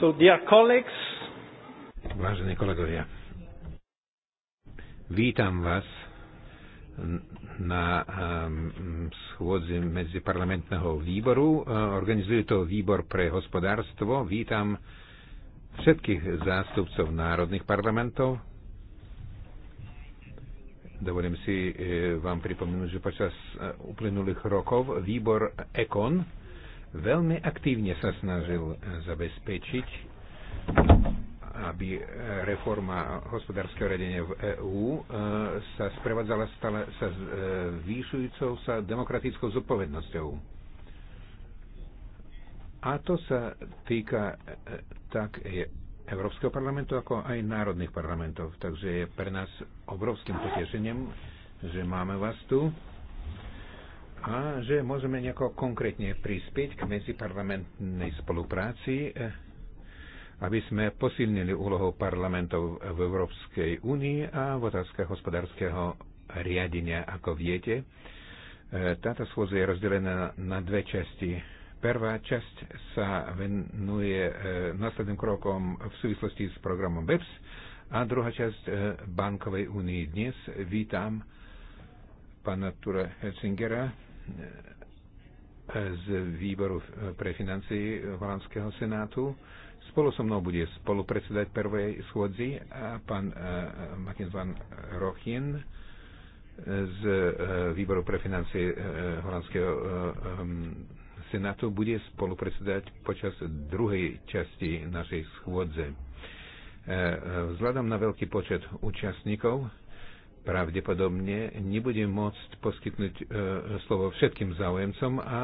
So, dear colleagues, Vážení kolegovia, vítam vás na ehm, schôdzi medziparlamentného výboru. E, organizuje to výbor pre hospodárstvo. Vítam všetkých zástupcov národných parlamentov. Dovolím si e, vám pripomenúť, že počas e, uplynulých rokov výbor EKON veľmi aktívne sa snažil eh, zabezpečiť, aby eh, reforma hospodárskeho radenia v EÚ eh, sa sprevádzala stále sa zvýšujúcou sa demokratickou zodpovednosťou. A to sa týka tak e, Európskeho parlamentu, ako aj národných parlamentov. Takže je pre nás obrovským potešením, že máme vás tu a že môžeme nejako konkrétne prispieť k medziparlamentnej spolupráci, eh, aby sme posilnili úlohu parlamentov v Európskej únii a v otázke hospodárskeho riadenia, ako viete. Eh, táto schôdza je rozdelená na dve časti. Prvá časť sa venuje eh, následným krokom v súvislosti s programom BEPS a druhá časť Bankovej únii. Dnes vítam pána Tura Helsingera, z výboru pre financie holandského senátu. Spolu so mnou bude spolupredsedať prvej schôdzi a pán uh, Martin van Rochin z uh, výboru pre financie uh, holandského uh, um, senátu bude spolupredsedať počas druhej časti našej schôdze. Uh, uh, Vzhľadom na veľký počet účastníkov pravdepodobne nebudem môcť poskytnúť e, slovo všetkým záujemcom a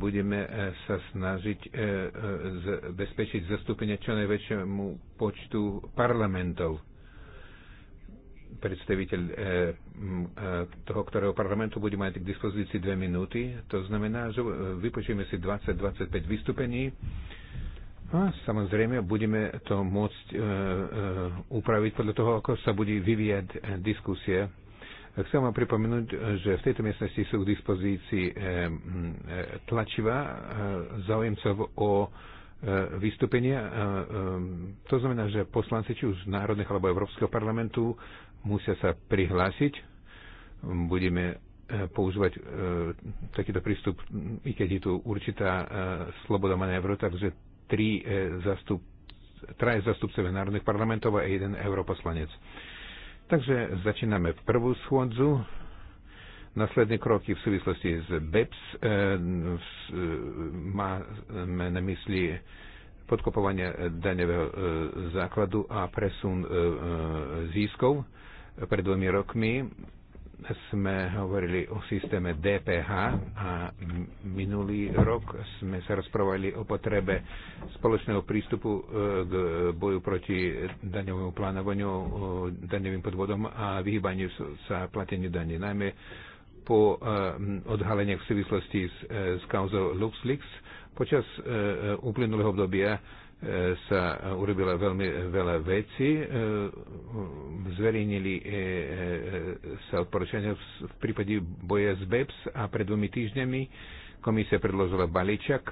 budeme e, sa snažiť e, zabezpečiť zastúpenie čo najväčšiemu počtu parlamentov. Predstaviteľ toho, ktorého parlamentu bude mať k dispozícii dve minúty. To znamená, že vypočujeme si 20-25 vystúpení a no, samozrejme, budeme to môcť e, e, upraviť podľa toho, ako sa bude vyvíjať e, diskusie. Chcem vám pripomenúť, že v tejto miestnosti sú k dispozícii e, e, tlačiva e, záujemcov o e, vystúpenie. E, e, to znamená, že poslanci či už Národných alebo Európskeho parlamentu musia sa prihlásiť. Budeme e, používať e, takýto prístup, i keď je tu určitá e, sloboda manévru, takže tri e, zastup, traje zastupcovia národných parlamentov a jeden europoslanec. Takže začíname prvú schôdzu. Nasledné kroky v súvislosti s BEPS e, e, máme na mysli podkopovanie daňového e, základu a presun e, e, získov pred dvomi rokmi sme hovorili o systéme DPH a minulý rok sme sa rozprávali o potrebe spoločného prístupu e, k boju proti daňovému plánovaniu, e, daňovým podvodom a vyhýbaniu sa plateniu daní. Najmä po e, odhaleniach v súvislosti s, s kauzou LuxLeaks počas uplynulého obdobia sa urobila veľmi veľa veci. E, zverejnili e, e, sa odporúčania v prípade boja s BEPS a pred dvomi týždňami komisia predložila balíčak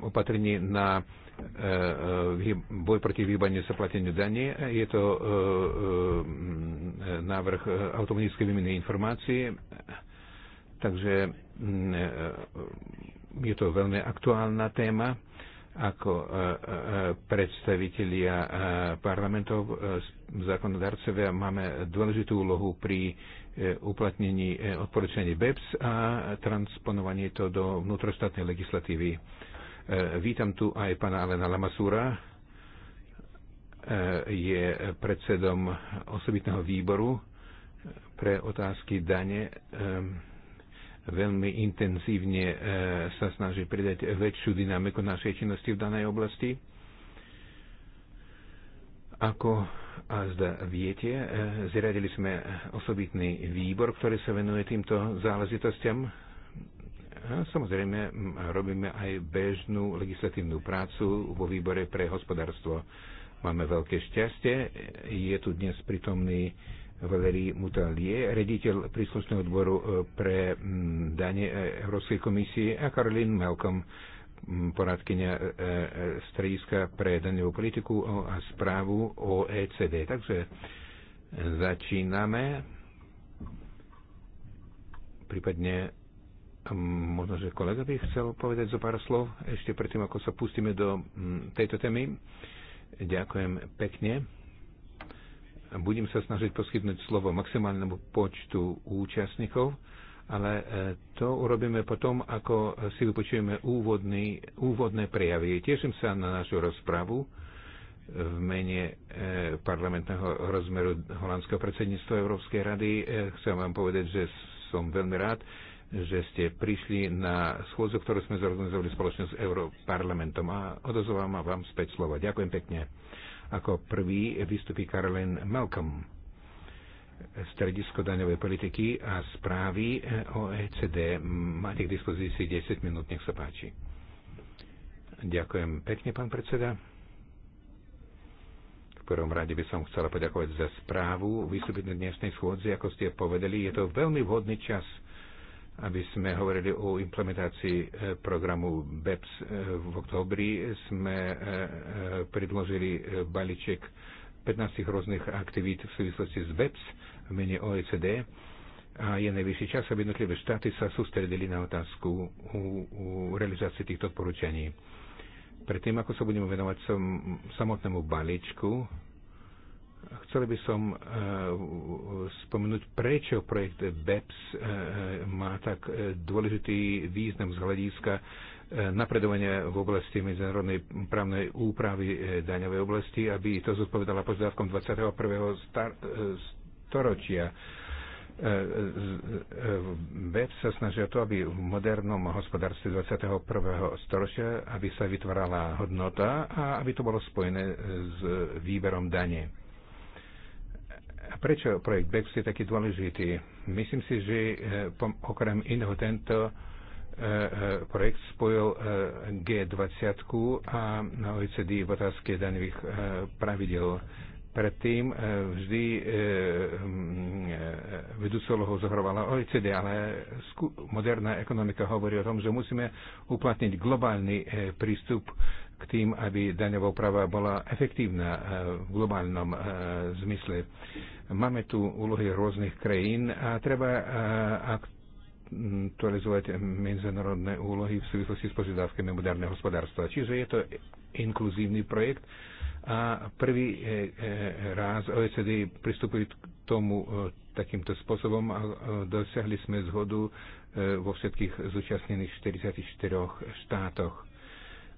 opatrení na boj proti vyhýbaniu sa plateniu danie. Je to návrh automatické výmeny informácie. takže je to veľmi aktuálna téma ako e, e, predstavitelia e, parlamentov, zákonodarcovia, máme dôležitú úlohu pri uplatnení odporúčaní BEPS a transponovanie to do vnútroštátnej legislatívy. Vítam tu aj pána Alena Lamasúra, je predsedom osobitného výboru pre otázky dane veľmi intenzívne e, sa snaží pridať väčšiu dynamiku našej činnosti v danej oblasti. Ako a zda viete, e, zriadili sme osobitný výbor, ktorý sa venuje týmto záležitostiam. A samozrejme, robíme aj bežnú legislatívnu prácu vo výbore pre hospodárstvo. Máme veľké šťastie. Je tu dnes pritomný Valery Mutalie, rediteľ príslušného odboru e, pre mm, dane e, Európskej komisie a Karolín Malcolm, mm, poradkynia e, strediska pre daňovú politiku a správu OECD. Takže začíname. Prípadne možno, že kolega by chcel povedať zo pár slov ešte predtým, ako sa pustíme do mm, tejto témy. Ďakujem pekne. Budem sa snažiť poskytnúť slovo maximálnemu počtu účastníkov, ale e, to urobíme potom, ako si vypočujeme úvodný, úvodné prejavy. Teším sa na našu rozpravu v mene e, parlamentného rozmeru holandského predsedníctva Európskej rady. E, chcem vám povedať, že som veľmi rád, že ste prišli na schôdzu, ktorú sme zorganizovali spoločne s Európarlamentom a odozovám vám späť slovo. Ďakujem pekne. Ako prvý vystupí Caroline Malcolm. Stredisko daňovej politiky a správy eh, OECD. Máte k dispozícii 10 minút, nech sa páči. Ďakujem pekne, pán predseda. V prvom rade by som chcela poďakovať za správu. Vystúpiť na dnešnej schôdzi, ako ste povedali, je to veľmi vhodný čas aby sme hovorili o implementácii e, programu BEPS. E, v Oktobri, sme e, predložili balíček 15 rôznych aktivít v súvislosti s BEPS v mene OECD a je najvyšší čas, aby jednotlivé štáty sa sústredili na otázku u, u realizácie týchto odporúčaní. Predtým, ako sa budeme venovať som, samotnému balíčku, Chcel by som e, spomenúť, prečo projekt BEPS e, má tak e, dôležitý význam z hľadiska napredovania v oblasti medzinárodnej právnej úpravy daňovej oblasti, aby to zodpovedala požiadavkom 21. Star- storočia. BEP sa o to, aby v modernom hospodárstve 21. storočia, aby sa vytvárala hodnota a aby to bolo spojené s výberom dane. Prečo projekt BEX je taký dôležitý? Myslím si, že eh, okrem iného tento eh, eh, projekt spojil G20 a OECD v otázke daných pravidel. Predtým vždy mm, vedúcu úlohu zohrovala OECD, ale moderná ekonomika hovorí o tom, že musíme uplatniť globálny prístup k tým, aby daňová úprava bola efektívna eh, v globálnom eh, zmysle. Máme tu úlohy rôznych krajín a treba eh, aktualizovať medzinárodné úlohy v súvislosti s požiadavkami moderného hospodárstva. Čiže je to inkluzívny projekt a prvý raz OECD pristúpili k tomu takýmto spôsobom a dosiahli sme zhodu vo všetkých zúčastnených 44 štátoch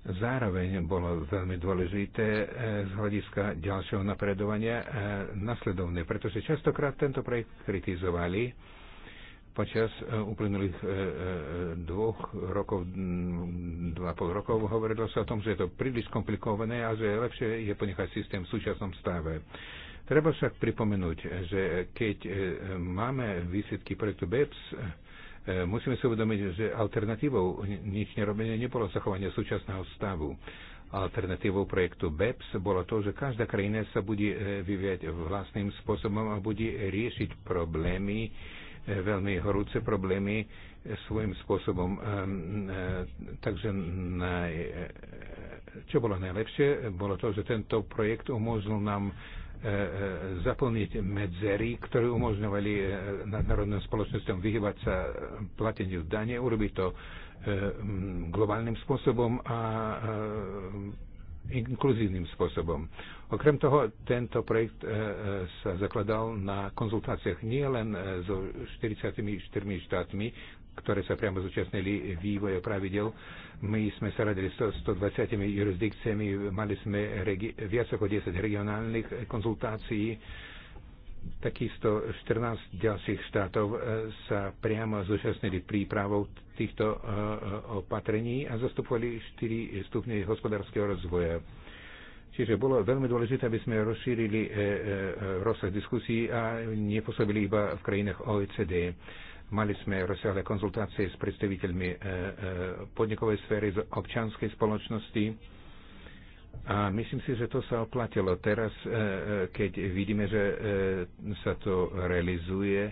Zároveň bolo veľmi dôležité e, z hľadiska ďalšieho napredovania e, nasledovné, pretože častokrát tento projekt kritizovali počas e, uplynulých dvoch rokov, dva pol rokov hovorilo sa o tom, že je to príliš komplikované a že lepšie je ponechať systém v súčasnom stave. Treba však pripomenúť, že keď máme výsledky projektu BEPS, E, musíme si uvedomiť, že alternatívou nič nerobenia nebolo zachovanie súčasného stavu. Alternatívou projektu BEPS bolo to, že každá krajina sa bude e, vyvíjať vlastným spôsobom a bude riešiť problémy, e, veľmi horúce problémy svojim spôsobom. Takže na, čo bolo najlepšie, bolo to, že tento projekt umožnil nám E, e, zaplniť medzery, ktoré umožňovali e, nadnárodným spoločnosťom vyhybať sa plateniu dane, urobiť to globálnym spôsobom a inkluzívnym spôsobom. Okrem toho, tento projekt sa zakladal na konzultáciách nie len so 44 štátmi, ktoré sa priamo zúčastnili vývoja pravidel. My sme sa radili s 120 jurisdikciami, mali sme viac ako 10 regionálnych konzultácií, takisto 14 ďalších štátov e, sa priamo zúčastnili prípravou týchto e, e, opatrení a zastupovali 4 stupne hospodárskeho rozvoja. Čiže bolo veľmi dôležité, aby sme rozšírili rozsah diskusí a nepôsobili iba v krajinách OECD. Mali sme rozsiahle konzultácie s predstaviteľmi e, e, podnikovej sféry, z občianskej spoločnosti a myslím si, že to sa oplatilo. Teraz, e, keď vidíme, že sa to realizuje,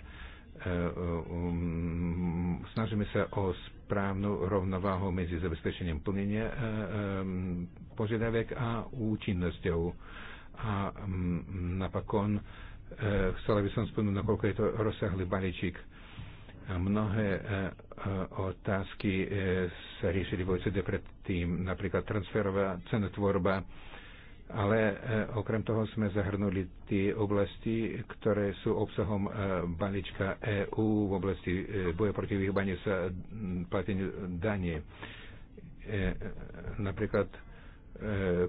um, snažíme sa o správnu rovnováhu medzi zabezpečením plnenia požiadaviek a účinnosťou. A napokon chcela by som spomenúť, nakoľko je to rozsiahly balíčik Mnohé e, e, otázky e, sa riešili v OECD predtým, napríklad transferová cenotvorba, ale okrem toho sme zahrnuli tie oblasti, ktoré sú obsahom balíčka EÚ v oblasti boja proti vyhýbaniu sa plateniu danie. Napríklad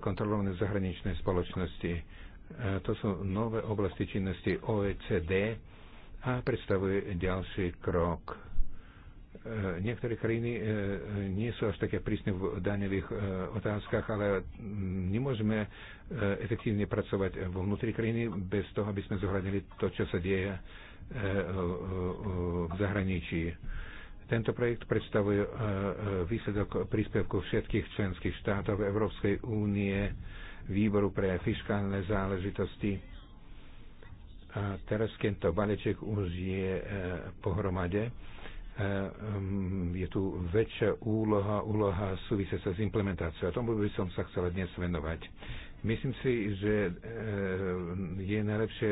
kontrolované zahraničné spoločnosti. To sú nové oblasti činnosti OECD, a predstavuje ďalší krok. E, niektoré krajiny e, nie sú až také prísne v daňových e, otázkach, ale mm, nemôžeme efektívne pracovať vo vnútri krajiny bez toho, aby sme zohľadnili to, čo sa deje v zahraničí. Tento projekt predstavuje výsledok príspevku všetkých členských štátov Európskej únie, Výboru pre fiskálne záležitosti a teraz, keď to balíček už je e, pohromade, e, je tu väčšia úloha, úloha súvisia sa s implementáciou. A tomu by som sa chcela dnes venovať. Myslím si, že e, je najlepšie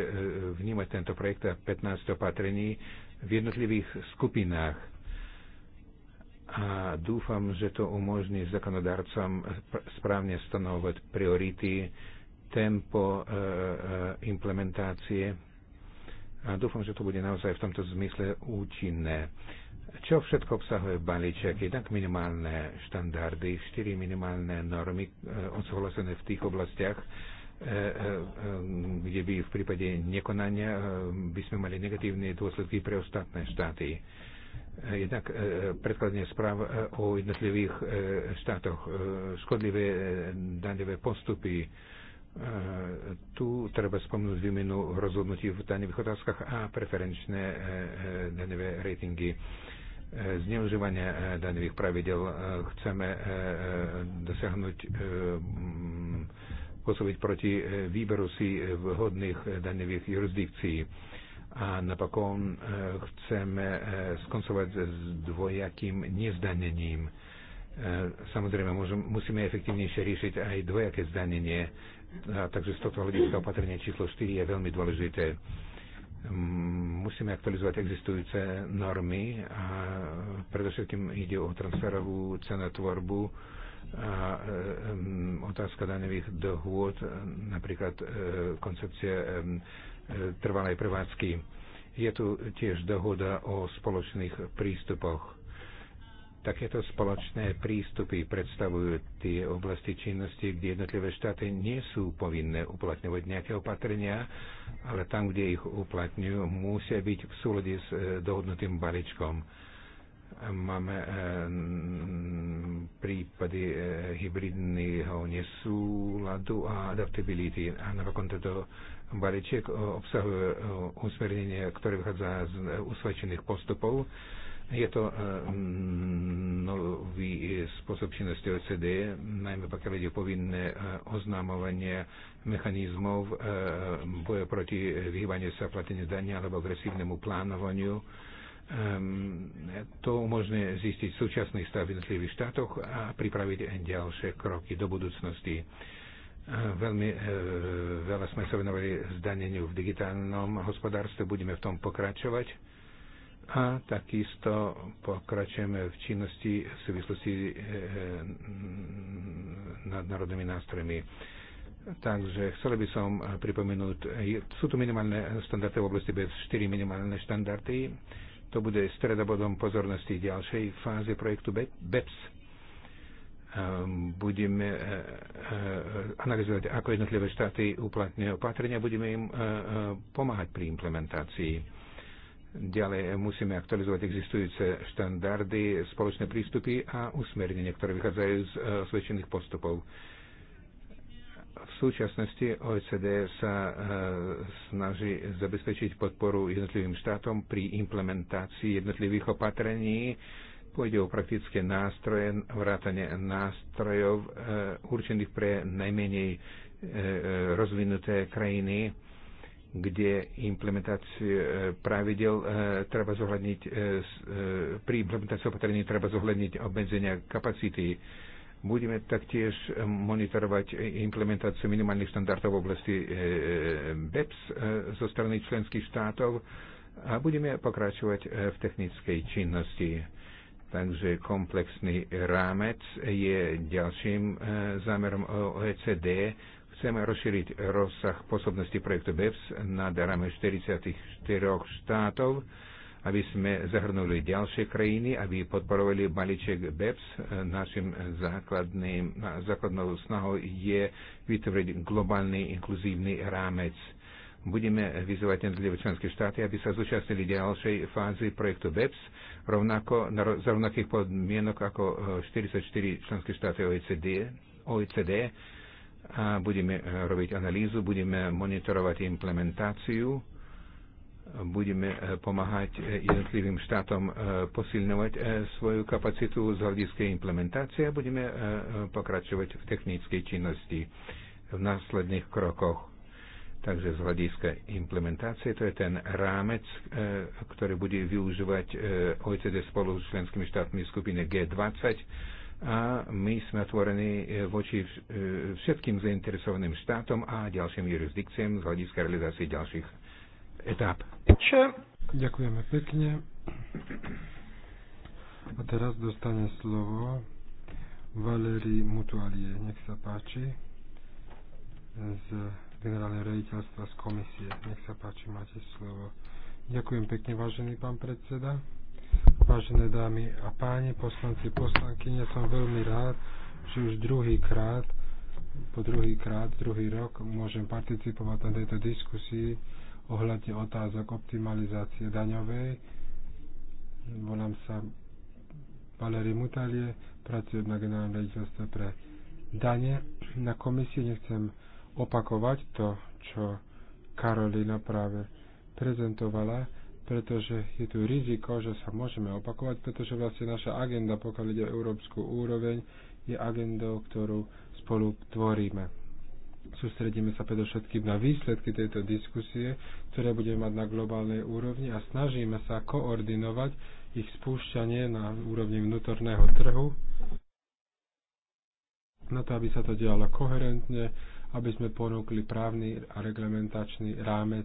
vnímať tento projekt a 15 opatrení v jednotlivých skupinách. A dúfam, že to umožní zákonodárcom správne stanovať priority, tempo implementácie a dúfam, že to bude naozaj v tomto zmysle účinné. Čo všetko obsahuje balíček? Jednak minimálne štandardy, štyri minimálne normy eh, odsúhlasené v tých oblastiach, eh, eh, kde by v prípade nekonania by sme mali negatívne dôsledky pre ostatné štáty. Jednak predkladne správ o jednotlivých štátoch, škodlivé daňové postupy, tu treba spomnúť výmenu rozhodnutí v daných otázkach a preferenčné e, e, daňové ratingy e, zneužívania daňových pravidel. Chceme dosiahnuť pôsobiť proti výberu si vhodných daňových jurisdikcií. A napokon chceme skoncovať s dvojakým nezdanením. Samozrejme, môžem, musíme efektívnejšie riešiť aj dvojaké zdanenie. A, takže z tohto hľadiska opatrenie číslo 4 je veľmi dôležité. Musíme aktualizovať existujúce normy a predovšetkým ide o transferovú cenotvorbu a otázka daňových dohôd, napríklad e, koncepcia e, trvalej prevádzky. Je tu tiež dohoda o spoločných prístupoch Takéto spoločné prístupy predstavujú tie oblasti činnosti, kde jednotlivé štáty nie sú povinné uplatňovať nejaké opatrenia, ale tam, kde ich uplatňujú, musia byť v súlade s e, dohodnutým balíčkom. Máme e, prípady e, hybridného nesúladu a adaptability. A napokon tento balíček obsahuje usmernenie, ktoré vychádza z usvedčených postupov je to e, nový spôsob činnosti OCD, najmä pokiaľ ide povinné e, oznámovanie mechanizmov e, boja proti vyhýbaniu sa plateniu dania alebo agresívnemu plánovaniu. Ehm, to umožňuje zistiť súčasný stav v jednotlivých štátoch a pripraviť ďalšie kroky do budúcnosti. Veľmi veľa sme sa venovali zdaneniu v digitálnom hospodárstve, budeme v tom pokračovať a takisto pokračujeme v činnosti v súvislosti e, e, nad národnými nástrojmi. Takže chcel by som pripomenúť, sú tu minimálne štandardy v oblasti bez 4 minimálne štandardy. To bude stredobodom pozornosti ďalšej fázy projektu BEPS. Budeme e, e, analyzovať, ako jednotlivé štáty uplatňujú opatrenia, budeme im pomáhať pri implementácii Ďalej e, musíme aktualizovať existujúce štandardy, spoločné prístupy a usmernenie, ktoré vychádzajú z e, osvedčených postupov. V súčasnosti OECD sa e, snaží zabezpečiť podporu jednotlivým štátom pri implementácii jednotlivých opatrení. Pôjde o praktické nástroje, vrátanie nástrojov určených pre najmenej rozvinuté krajiny kde implementácie pravidel e, treba zohľadniť, e, e, pri implementácii opatrení treba zohľadniť obmedzenia kapacity. Budeme taktiež monitorovať implementáciu minimálnych štandardov v oblasti BEPS zo strany členských štátov a budeme pokračovať v technickej činnosti. Takže komplexný rámec je ďalším zámerom OECD Chceme rozšíriť rozsah pôsobnosti projektu BEPS na rámec 44 štátov, aby sme zahrnuli ďalšie krajiny, aby podporovali balíček BEPS. Našim základným, základnou snahou je vytvoriť globálny inkluzívny rámec. Budeme vyzývať jednotlivé členské štáty, aby sa zúčastnili ďalšej fázy projektu BEPS, rovnako, na, za rovnakých podmienok ako 44 eh, členské štáty OECD, OECD a budeme eh, robiť analýzu, budeme monitorovať implementáciu, budeme eh, pomáhať eh, jednotlivým štátom posilňovať svoju kapacitu z hľadiska implementácie a budeme pokračovať v technickej činnosti v následných krokoch. Takže z hľadiska implementácie to je ten rámec, ktorý bude využívať OECD spolu s členskými štátmi skupiny G20 a my sme otvorení e, voči e, všetkým zainteresovaným štátom a ďalším jurisdikciám z hľadiska realizácie ďalších etáp. Čo? Ďakujeme pekne. A teraz dostane slovo Valery Mutualie. Nech sa páči z generálneho rejiteľstva z komisie. Nech sa páči, máte slovo. Ďakujem pekne, vážený pán predseda. Vážené dámy a páni, poslanci, ja som veľmi rád, že už druhý krát, po druhý krát, druhý rok môžem participovať na tejto diskusii ohľadne otázok optimalizácie daňovej. Volám sa Valery Mutalie, pracujem na generálnom rejiteľstve pre dane. Na komisii nechcem opakovať to, čo Karolina práve prezentovala pretože je tu riziko, že sa môžeme opakovať, pretože vlastne naša agenda, pokiaľ ide o európsku úroveň, je agendou, ktorú spolu tvoríme. Sústredíme sa predovšetkým na výsledky tejto diskusie, ktoré budeme mať na globálnej úrovni a snažíme sa koordinovať ich spúšťanie na úrovni vnútorného trhu, na to, aby sa to dialo koherentne, aby sme ponúkli právny a reglementačný rámec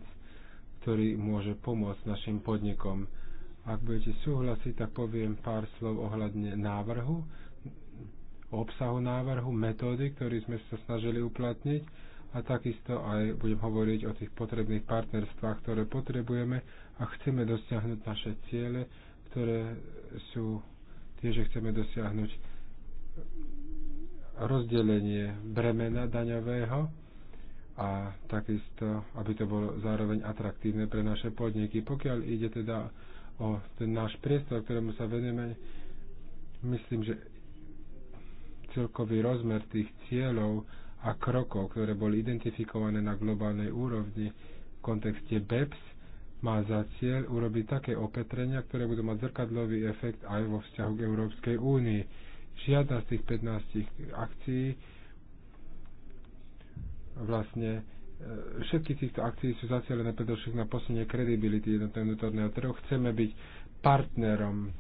ktorý môže pomôcť našim podnikom. Ak budete súhlasiť, tak poviem pár slov ohľadne návrhu, obsahu návrhu, metódy, ktorý sme sa snažili uplatniť a takisto aj budem hovoriť o tých potrebných partnerstvách, ktoré potrebujeme a chceme dosiahnuť naše ciele, ktoré sú tie, že chceme dosiahnuť rozdelenie bremena daňového, a takisto, aby to bolo zároveň atraktívne pre naše podniky. Pokiaľ ide teda o ten náš priestor, ktorému sa venujeme, myslím, že celkový rozmer tých cieľov a krokov, ktoré boli identifikované na globálnej úrovni v kontexte BEPS, má za cieľ urobiť také opetrenia, ktoré budú mať zrkadlový efekt aj vo vzťahu k Európskej únii. Žiadna z tých 15 akcií vlastne e, všetky týchto akcií sú zacielené predovšetk na posunie kredibility jednotného vnútorného trhu. Chceme byť partnerom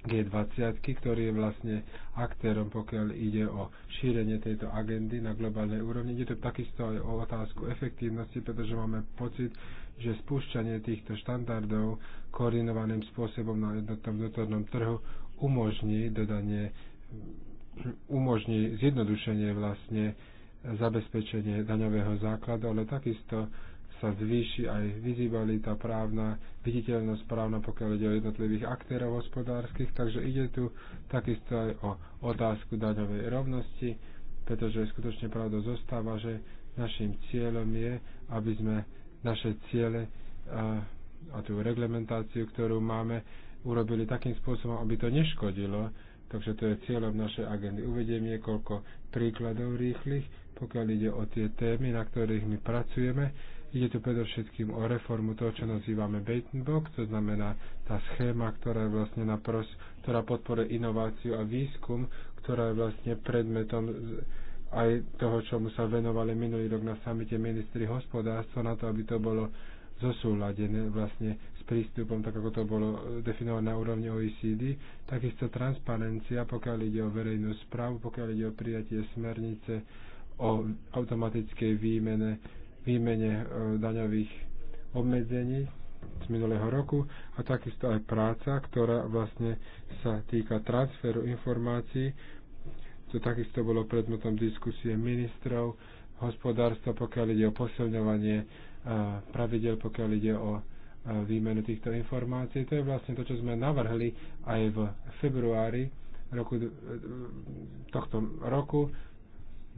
G20, ktorý je vlastne aktérom, pokiaľ ide o šírenie tejto agendy na globálnej úrovni. Ide to takisto aj o otázku efektívnosti, pretože máme pocit, že spúšťanie týchto štandardov koordinovaným spôsobom na jednotnom vnútornom trhu umožní dodanie, umožní zjednodušenie vlastne zabezpečenie daňového základu, ale takisto sa zvýši aj vizibilita právna, viditeľnosť právna, pokiaľ ide o jednotlivých aktérov hospodárskych, takže ide tu takisto aj o otázku daňovej rovnosti, pretože skutočne pravda zostáva, že našim cieľom je, aby sme naše ciele a, a tú reglementáciu, ktorú máme, urobili takým spôsobom, aby to neškodilo. Takže to je cieľom našej agendy. Uvediem niekoľko príkladov rýchlych pokiaľ ide o tie témy, na ktorých my pracujeme. Ide tu predovšetkým o reformu toho, čo nazývame Batenbox, to znamená tá schéma, ktorá je vlastne na pros, ktorá podporuje inováciu a výskum, ktorá je vlastne predmetom aj toho, čomu sa venovali minulý rok na samite ministri hospodárstva, na to, aby to bolo zosúladené vlastne s prístupom, tak ako to bolo definované na úrovni OECD. Takisto transparencia, pokiaľ ide o verejnú správu, pokiaľ ide o prijatie smernice o automatickej výmene, výmene e, daňových obmedzení z minulého roku a takisto aj práca, ktorá vlastne sa týka transferu informácií. To takisto bolo predmetom diskusie ministrov hospodárstva, pokiaľ ide o posilňovanie e, pravidel, pokiaľ ide o e, výmenu týchto informácií. To je vlastne to, čo sme navrhli aj v februári roku, tohto roku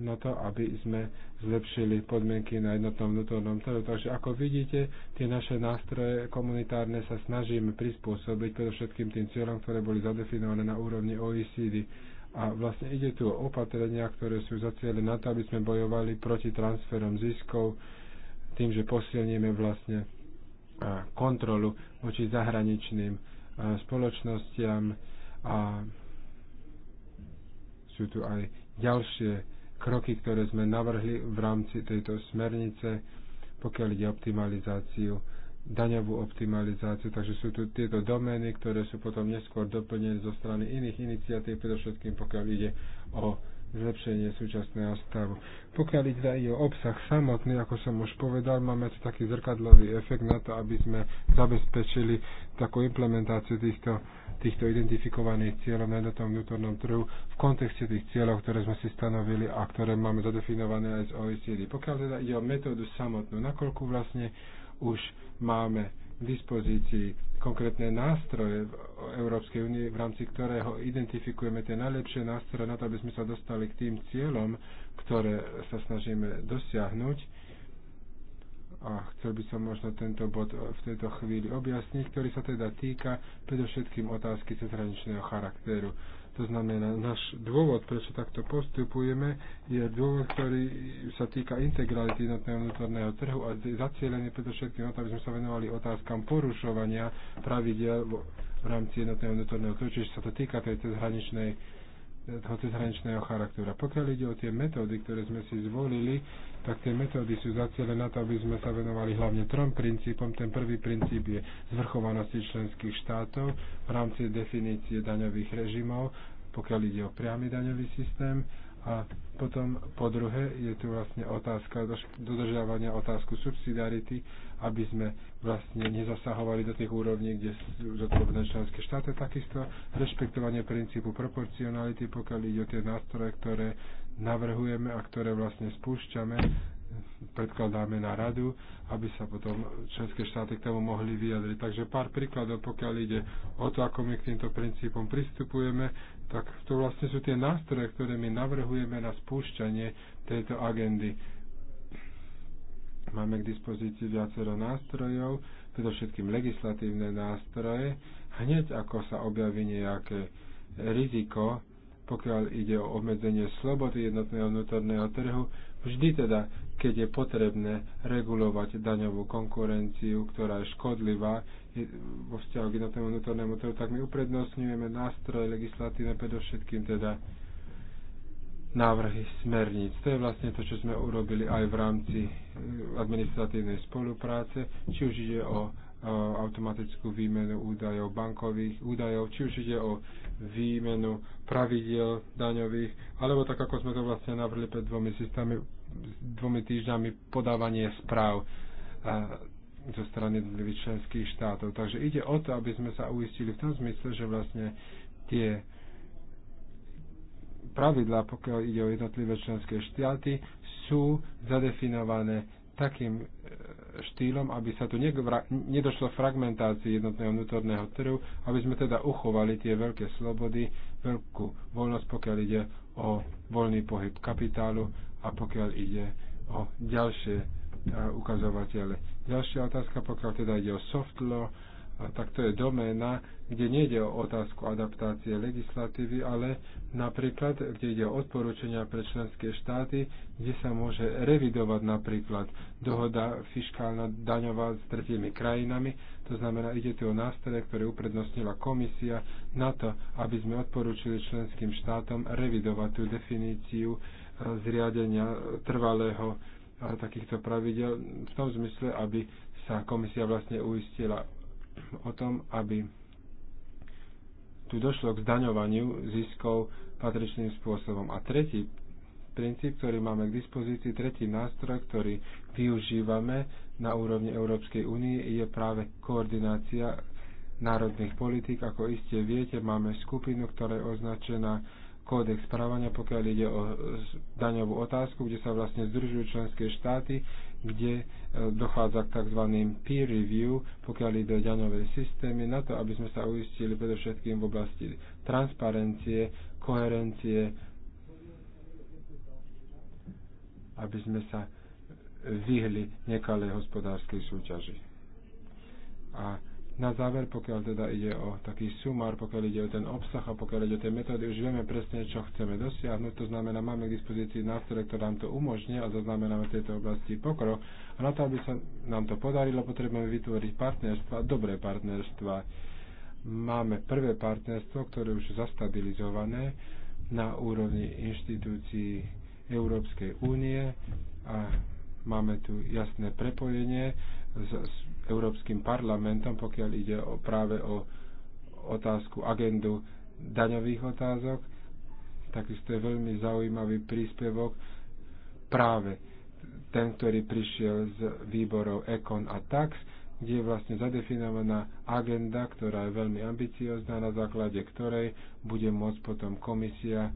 na to, aby sme zlepšili podmienky na jednotnom vnútornom trhu. Takže ako vidíte, tie naše nástroje komunitárne sa snažíme prispôsobiť predovšetkým tým cieľom, ktoré boli zadefinované na úrovni OECD. A vlastne ide tu o opatrenia, ktoré sú zacielené na to, aby sme bojovali proti transferom ziskov tým, že posilníme vlastne kontrolu voči zahraničným spoločnostiam a sú tu aj ďalšie kroky, ktoré sme navrhli v rámci tejto smernice, pokiaľ ide optimalizáciu, daňovú optimalizáciu. Takže sú tu tieto domény, ktoré sú potom neskôr doplnené zo strany iných iniciatív, predovšetkým pokiaľ ide o zlepšenie súčasného stavu. Pokiaľ ide aj teda o obsah samotný, ako som už povedal, máme tu taký zrkadlový efekt na to, aby sme zabezpečili takú implementáciu týchto, týchto identifikovaných cieľov na tom vnútornom trhu v kontexte tých cieľov, ktoré sme si stanovili a ktoré máme zadefinované aj z OECD. Pokiaľ teda ide o metódu samotnú, nakoľko vlastne už máme k dispozícii konkrétne nástroje v Európskej únie, v rámci ktorého identifikujeme tie najlepšie nástroje na to, aby sme sa dostali k tým cieľom, ktoré sa snažíme dosiahnuť. A chcel by som možno tento bod v tejto chvíli objasniť, ktorý sa teda týka predovšetkým otázky cezhraničného charakteru. To znamená, náš dôvod, prečo takto postupujeme, je dôvod, ktorý sa týka integrality jednotného vnútorného trhu a zacielenie predovšetkým na to, aby sme sa venovali otázkam porušovania pravidel v rámci jednotného vnútorného trhu, čiže sa to týka tej cezhraničnej toho cezhraničného charakteru. Pokiaľ ide o tie metódy, ktoré sme si zvolili, tak tie metódy sú zacielené na to, aby sme sa venovali hlavne trom princípom. Ten prvý princíp je zvrchovanosti členských štátov v rámci definície daňových režimov, pokiaľ ide o priamy daňový systém. A potom po druhé je tu vlastne otázka dodržiavania otázku subsidiarity aby sme vlastne nezasahovali do tých úrovní, kde sú zodpovedné členské štáty. Takisto rešpektovanie princípu proporcionality, pokiaľ ide o tie nástroje, ktoré navrhujeme a ktoré vlastne spúšťame, predkladáme na radu, aby sa potom členské štáty k tomu mohli vyjadriť. Takže pár príkladov, pokiaľ ide o to, ako my k týmto princípom pristupujeme, tak to vlastne sú tie nástroje, ktoré my navrhujeme na spúšťanie tejto agendy. Máme k dispozícii viacero nástrojov, predovšetkým legislatívne nástroje. Hneď ako sa objaví nejaké riziko, pokiaľ ide o obmedzenie slobody jednotného vnútorného trhu, vždy teda, keď je potrebné regulovať daňovú konkurenciu, ktorá je škodlivá vo vzťahu k jednotnému vnútornému trhu, tak my uprednostňujeme nástroje legislatívne, predovšetkým teda návrhy smerníc. To je vlastne to, čo sme urobili aj v rámci e, administratívnej spolupráce, či už ide o e, automatickú výmenu údajov bankových údajov, či už ide o výmenu pravidel daňových, alebo tak, ako sme to vlastne navrli pred dvomi, systémy, dvomi týždňami, podávanie správ e, zo strany členských štátov. Takže ide o to, aby sme sa uistili v tom zmysle, že vlastne tie pravidlá, pokiaľ ide o jednotlivé členské štiaty, sú zadefinované takým e, štýlom, aby sa tu nedošlo fragmentácii jednotného vnútorného trhu, aby sme teda uchovali tie veľké slobody, veľkú voľnosť, pokiaľ ide o voľný pohyb kapitálu a pokiaľ ide o ďalšie e, ukazovatele. Ďalšia otázka, pokiaľ teda ide o soft law, tak to je doména, kde nejde o otázku adaptácie legislatívy, ale napríklad, kde ide o odporúčania pre členské štáty, kde sa môže revidovať napríklad dohoda fiskálna daňová s tretími krajinami. To znamená, ide tu o nástroje, ktoré uprednostnila komisia na to, aby sme odporúčili členským štátom revidovať tú definíciu e, zriadenia trvalého e, takýchto pravidel v tom zmysle, aby sa komisia vlastne uistila o tom, aby tu došlo k zdaňovaniu ziskov patričným spôsobom. A tretí princíp, ktorý máme k dispozícii, tretí nástroj, ktorý využívame na úrovni Európskej únie, je práve koordinácia národných politik. Ako iste viete, máme skupinu, ktorá je označená kódex správania, pokiaľ ide o daňovú otázku, kde sa vlastne združujú členské štáty, kde e, dochádza k tzv. peer review, pokiaľ ide o ďanové systémy, na to, aby sme sa uistili predovšetkým v oblasti transparencie, koherencie, aby sme sa vyhli nekalej hospodárskej súťaži. A na záver, pokiaľ teda ide o taký sumár, pokiaľ ide o ten obsah a pokiaľ ide o tie metódy, už vieme presne, čo chceme dosiahnuť. To znamená, máme k dispozícii nástroje, ktoré nám to umožní a zaznamenáme v tejto oblasti pokrok. A na to, aby sa nám to podarilo, potrebujeme vytvoriť partnerstva, dobré partnerstva. Máme prvé partnerstvo, ktoré už je zastabilizované na úrovni inštitúcií Európskej únie a máme tu jasné prepojenie s, s Európskym parlamentom, pokiaľ ide o, práve o otázku agendu daňových otázok. Takisto je veľmi zaujímavý príspevok práve ten, ktorý prišiel z výborov Econ a Tax, kde je vlastne zadefinovaná agenda, ktorá je veľmi ambiciozná, na základe ktorej bude môcť potom komisia,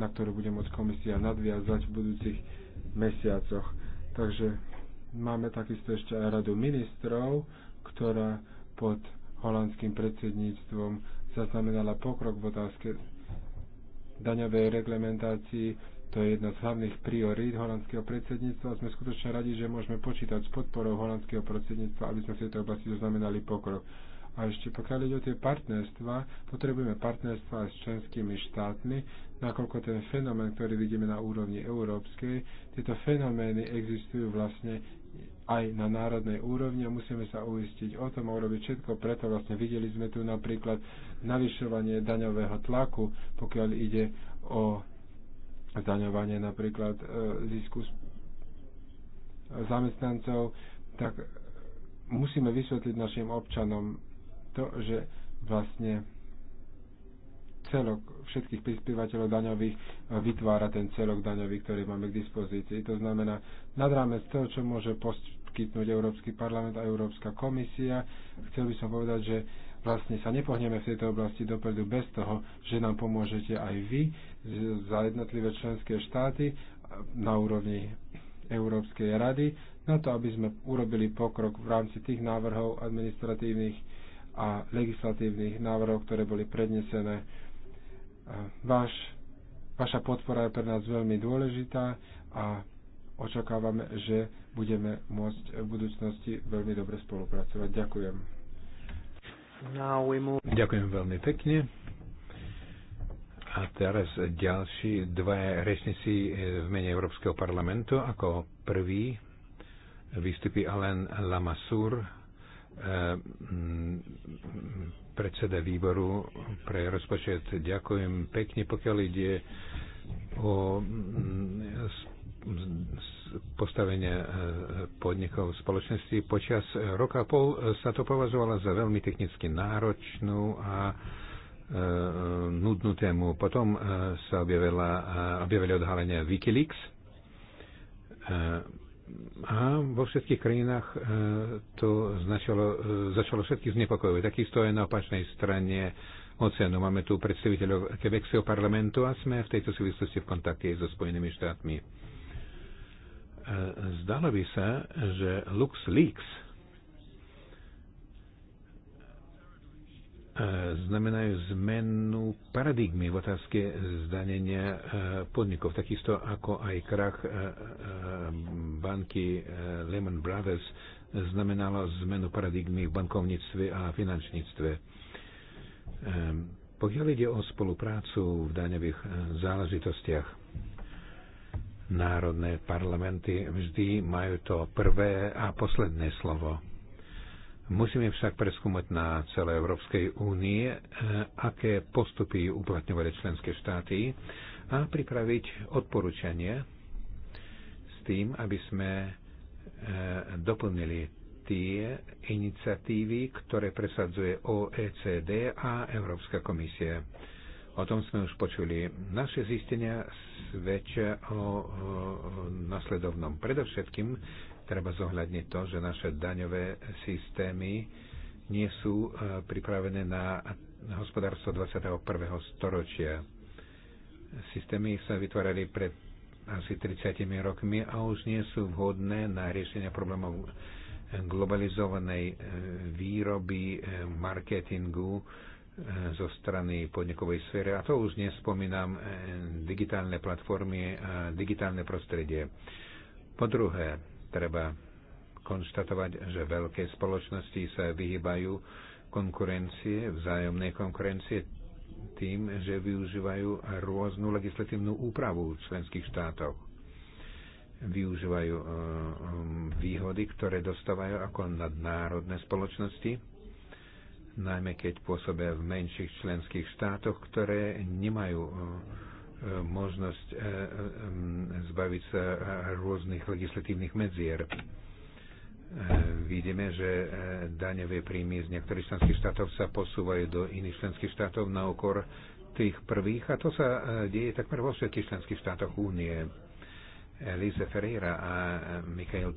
na ktorú bude môcť komisia nadviazať v budúcich mesiacoch. Takže Máme takisto ešte aj radu ministrov, ktorá pod holandským predsedníctvom zaznamenala pokrok v otázke daňovej reglementácii. To je jedna z hlavných priorít holandského predsedníctva a sme skutočne radi, že môžeme počítať s podporou holandského predsedníctva, aby sme v tejto oblasti zaznamenali pokrok. A ešte pokiaľ ide o tie partnerstva, potrebujeme partnerstva aj s členskými štátmi, nakoľko ten fenomén, ktorý vidíme na úrovni európskej, tieto fenomény existujú vlastne aj na národnej úrovni a musíme sa uistiť o tom a urobiť všetko. Preto vlastne videli sme tu napríklad navyšovanie daňového tlaku, pokiaľ ide o zdaňovanie napríklad e, zisku zamestnancov, tak musíme vysvetliť našim občanom to, že vlastne celok všetkých prispievateľov daňových e, vytvára ten celok daňový, ktorý máme k dispozícii. To znamená, nad rámec toho, čo môže poskytnúť Európsky parlament a Európska komisia. Chcel by som povedať, že vlastne sa nepohneme v tejto oblasti dopredu bez toho, že nám pomôžete aj vy za jednotlivé členské štáty na úrovni Európskej rady na to, aby sme urobili pokrok v rámci tých návrhov administratívnych a legislatívnych návrhov, ktoré boli prednesené. Váš, vaša podpora je pre nás veľmi dôležitá a očakávame, že budeme môcť v budúcnosti veľmi dobre spolupracovať. Ďakujem. Ďakujem veľmi pekne. A teraz ďalší dva rečníci v mene Európskeho parlamentu. Ako prvý vystupí Alain Lamassur, eh, predseda výboru pre rozpočet. Ďakujem pekne, pokiaľ ide o mm, postavenia eh, podnikov spoločnosti. Počas eh, roka a pol eh, sa to považovalo za veľmi technicky náročnú a nudnú tému. Potom sa objavila, objavili odhalenia Wikileaks a vo všetkých krajinách to značalo, začalo všetkých znepokojovať. Takisto aj na opačnej strane oceánu. Máme tu predstaviteľov Quebecského parlamentu a sme v tejto súvislosti v kontakte so Spojenými štátmi. Zdalo by sa, že Lux Leaks e, znamenajú zmenu paradigmy v otázke zdanenia e, podnikov, takisto ako aj krach e, banky Lehman Brothers znamenalo zmenu paradigmy v bankovníctve a finančníctve. Pokiaľ ide o spoluprácu v daňových záležitostiach, národné parlamenty vždy majú to prvé a posledné slovo. Musíme však preskúmať na celé Európskej únie, aké postupy uplatňovali členské štáty a pripraviť odporúčanie s tým, aby sme e, doplnili tie iniciatívy, ktoré presadzuje OECD a Európska komisia O tom sme už počuli. Naše zistenia svedčia o, o, nasledovnom. Predovšetkým treba zohľadniť to, že naše daňové systémy nie sú e, pripravené na hospodárstvo 21. storočia. Systémy sa vytvárali pred asi 30 rokmi a už nie sú vhodné na riešenie problémov globalizovanej e, výroby, e, marketingu, zo strany podnikovej sféry. A to už nespomínam eh, digitálne platformy a digitálne prostredie. Po druhé, treba konštatovať, že veľké spoločnosti sa vyhýbajú konkurencie, vzájomnej konkurencie tým, že využívajú rôznu legislatívnu úpravu v členských štátoch. Využívajú eh, um, výhody, ktoré dostávajú ako nadnárodné spoločnosti najmä keď pôsobia v menších členských štátoch, ktoré nemajú e, e, možnosť e, zbaviť sa rôznych legislatívnych medzier. Vidíme, že daňové príjmy z niektorých členských štátov sa posúvajú do iných členských štátov na okor tých prvých a to sa deje takmer vo všetkých členských štátoch únie. Elise Ferreira a Michael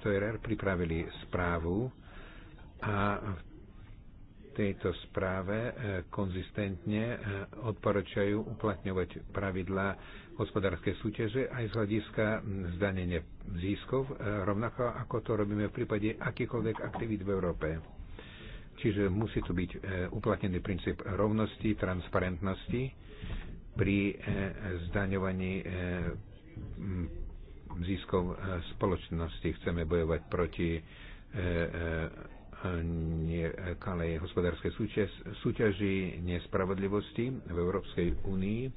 Teurer pripravili správu a v tejto správe e, konzistentne e, odporúčajú uplatňovať pravidlá hospodárskej súťaže aj z hľadiska zdanenia ziskov, e, rovnako ako to robíme v prípade akýchkoľvek aktivít v Európe. Čiže musí tu byť uplatnený princíp rovnosti, transparentnosti pri zdaňovaní ziskov spoločnosti. Chceme bojovať proti nekalej hospodárskej súťaž, súťaži, nespravodlivosti v Európskej únii, e,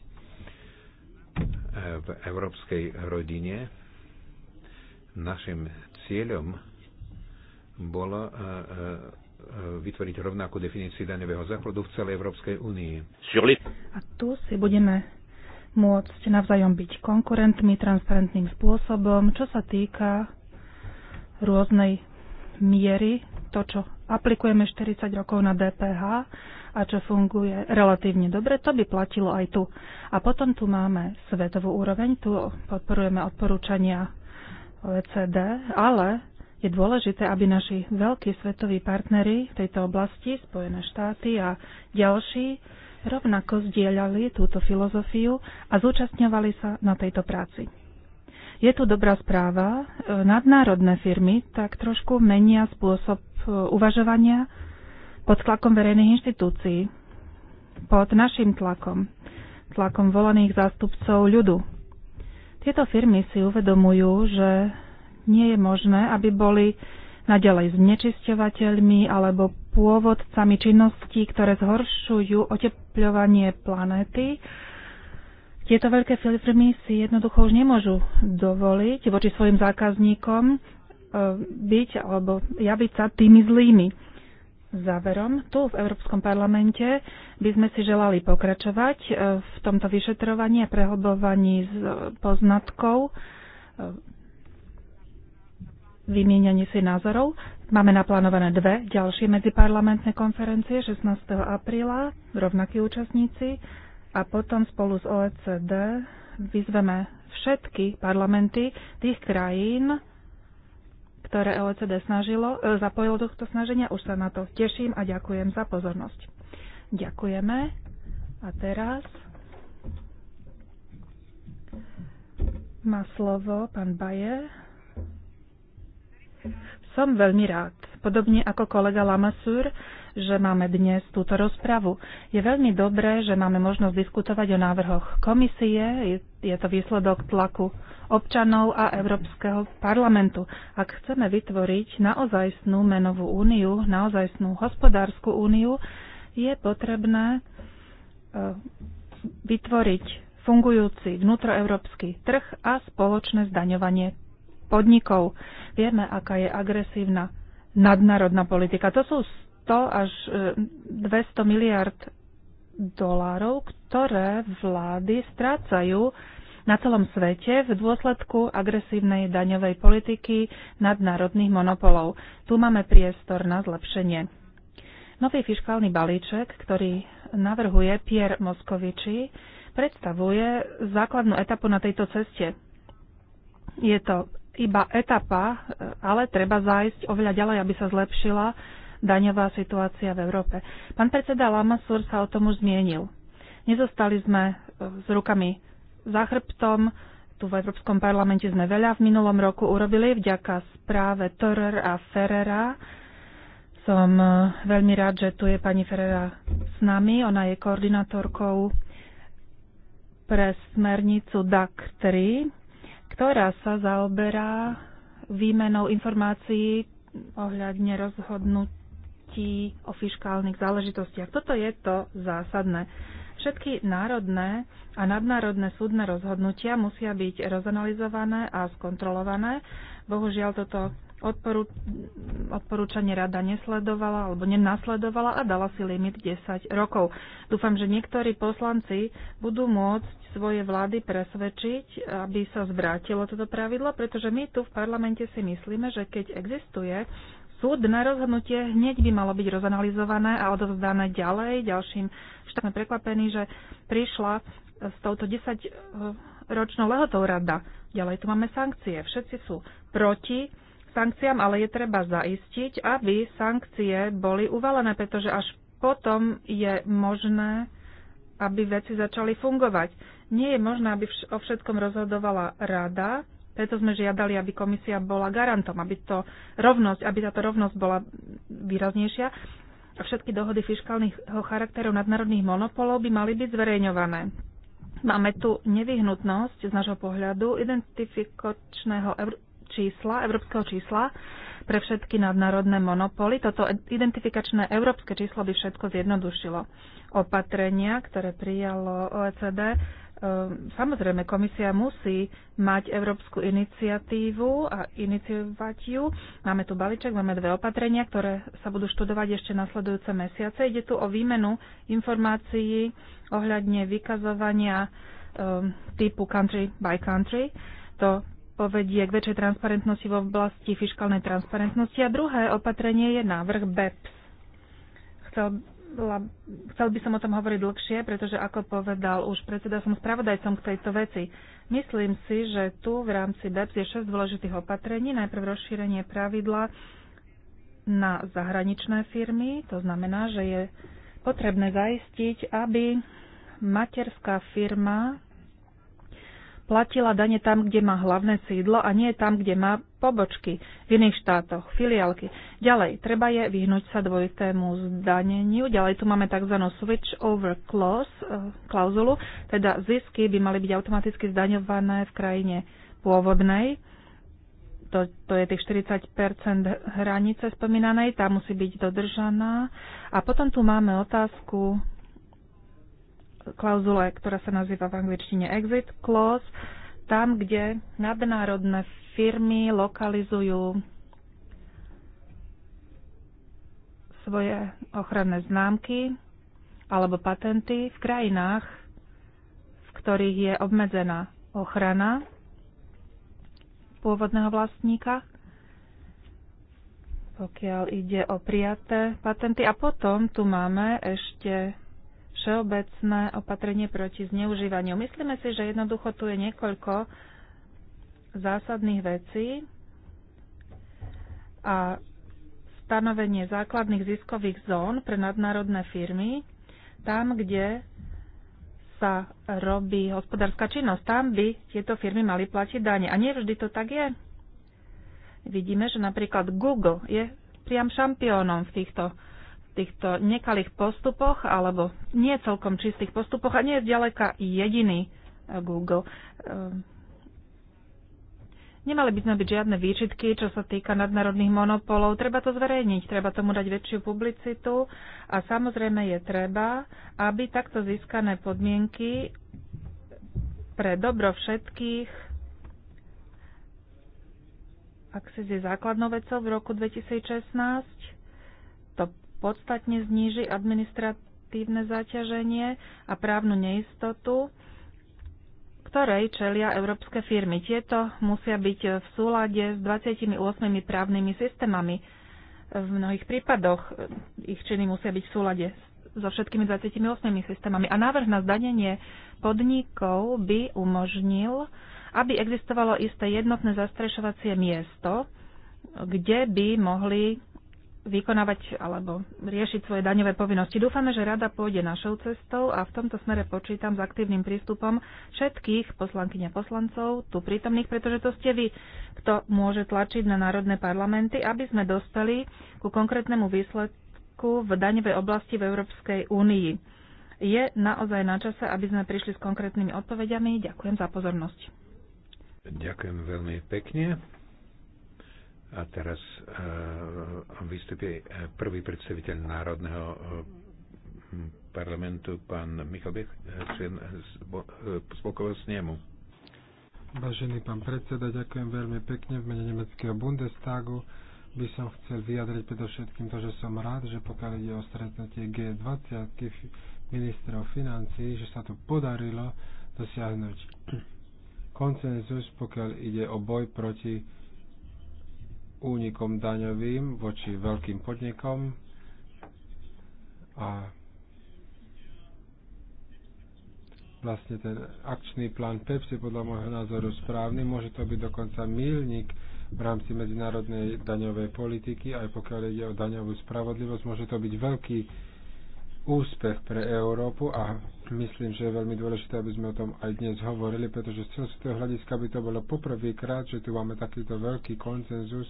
v európskej rodine. Našim cieľom bolo e, e, vytvoriť rovnakú definíciu daňového základu v celej Európskej únii. A tu si budeme môcť navzájom byť konkurentmi transparentným spôsobom, čo sa týka rôznej miery to, čo aplikujeme 40 rokov na DPH a čo funguje relatívne dobre, to by platilo aj tu. A potom tu máme svetovú úroveň, tu podporujeme odporúčania OECD, ale je dôležité, aby naši veľkí svetoví partnery v tejto oblasti, Spojené štáty a ďalší, rovnako zdieľali túto filozofiu a zúčastňovali sa na tejto práci. Je tu dobrá správa. E, nadnárodné firmy tak trošku menia spôsob e, uvažovania pod tlakom verejných inštitúcií, pod našim tlakom, tlakom volených zástupcov ľudu. Tieto firmy si uvedomujú, že nie je možné, aby boli naďalej znečisťovateľmi alebo pôvodcami činností, ktoré zhoršujú otepľovanie planéty tieto veľké firmy si jednoducho už nemôžu dovoliť voči svojim zákazníkom e, byť alebo javiť sa tými zlými. Záverom, tu v Európskom parlamente by sme si želali pokračovať e, v tomto vyšetrovaní a prehlbovaní z e, poznatkov, vymieňanie si názorov. Máme naplánované dve ďalšie medziparlamentné konferencie 16. apríla, rovnakí účastníci, a potom spolu s OECD vyzveme všetky parlamenty tých krajín, ktoré OECD snažilo, e, zapojilo do tohto snaženia. Už sa na to teším a ďakujem za pozornosť. Ďakujeme. A teraz má slovo pán Baje. Som veľmi rád, podobne ako kolega Lamasur že máme dnes túto rozpravu. Je veľmi dobré, že máme možnosť diskutovať o návrhoch komisie. Je to výsledok tlaku občanov a Európskeho parlamentu. Ak chceme vytvoriť naozajstnú menovú úniu, naozajstnú hospodárskú úniu, je potrebné e, vytvoriť fungujúci vnútroeurópsky trh a spoločné zdaňovanie podnikov. Vieme, aká je agresívna nadnárodná politika. To sú až 200 e, miliard dolárov, ktoré vlády strácajú na celom svete v dôsledku agresívnej daňovej politiky nadnárodných monopolov. Tu máme priestor na zlepšenie. Nový fiškálny balíček, ktorý navrhuje Pierre Moskoviči, predstavuje základnú etapu na tejto ceste. Je to iba etapa, e, ale treba zájsť oveľa ďalej, aby sa zlepšila daňová situácia v Európe. Pán predseda Lamasur sa o tom už zmienil. Nezostali sme e, s rukami za chrbtom, tu v Európskom parlamente sme veľa v minulom roku urobili vďaka správe Torer a Ferrera. Som e, veľmi rád, že tu je pani Ferrera s nami. Ona je koordinátorkou pre smernicu DAC 3, ktorá sa zaoberá výmenou informácií ohľadne rozhodnutí znalostí o fiškálnych záležitostiach. Toto je to zásadné. Všetky národné a nadnárodné súdne rozhodnutia musia byť rozanalizované a skontrolované. Bohužiaľ toto odporu, odporúčanie rada nesledovala alebo nenasledovala a dala si limit 10 rokov. Dúfam, že niektorí poslanci budú môcť svoje vlády presvedčiť, aby sa zvrátilo toto pravidlo, pretože my tu v parlamente si myslíme, že keď existuje súdne rozhodnutie hneď by malo byť rozanalizované a odovzdané ďalej. Ďalším štátom sme prekvapení, že prišla s touto 10-ročnou lehotou rada. Ďalej tu máme sankcie. Všetci sú proti sankciám, ale je treba zaistiť, aby sankcie boli uvalené, pretože až potom je možné, aby veci začali fungovať. Nie je možné, aby o všetkom rozhodovala rada, preto sme žiadali, aby komisia bola garantom, aby, to rovnosť, aby táto rovnosť bola výraznejšia. A všetky dohody fiskálnych charakterov nadnárodných monopolov by mali byť zverejňované. Máme tu nevyhnutnosť z nášho pohľadu identifikačného čísla, európskeho čísla pre všetky nadnárodné monopoly. Toto identifikačné európske číslo by všetko zjednodušilo. Opatrenia, ktoré prijalo OECD, Ehm, samozrejme, komisia musí mať európsku iniciatívu a iniciovať ju. Máme tu balíček, máme dve opatrenia, ktoré sa budú študovať ešte nasledujúce mesiace. Ide tu o výmenu informácií ohľadne vykazovania um, typu country by country. To povedie k väčšej transparentnosti v oblasti fiskálnej transparentnosti. A druhé opatrenie je návrh BEPS. Chcel chcel by som o tom hovoriť dlhšie, pretože ako povedal už predseda, som spravodajcom k tejto veci. Myslím si, že tu v rámci BEPS je 6 dôležitých opatrení. Najprv rozšírenie pravidla na zahraničné firmy. To znamená, že je potrebné zaistiť, aby materská firma platila dane tam, kde má hlavné sídlo a nie tam, kde má pobočky v iných štátoch, filiálky. Ďalej, treba je vyhnúť sa dvojitému zdaneniu. Ďalej tu máme tzv. switch over clause, e, klauzulu, teda zisky by mali byť automaticky zdaňované v krajine pôvodnej. To, to je tých 40 hranice spomínanej, tá musí byť dodržaná. A potom tu máme otázku klauzule, ktorá sa nazýva v angličtine exit clause, tam, kde nadnárodné firmy lokalizujú svoje ochranné známky alebo patenty v krajinách, v ktorých je obmedzená ochrana pôvodného vlastníka, pokiaľ ide o prijaté patenty. A potom tu máme ešte všeobecné opatrenie proti zneužívaniu. Myslíme si, že jednoducho tu je niekoľko zásadných vecí a stanovenie základných ziskových zón pre nadnárodné firmy, tam, kde sa robí hospodárska činnosť, tam by tieto firmy mali platiť dane. A nie vždy to tak je. Vidíme, že napríklad Google je priam šampiónom v týchto týchto nekalých postupoch alebo nie celkom čistých postupoch a nie je zďaleka jediný eh, Google. Eh, nemali by sme byť žiadne výčitky, čo sa týka nadnárodných monopolov. Treba to zverejniť, treba tomu dať väčšiu publicitu a samozrejme je treba, aby takto získané podmienky pre dobro všetkých ak si je základnou vecou v roku 2016, to podstatne zníži administratívne zaťaženie a právnu neistotu, ktorej čelia európske firmy. Tieto musia byť v súlade s 28 právnymi systémami. V mnohých prípadoch ich činy musia byť v súlade so všetkými 28 systémami. A návrh na zdanenie podnikov by umožnil, aby existovalo isté jednotné zastrešovacie miesto, kde by mohli vykonávať alebo riešiť svoje daňové povinnosti. Dúfame, že rada pôjde našou cestou a v tomto smere počítam s aktívnym prístupom všetkých poslankyň a poslancov tu prítomných, pretože to ste vy, kto môže tlačiť na národné parlamenty, aby sme dostali ku konkrétnemu výsledku v daňovej oblasti v Európskej únii. Je naozaj na čase, aby sme prišli s konkrétnymi odpovediami. Ďakujem za pozornosť. Ďakujem veľmi pekne. A teraz uh, vystupí eh, prvý predstaviteľ Národného eh, parlamentu, pán Michal Bech, člen spolkového snemu. Vážený pán predseda, ďakujem veľmi pekne v mene nemeckého Bundestagu. By som chcel vyjadriť predovšetkým to, že som rád, že pokiaľ ide o stretnutie G20 ministrov financií, že sa tu podarilo dosiahnuť koncenzus, pokiaľ ide o boj proti únikom daňovým voči veľkým podnikom a vlastne ten akčný plán PEPSI podľa môjho názoru správny, môže to byť dokonca milník v rámci medzinárodnej daňovej politiky, aj pokiaľ ide o daňovú spravodlivosť, môže to byť veľký úspech pre Európu a myslím, že je veľmi dôležité, aby sme o tom aj dnes hovorili, pretože z celosvetového hľadiska by to bolo poprvýkrát, že tu máme takýto veľký koncenzus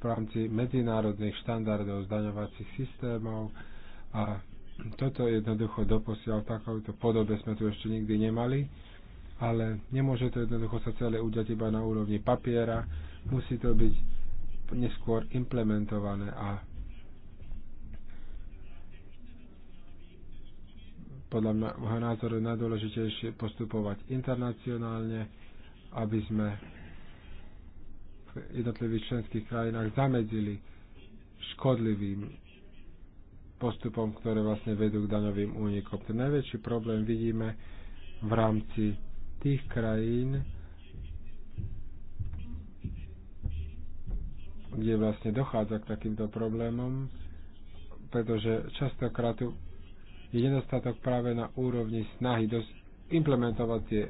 v rámci medzinárodných štandardov zdaňovacích systémov a toto jednoducho doposiaľ v takovéto podobe sme tu ešte nikdy nemali, ale nemôže to jednoducho sa celé udiať iba na úrovni papiera, musí to byť neskôr implementované a podľa môjho názoru najdôležitejšie postupovať internacionálne, aby sme v jednotlivých členských krajinách zamedzili škodlivým postupom, ktoré vlastne vedú k daňovým únikom. Ten najväčší problém vidíme v rámci tých krajín, kde vlastne dochádza k takýmto problémom, pretože častokrát tu je nedostatok práve na úrovni snahy dosť implementovať tie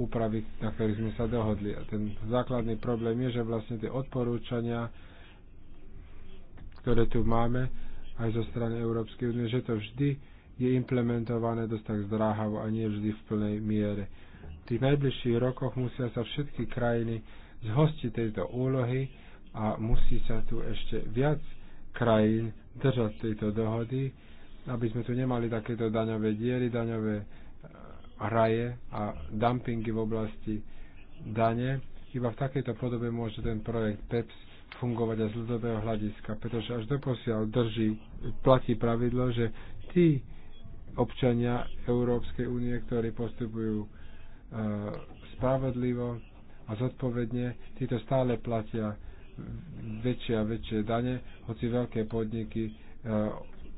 úpravy, na ktorých sme sa dohodli. A ten základný problém je, že vlastne tie odporúčania, ktoré tu máme, aj zo strany Európskej únie, že to vždy je implementované dosť tak zdráhavo a nie vždy v plnej miere. V tých najbližších rokoch musia sa všetky krajiny zhostiť tejto úlohy a musí sa tu ešte viac krajín držať tejto dohody aby sme tu nemali takéto daňové diery, daňové eh, hraje a dumpingy v oblasti dane. Iba v takejto podobe môže ten projekt PEPS fungovať aj z ľudového hľadiska, pretože až doposiaľ drží, platí pravidlo, že tí občania Európskej únie, ktorí postupujú e, spravodlivo a zodpovedne, títo stále platia väčšie a väčšie dane, hoci veľké podniky e,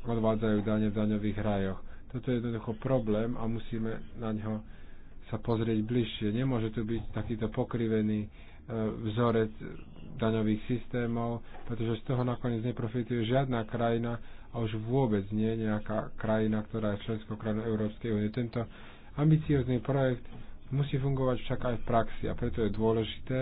odvádzajú dane v daňových rajoch. Toto je jednoducho problém a musíme na ňo sa pozrieť bližšie. Nemôže tu byť takýto pokrivený e, vzorec daňových systémov, pretože z toho nakoniec neprofituje žiadna krajina a už vôbec nie nejaká krajina, ktorá je členskou krajinou Európskej únie. Tento ambiciózny projekt musí fungovať však aj v praxi a preto je dôležité,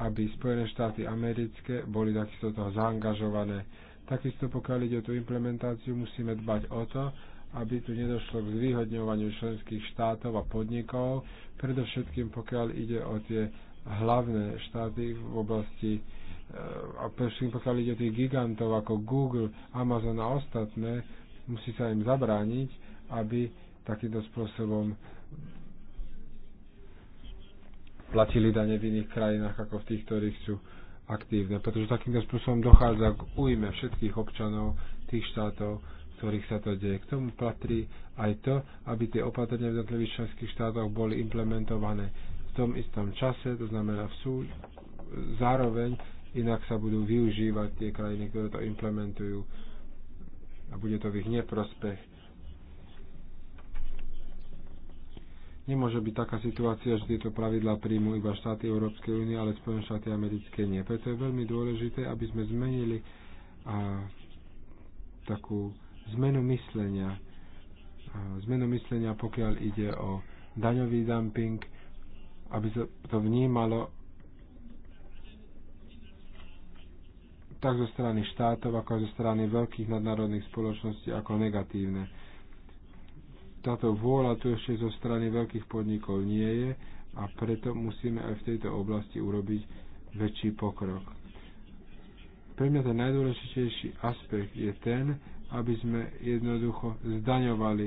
aby Spojené štáty americké boli takisto toho zaangažované Takisto pokiaľ ide o tú implementáciu, musíme dbať o to, aby tu nedošlo k zvýhodňovaniu členských štátov a podnikov, predovšetkým pokiaľ ide o tie hlavné štáty v oblasti eh, a predovšetkým pokiaľ ide o tých gigantov ako Google, Amazon a ostatné, musí sa im zabrániť, aby takýmto spôsobom platili dane v iných krajinách ako v tých, ktorých sú aktívne, pretože takýmto spôsobom dochádza k újme všetkých občanov tých štátov, z ktorých sa to deje. K tomu patrí aj to, aby tie opatrenia v jednotlivých členských štátoch boli implementované v tom istom čase, to znamená v sú, zároveň inak sa budú využívať tie krajiny, ktoré to implementujú a bude to v ich neprospech Nemôže byť taká situácia, že tieto pravidlá príjmu iba štáty Európskej únie, ale Spojené štáty americké nie. Preto je veľmi dôležité, aby sme zmenili a, takú zmenu myslenia. A, zmenu myslenia, pokiaľ ide o daňový dumping, aby sa to vnímalo tak zo strany štátov, ako aj zo strany veľkých nadnárodných spoločností ako negatívne táto vôľa tu ešte zo strany veľkých podnikov nie je a preto musíme aj v tejto oblasti urobiť väčší pokrok. Pre mňa ten najdôležitejší aspekt je ten, aby sme jednoducho zdaňovali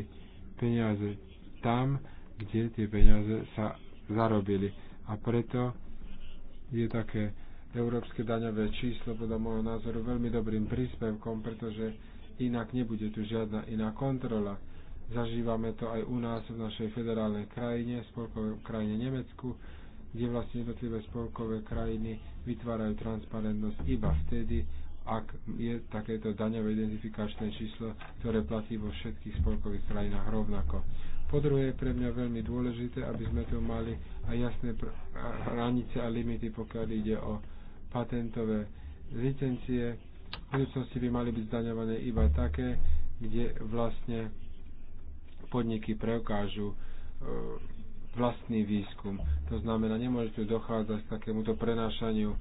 peniaze tam, kde tie peniaze sa zarobili. A preto je také európske daňové číslo podľa môjho názoru veľmi dobrým príspevkom, pretože inak nebude tu žiadna iná kontrola Zažívame to aj u nás v našej federálnej krajine, spolkovej krajine Nemecku, kde vlastne jednotlivé spolkové krajiny vytvárajú transparentnosť iba vtedy, ak je takéto daňové identifikačné číslo, ktoré platí vo všetkých spolkových krajinách rovnako. Po druhé, je pre mňa veľmi dôležité, aby sme tu mali aj jasné hranice a limity, pokiaľ ide o patentové licencie. V budúcnosti by mali byť zdaňované iba také, kde vlastne podniky preukážu e, vlastný výskum. To znamená, nemôže tu dochádzať k takémuto prenášaniu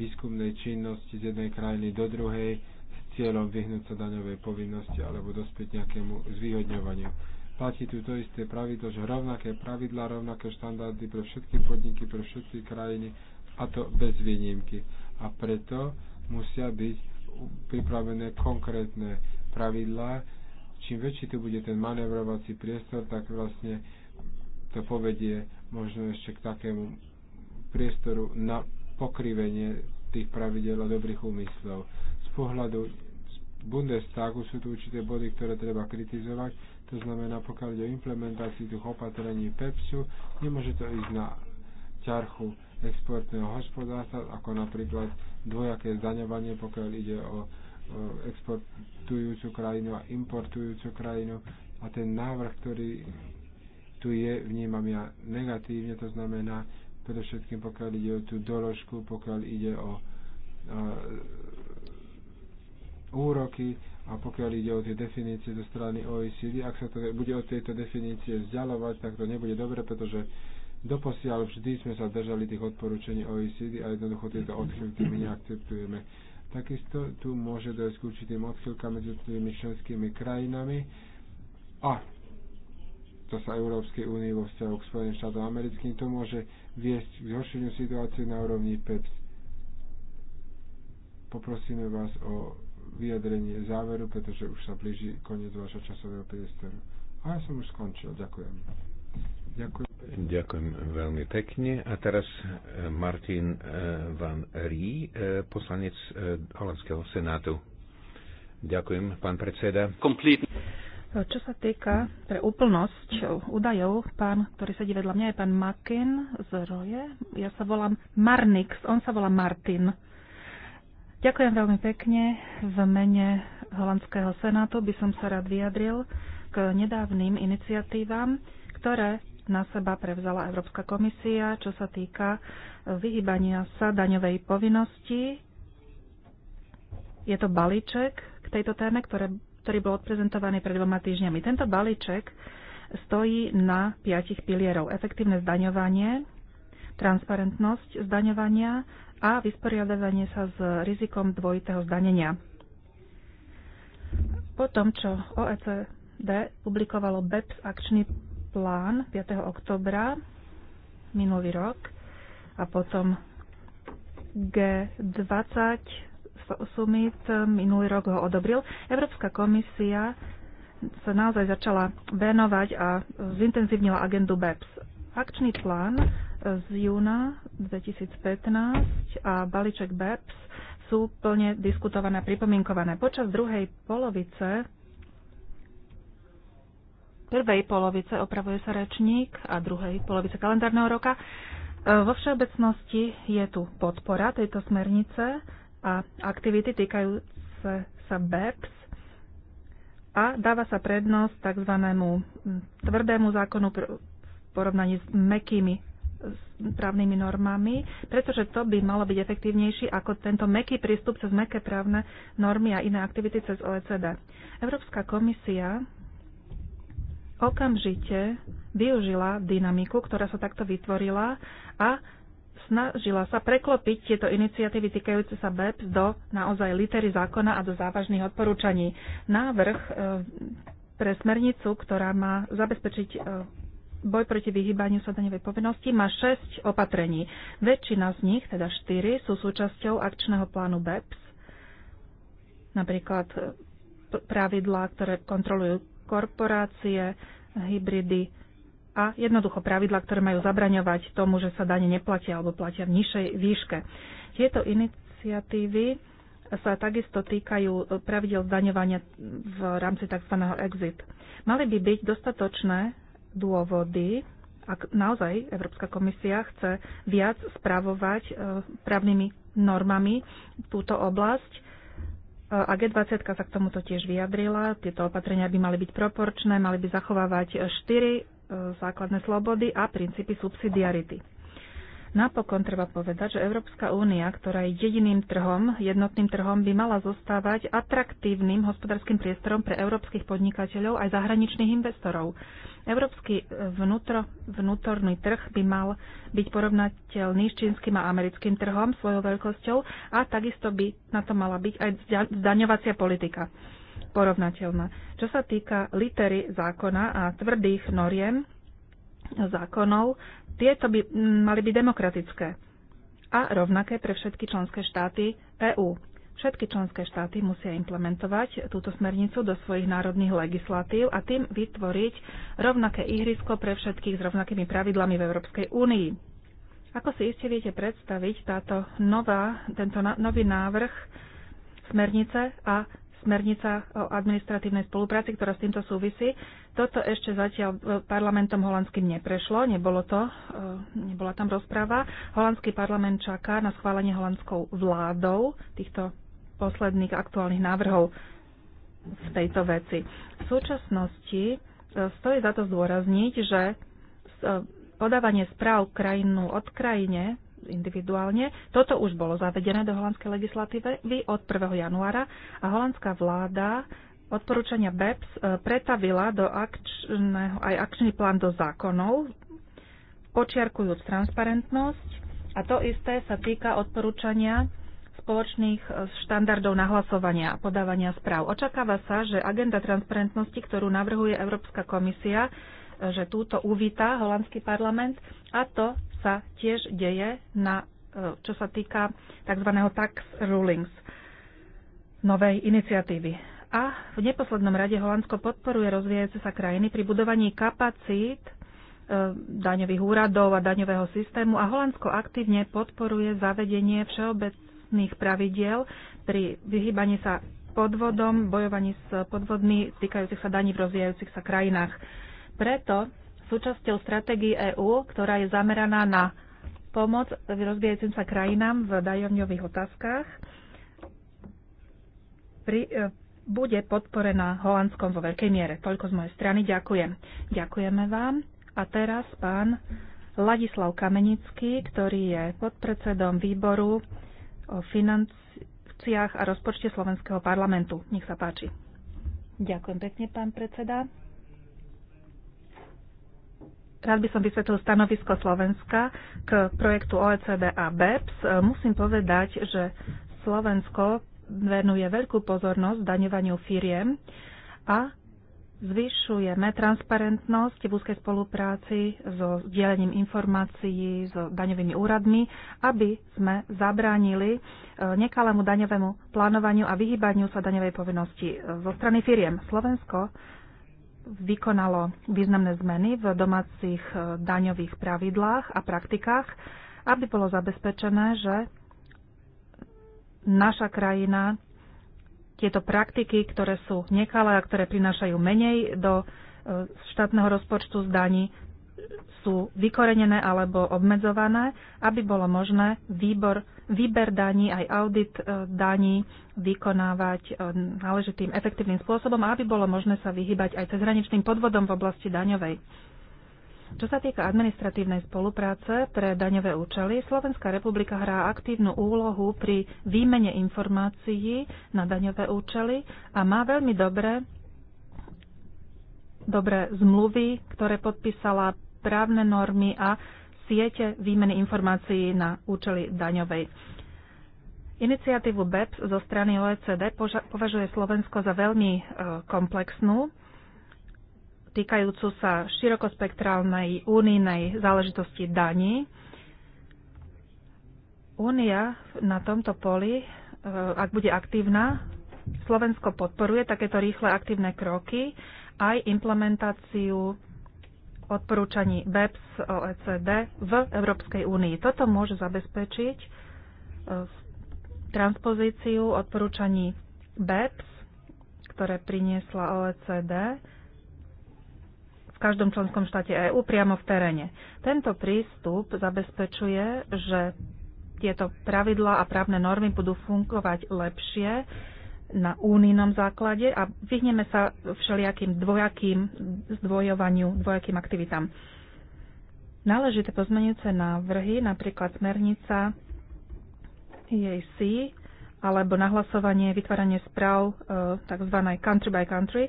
výskumnej činnosti z jednej krajiny do druhej s cieľom vyhnúť sa daňovej povinnosti alebo dospieť nejakému zvýhodňovaniu. Platí tu to isté pravidlo, že rovnaké pravidlá, rovnaké štandardy pre všetky podniky, pre všetky krajiny a to bez výnimky. A preto musia byť pripravené konkrétne pravidlá, čím väčší tu bude ten manevrovací priestor, tak vlastne to povedie možno ešte k takému priestoru na pokrivenie tých pravidel a dobrých úmyslov. Z pohľadu Bundestagu sú tu určité body, ktoré treba kritizovať. To znamená, pokiaľ ide o implementáciu tých opatrení PEPSu, nemôže to ísť na ťarchu exportného hospodárstva, ako napríklad dvojaké zdaňovanie, pokiaľ ide o Eh, exportujúcu krajinu a importujúcu krajinu a ten návrh, ktorý tu je, vnímam ja negatívne, to znamená predovšetkým pokiaľ ide o tú doložku, pokiaľ ide o a, eh, úroky a pokiaľ ide o tie definície zo strany OECD, ak sa to bude od tejto definície vzdialovať, tak to nebude dobre, pretože doposiaľ vždy sme sa držali tých odporúčení OECD a jednoducho tieto odchylky my neakceptujeme. Takisto tu môže dojsť k určitým odchýlkam medzi tými členskými krajinami a to sa Európskej únii vo vzťahu k Spojeným štátom americkým, to môže viesť k zhoršeniu situácie na úrovni PEPS. Poprosíme vás o vyjadrenie záveru, pretože už sa blíži koniec vášho časového priestoru. A ja som už skončil. Ďakujem. Ďakujem. Ďakujem veľmi pekne. A teraz e, Martin e, Van Rí, e, poslanec Holandského senátu. Ďakujem, pán predseda. Complete. Čo sa týka pre úplnosť údajov, pán, ktorý sedí vedľa mňa, je pán Makin z Roje. Ja sa volám Marnix, on sa volá Martin. Ďakujem veľmi pekne. V mene Holandského senátu by som sa rád vyjadril k nedávnym iniciatívam, ktoré na seba prevzala Európska komisia, čo sa týka e, vyhybania sa daňovej povinnosti. Je to balíček k tejto téme, ktoré, ktorý bol odprezentovaný pred dvoma týždňami. Tento balíček stojí na piatich pilierov. Efektívne zdaňovanie, transparentnosť zdaňovania a vysporiadavanie sa s rizikom dvojitého zdanenia. Po tom, čo OECD publikovalo BEPS akčný plán 5. oktobra minulý rok a potom G20 summit minulý rok ho odobril. Európska komisia sa naozaj začala venovať a zintenzívnila agendu BEPS. Akčný plán z júna 2015 a balíček BEPS sú plne diskutované a pripomienkované. Počas druhej polovice prvej polovice, opravuje sa rečník, a druhej polovice kalendárneho roka. E, vo všeobecnosti je tu podpora tejto smernice a aktivity týkajúce sa BEPS a dáva sa prednosť tzv. tvrdému zákonu v porovnaní s mekými právnymi normami, pretože to by malo byť efektívnejší ako tento meký prístup cez meké právne normy a iné aktivity cez OECD. Európska komisia okamžite využila dynamiku, ktorá sa takto vytvorila a snažila sa preklopiť tieto iniciatívy týkajúce sa BEPS do naozaj litery zákona a do závažných odporúčaní. Návrh e, pre smernicu, ktorá má zabezpečiť e, boj proti vyhýbaniu sa daňovej povinnosti, má 6 opatrení. Väčšina z nich, teda 4, sú súčasťou akčného plánu BEPS, napríklad e, pravidlá, ktoré kontrolujú korporácie, hybridy a jednoducho pravidla, ktoré majú zabraňovať tomu, že sa dane neplatia alebo platia v nižšej výške. Tieto iniciatívy sa takisto týkajú pravidel zdaňovania v rámci tzv. exit. Mali by byť dostatočné dôvody, ak naozaj Európska komisia chce viac spravovať eh, právnymi normami túto oblasť, a G20 sa k tomuto tiež vyjadrila. Tieto opatrenia by mali byť proporčné, mali by zachovávať štyri e, základné slobody a princípy subsidiarity. Napokon treba povedať, že Európska únia, ktorá je jediným trhom, jednotným trhom, by mala zostávať atraktívnym hospodárskym priestorom pre európskych podnikateľov aj zahraničných investorov. Európsky vnútro, vnútorný trh by mal byť porovnateľný s čínskym a americkým trhom svojou veľkosťou a takisto by na to mala byť aj zdaňovacia politika porovnateľná. Čo sa týka litery zákona a tvrdých noriem, zákonov, tieto by mali byť demokratické a rovnaké pre všetky členské štáty EÚ. Všetky členské štáty musia implementovať túto smernicu do svojich národných legislatív a tým vytvoriť rovnaké ihrisko pre všetkých s rovnakými pravidlami v Európskej únii. Ako si iste viete predstaviť, táto nová, tento nový návrh smernice a smernica o administratívnej spolupráci, ktorá s týmto súvisí. Toto ešte zatiaľ e, parlamentom holandským neprešlo, nebolo to, e, nebola tam rozpráva. Holandský parlament čaká na schválenie holandskou vládou týchto posledných aktuálnych návrhov v tejto veci. V súčasnosti e, stojí za to zdôrazniť, že podávanie správ krajinu od krajine individuálne. Toto už bolo zavedené do holandskej legislatívy od 1. januára a holandská vláda odporúčania BEPS e, pretavila do akčného, aj akčný plán do zákonov, počiarkujúc transparentnosť a to isté sa týka odporúčania spoločných e, štandardov nahlasovania a podávania správ. Očakáva sa, že agenda transparentnosti, ktorú navrhuje Európska komisia, e, že túto uvíta holandský parlament a to sa tiež deje, na, e, čo sa týka tzv. tax rulings, novej iniciatívy. A v neposlednom rade Holandsko podporuje rozvíjajúce sa krajiny pri budovaní kapacít e, daňových úradov a daňového systému a Holandsko aktívne podporuje zavedenie všeobecných pravidiel pri vyhýbaní sa podvodom, bojovaní s podvodmi týkajúcich sa daní v rozvíjajúcich sa krajinách. Preto súčasťou stratégie EÚ, ktorá je zameraná na pomoc rozvíjajúcim sa krajinám v dajovňových otázkach. Pri, e, bude podporená Holandskom vo veľkej miere. Toľko z mojej strany. Ďakujem. Ďakujeme vám. A teraz pán Ladislav Kamenický, ktorý je podpredsedom výboru o financiách a rozpočte Slovenského parlamentu. Nech sa páči. Ďakujem pekne, pán predseda. Rád by som vysvetlil stanovisko Slovenska k projektu OECD a BEPS. Musím povedať, že Slovensko venuje veľkú pozornosť daňovaniu firiem a zvyšujeme transparentnosť v úzkej spolupráci so sdielením informácií s so daňovými úradmi, aby sme zabránili e, nekalému daňovému plánovaniu a vyhýbaniu sa daňovej povinnosti e, zo strany firiem. Slovensko vykonalo významné zmeny v domácich e, daňových pravidlách a praktikách, aby bolo zabezpečené, že naša krajina tieto praktiky, ktoré sú nekalé a ktoré prinášajú menej do e, štátneho rozpočtu z daní, sú vykorenené alebo obmedzované, aby bolo možné výbor, výber daní aj audit e, daní vykonávať e, náležitým efektívnym spôsobom a aby bolo možné sa vyhybať aj cezhraničným podvodom v oblasti daňovej. Čo sa týka administratívnej spolupráce pre daňové účely, Slovenská republika hrá aktívnu úlohu pri výmene informácií na daňové účely a má veľmi dobré, dobré zmluvy, ktoré podpísala právne normy a siete výmeny informácií na účely daňovej. Iniciatívu BEPS zo strany OECD považuje Slovensko za veľmi e, komplexnú, týkajúcu sa širokospektrálnej únijnej záležitosti daní. Únia na tomto poli, e, ak bude aktívna, Slovensko podporuje takéto rýchle aktívne kroky aj implementáciu odporúčaní BEPS OECD v Európskej únii. Toto môže zabezpečiť e, transpozíciu odporúčaní BEPS, ktoré priniesla OECD v každom členskom štáte EÚ priamo v teréne. Tento prístup zabezpečuje, že tieto pravidlá a právne normy budú fungovať lepšie na únijnom základe a vyhneme sa všelijakým dvojakým zdvojovaniu, dvojakým aktivitám. Náležité pozmenujúce návrhy, napríklad smernica EAC alebo nahlasovanie, vytváranie správ e, tzv. country by country,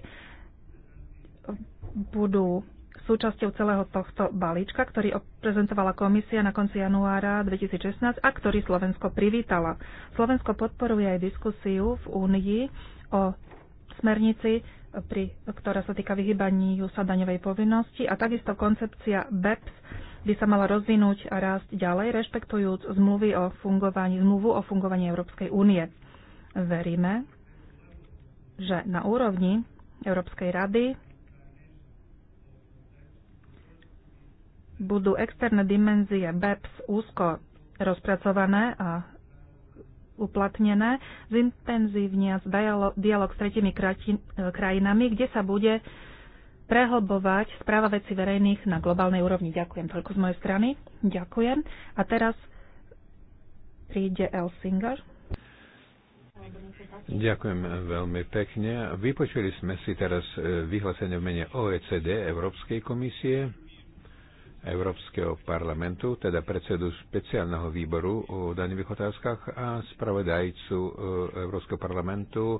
budú súčasťou celého tohto balíčka, ktorý prezentovala komisia na konci januára 2016 a ktorý Slovensko privítala. Slovensko podporuje aj diskusiu v Únii o smernici, pri, ktorá sa týka vyhybaní sa daňovej povinnosti a takisto koncepcia BEPS by sa mala rozvinúť a rásť ďalej, rešpektujúc zmluvy o fungovaní, zmluvu o fungovaní Európskej únie. Veríme, že na úrovni Európskej rady budú externé dimenzie BEPS úzko rozpracované a uplatnené, zintenzívnia dialog s tretimi krajinami, kde sa bude prehlbovať správa veci verejných na globálnej úrovni. Ďakujem toľko z mojej strany. Ďakujem. A teraz príde El Singer. Ďakujem veľmi pekne. Vypočuli sme si teraz eh, vyhlásenie v mene OECD Európskej komisie Európskeho parlamentu, teda predsedu špeciálneho výboru o daňových otázkach a spravodajcu e, Európskeho parlamentu e,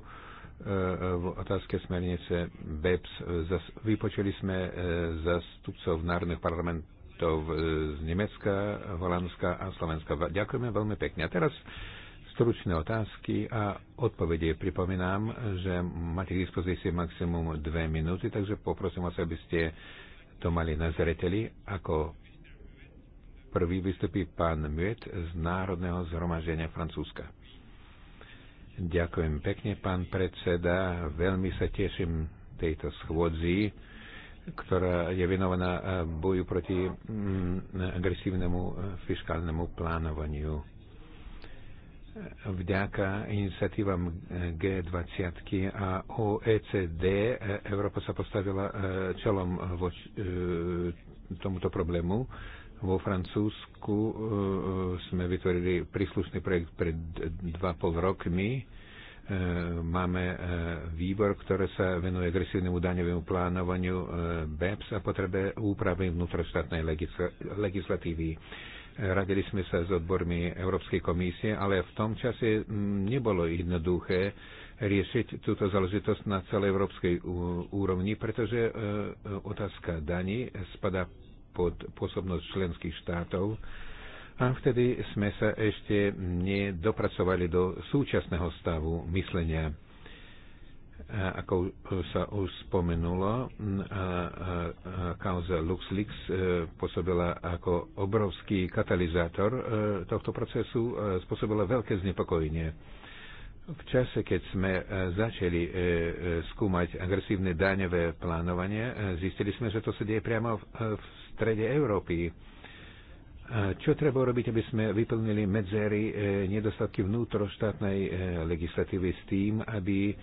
v otázke smernice BEPS. Vypočuli sme e, zastupcov národných parlamentov z Nemecka, Holandska a Slovenska. Ďakujeme veľmi pekne. A teraz stručné otázky a odpovede. Pripomínam, že máte k dispozícii maximum dve minúty, takže poprosím vás, aby ste to mali na zreteli, ako prvý vystupí pán Muet z Národného zhromaždenia Francúzska. Ďakujem pekne, pán predseda. Veľmi sa teším tejto schôdzi, ktorá je venovaná boju proti mm, agresívnemu eh, fiskálnemu plánovaniu vďaka iniciatívam G20 a OECD Európa sa postavila e, čelom e, voč, e, tomuto problému. Vo Francúzsku sme vytvorili príslušný projekt pred dva, pol rokmi. Máme výbor, ktorý sa venuje agresívnemu daňovému plánovaniu BEPS a potrebe úpravy vnútroštátnej legislatívy. Radili sme sa s odbormi Európskej komisie, ale v tom čase mm, nebolo jednoduché riešiť túto záležitosť na celej európskej úrovni, pretože e, e, otázka daní spada pod pôsobnosť členských štátov a vtedy sme sa ešte nedopracovali do súčasného stavu myslenia ako sa už spomenulo, kauza LuxLeaks e, pôsobila ako obrovský katalizátor e, tohto procesu, spôsobila veľké znepokojenie. V čase, keď sme e, začali skúmať agresívne daňové plánovanie, zistili sme, že to sa deje priamo v strede Európy čo treba robiť, aby sme vyplnili medzery e, nedostatky vnútroštátnej e, legislatívy s tým, aby e,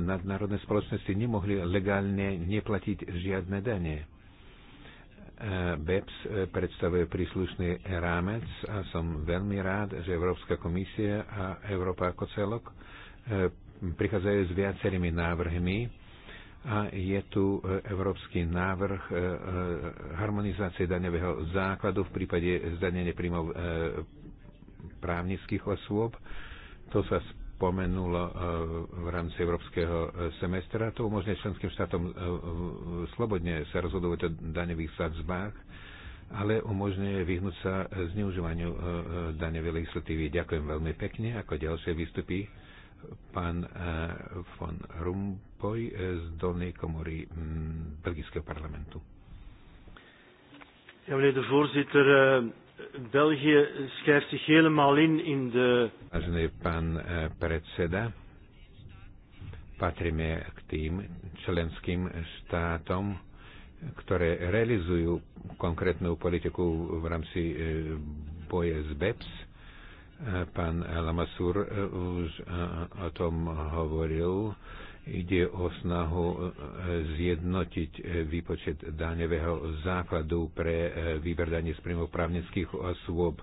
nadnárodné spoločnosti nemohli legálne neplatiť žiadne dane? BEPS predstavuje príslušný rámec a som veľmi rád, že Európska komisia a Európa ako celok prichádzajú s viacerými návrhmi, a je tu e, európsky návrh e, e, harmonizácie daňového základu v prípade zdanenia príjmov právnických osôb. To sa spomenulo v rámci európskeho semestra. To umožňuje členským štátom slobodne sa rozhodovať o daňových sadzbách, ale umožňuje vyhnúť sa zneužívaniu daňovej legislatívy. Ďakujem veľmi pekne. Ako ďalšie vystupí, pán von Rump Boj eh, z dolnej komory mm, Belgického parlamentu. Ja, meneer de voorzitter, eh, België schrijft zich helemaal in in de... Vážený pán eh, predseda, patríme k tým členským štátom, ktoré realizujú konkrétnu politiku v rámci boje s BEPS. Pán Lamasur už o tom hovoril Ide o snahu e, zjednotiť e, výpočet daňového základu pre e, výber dane z príjmov právnických osôb.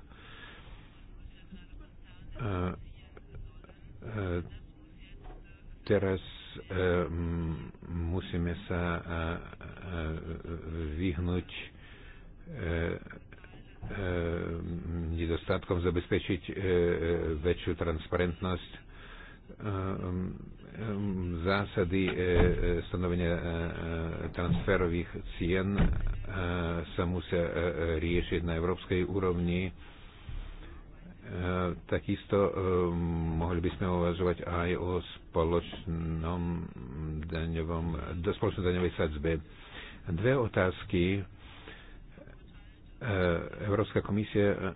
Teraz musíme sa vyhnúť nedostatkom zabezpečiť väčšiu transparentnosť Eh, eh, zásady eh, stanovenia transferových cien sa musia riešiť na európskej úrovni. Takisto mohli by sme uvažovať aj o spoločnom daňovom, do spoločnej daňovej sadzbe. Dve otázky. Európska komisia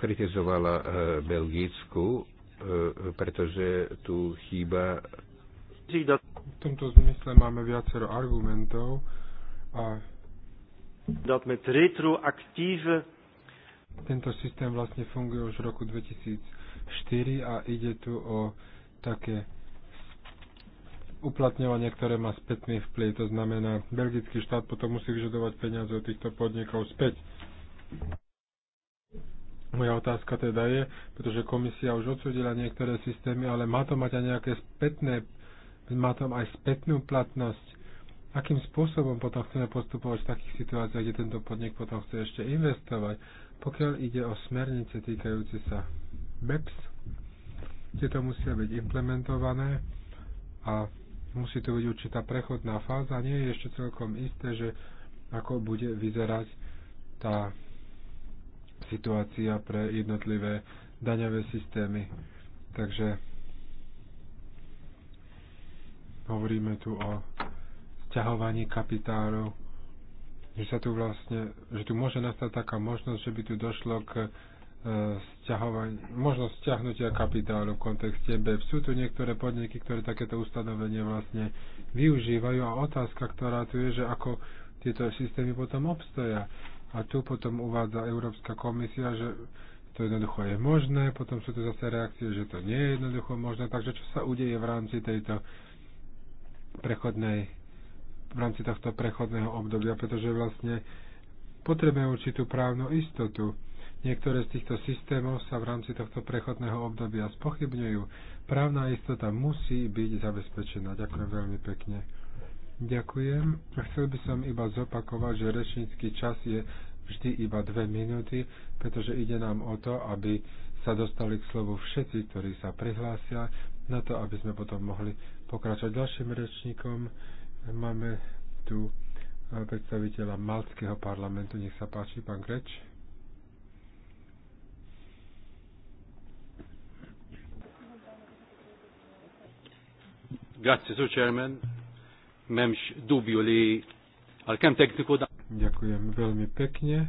kritizovala Belgicku E, pretože tu chýba. V tomto zmysle máme viacero argumentov a dat met retroactieve tento systém vlastne funguje už v roku 2004 a ide tu o také uplatňovanie, ktoré má spätný vplyv. To znamená, belgický štát potom musí vyžadovať peniaze od týchto podnikov späť. Moja otázka teda je, pretože komisia už odsudila niektoré systémy, ale má to mať aj nejaké spätné, má to aj spätnú platnosť. Akým spôsobom potom chceme postupovať v takých situáciách, kde tento podnik potom chce ešte investovať, pokiaľ ide o smernice týkajúce sa BEPS, tieto musia byť implementované a musí to byť určitá prechodná fáza. Nie je ešte celkom isté, že ako bude vyzerať tá situácia pre jednotlivé daňové systémy. Takže hovoríme tu o sťahovaní kapitárov, že sa tu vlastne, že tu môže nastať taká možnosť, že by tu došlo k e, možnosť stiahnutia kapitálu v kontexte BEP. Sú tu niektoré podniky, ktoré takéto ustanovenie vlastne využívajú a otázka, ktorá tu je, že ako tieto systémy potom obstoja. A tu potom uvádza Európska komisia, že to jednoducho je možné, potom sú tu zase reakcie, že to nie je jednoducho možné, takže čo sa udeje v rámci tejto prechodnej, v rámci tohto prechodného obdobia, pretože vlastne potrebujeme určitú právnu istotu. Niektoré z týchto systémov sa v rámci tohto prechodného obdobia spochybňujú. Právna istota musí byť zabezpečená. Ďakujem veľmi pekne. Ďakujem. Chcel by som iba zopakovať, že rečnícky čas je vždy iba dve minúty, pretože ide nám o to, aby sa dostali k slovu všetci, ktorí sa prihlásia, na to, aby sme potom mohli pokračovať ďalším rečníkom. Máme tu eh, predstaviteľa Malckého parlamentu. Nech sa páči, pán Greč. Grazie, Chairman memš dubiuli, ale kem techniku da. Ďakujem veľmi pekne.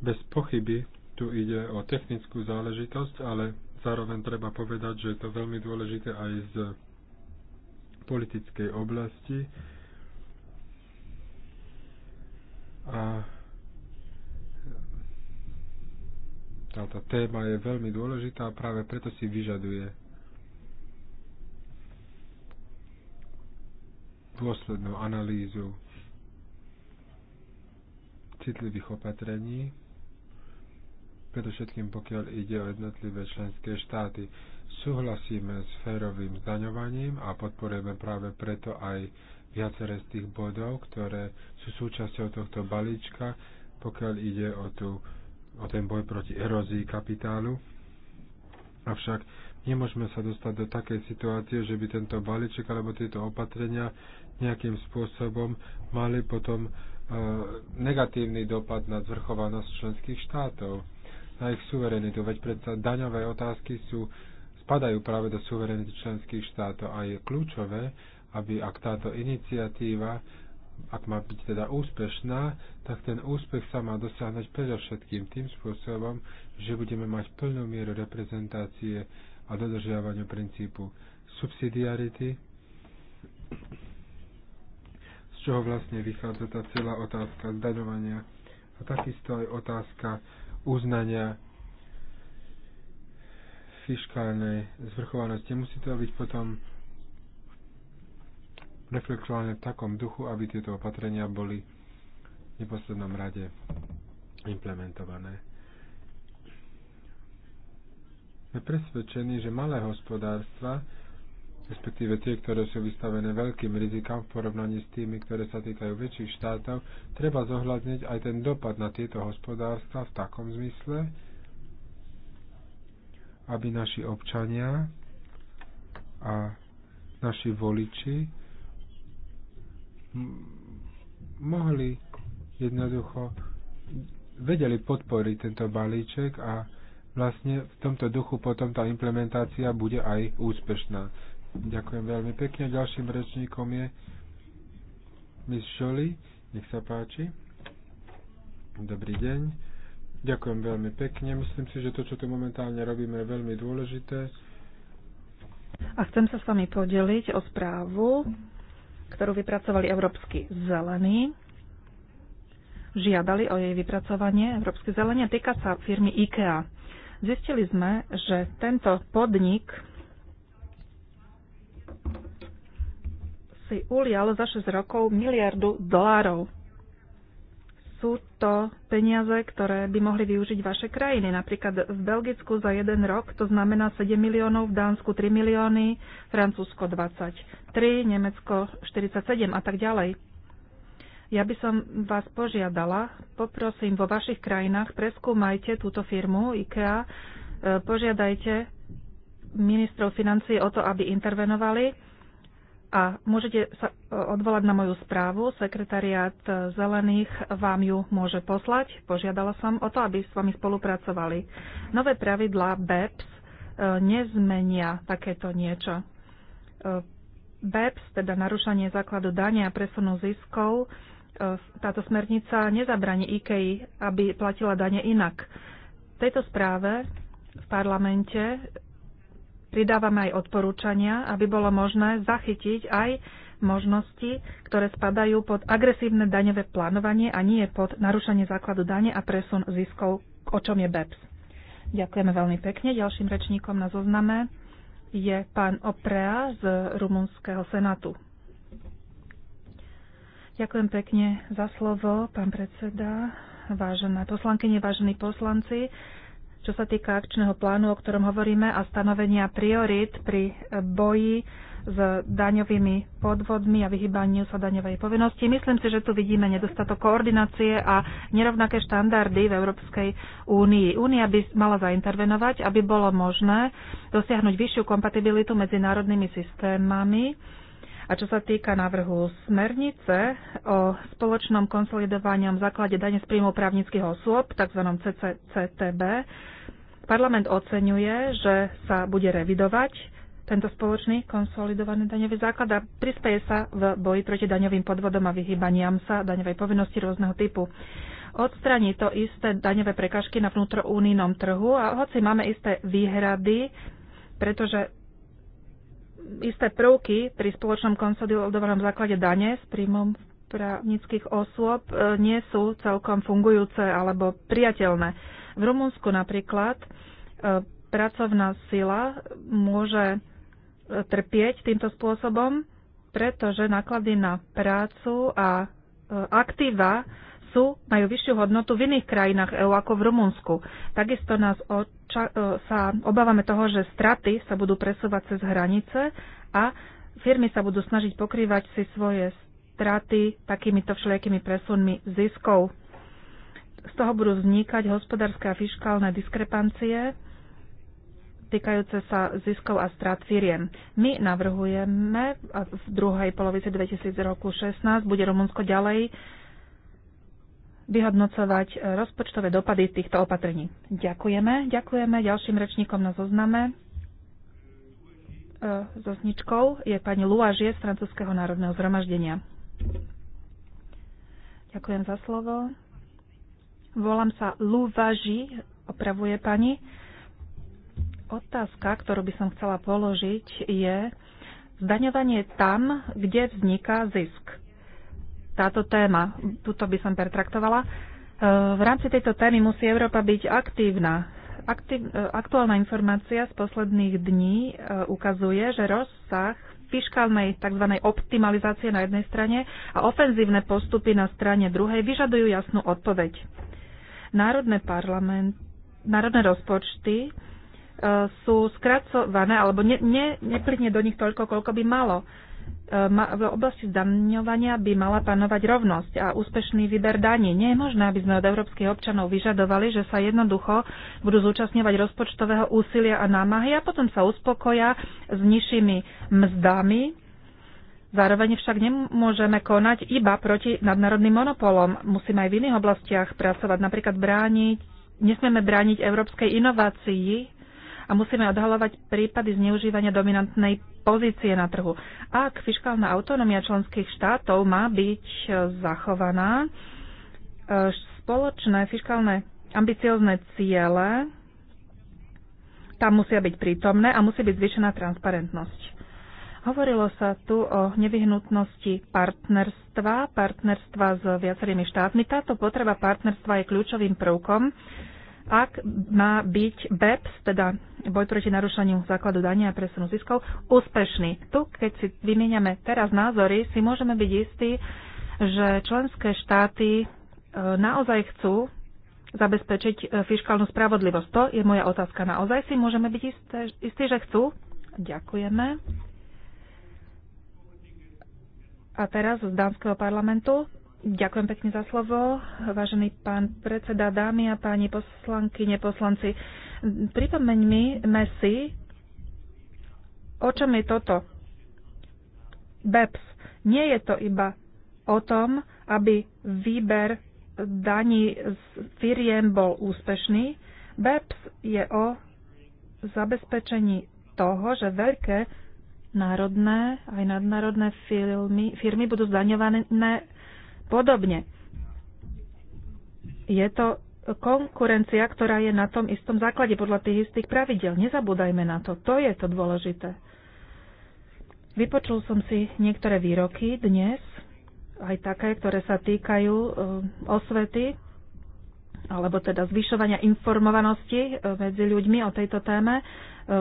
Bez pochyby tu ide o technickú záležitosť, ale zároveň treba povedať, že je to veľmi dôležité aj z politickej oblasti. A táto téma je veľmi dôležitá a práve preto si vyžaduje dôslednú analýzu citlivých opatrení, predovšetkým pokiaľ ide o jednotlivé členské štáty. Súhlasíme s férovým zdaňovaním a podporujeme práve preto aj viaceré z tých bodov, ktoré sú súčasťou tohto balíčka, pokiaľ ide o, tú, o ten boj proti erózii kapitálu. Avšak nemôžeme sa dostať do takej situácie, že by tento balíček alebo tieto opatrenia nejakým spôsobom mali potom e, negatívny dopad na zvrchovanosť členských štátov, na ich suverenitu. Veď predsa daňové otázky sú, spadajú práve do suverenity členských štátov a je kľúčové, aby ak táto iniciatíva, ak má byť teda úspešná, tak ten úspech sa má dosiahnuť predovšetkým tým spôsobom, že budeme mať plnú mieru reprezentácie a dodržiavania princípu subsidiarity čoho vlastne vychádza tá celá otázka zdaňovania a takisto aj otázka uznania fiškálnej zvrchovanosti. Musí to byť potom reflektované v takom duchu, aby tieto opatrenia boli v neposlednom rade implementované. Sme presvedčení, že malé hospodárstva respektíve tie, ktoré sú vystavené veľkým rizikám v porovnaní s tými, ktoré sa týkajú väčších štátov, treba zohľadniť aj ten dopad na tieto hospodárstva v takom zmysle, aby naši občania a naši voliči mohli jednoducho vedeli podporiť tento balíček a vlastne v tomto duchu potom tá implementácia bude aj úspešná. Ďakujem veľmi pekne. Ďalším rečníkom je Miss Šoli. Nech sa páči. Dobrý deň. Ďakujem veľmi pekne. Myslím si, že to, čo tu momentálne robíme, je veľmi dôležité. A chcem sa s vami podeliť o správu, ktorú vypracovali Európsky zelení. Žiadali o jej vypracovanie Európsky zelený Týka sa firmy IKEA. Zistili sme, že tento podnik si ulial za 6 rokov miliardu dolárov. Sú to peniaze, ktoré by mohli využiť vaše krajiny. Napríklad v Belgicku za jeden rok to znamená 7 miliónov, v Dánsku 3 milióny, Francúzsko 23, Nemecko 47 a tak ďalej. Ja by som vás požiadala, poprosím vo vašich krajinách, preskúmajte túto firmu IKEA, e, požiadajte ministrov financí o to, aby intervenovali a môžete sa e, odvolať na moju správu. Sekretariat e, Zelených vám ju môže poslať. Požiadala som o to, aby s vami spolupracovali. Nové pravidlá BEPS e, nezmenia takéto niečo. BEPS, teda narušanie základu dania a presunu ziskov, táto smernica nezabraní IKEA, aby platila dane inak. V tejto správe v parlamente pridávame aj odporúčania, aby bolo možné zachytiť aj možnosti, ktoré spadajú pod agresívne daňové plánovanie a nie pod narušenie základu dane a presun ziskov, o čom je BEPS. Ďakujeme veľmi pekne. Ďalším rečníkom na zozname je pán Oprea z Rumunského senátu. Ďakujem pekne za slovo, pán predseda, vážené poslankyne, vážení poslanci. Čo sa týka akčného plánu, o ktorom hovoríme, a stanovenia priorit pri boji s daňovými podvodmi a vyhýbaniu sa daňovej povinnosti. Myslím si, že tu vidíme nedostatok koordinácie a nerovnaké štandardy v Európskej únii. Únia by mala zaintervenovať, aby bolo možné dosiahnuť vyššiu kompatibilitu medzi národnými systémami. A čo sa týka návrhu smernice o spoločnom konsolidovanom základe dane z príjmu právnických osôb, tzv. CCTB, Parlament oceňuje, že sa bude revidovať tento spoločný konsolidovaný daňový základ a prispieje sa v boji proti daňovým podvodom a vyhýbaniam sa daňovej povinnosti rôzneho typu. Odstraní to isté daňové prekažky na vnútroúnijnom trhu a hoci máme isté výhrady, pretože isté prvky pri spoločnom konsolidovanom základe dane s príjmom právnických osôb eh, nie sú celkom fungujúce alebo priateľné v Rumunsku napríklad e, pracovná sila môže e, trpieť týmto spôsobom, pretože náklady na prácu a e, aktíva sú, majú vyššiu hodnotu v iných krajinách EÚ ako v Rumunsku. Takisto nás oča- sa obávame toho, že straty sa budú presúvať cez hranice a firmy sa budú snažiť pokrývať si svoje straty takýmito všelijakými presunmi ziskov z toho budú vznikať hospodárske a fiskálne diskrepancie týkajúce sa ziskov a strát firiem. My navrhujeme, a v druhej polovici 16 bude Rumunsko ďalej vyhodnocovať rozpočtové dopady týchto opatrení. Ďakujeme. Ďakujeme ďalším rečníkom na zozname. E, so zničkou je pani Luažie z Francúzského národného zhromaždenia. Ďakujem za slovo. Volám sa Luvaži, opravuje pani. Otázka, ktorú by som chcela položiť, je zdaňovanie tam, kde vzniká zisk. Táto téma, tuto by som pertraktovala. E, v rámci tejto témy musí Európa byť aktívna. Aktiv, e, aktuálna informácia z posledných dní e, ukazuje, že rozsah fiškálnej tzv. optimalizácie na jednej strane a ofenzívne postupy na strane druhej vyžadujú jasnú odpoveď národné parlament, národné rozpočty e, sú skracované alebo ne, ne, neplynie do nich toľko, koľko by malo. E, v oblasti zdaňovania by mala panovať rovnosť a úspešný výber daní. Nie je možné, aby sme od európskych občanov vyžadovali, že sa jednoducho budú zúčastňovať rozpočtového úsilia a námahy a potom sa uspokoja s nižšími mzdami, Zároveň však nemôžeme konať iba proti nadnárodným monopolom. Musíme aj v iných oblastiach pracovať, napríklad brániť, nesmieme brániť európskej inovácii a musíme odhalovať prípady zneužívania dominantnej pozície na trhu. Ak fiskálna autonómia členských štátov má byť zachovaná, eh, spoločné fiskálne ambiciozne ciele tam musia byť prítomné a musí byť zvýšená transparentnosť. Hovorilo sa tu o nevyhnutnosti partnerstva, partnerstva s viacerými štátmi. Táto potreba partnerstva je kľúčovým prvkom, ak má byť BEPS, teda boj proti narušaniu základu dania a presunu ziskov, úspešný. Tu, keď si vymieňame teraz názory, si môžeme byť istí, že členské štáty e, naozaj chcú zabezpečiť e, fiskálnu spravodlivosť. To je moja otázka. Naozaj si môžeme byť istí, že chcú? Ďakujeme. A teraz z Dánskeho parlamentu. Ďakujem pekne za slovo. Vážený pán predseda, dámy a páni poslanky, neposlanci, pripomeň mi, Messi, o čom je toto? BEPS. Nie je to iba o tom, aby výber daní z firiem bol úspešný. BEPS je o zabezpečení toho, že veľké národné aj nadnárodné firmy, firmy budú zdaňované podobne. Je to konkurencia, ktorá je na tom istom základe podľa tých istých pravidel. Nezabúdajme na to. To je to dôležité. Vypočul som si niektoré výroky dnes, aj také, ktoré sa týkajú e, osvety alebo teda zvyšovania informovanosti eh, medzi ľuďmi o tejto téme. Eh,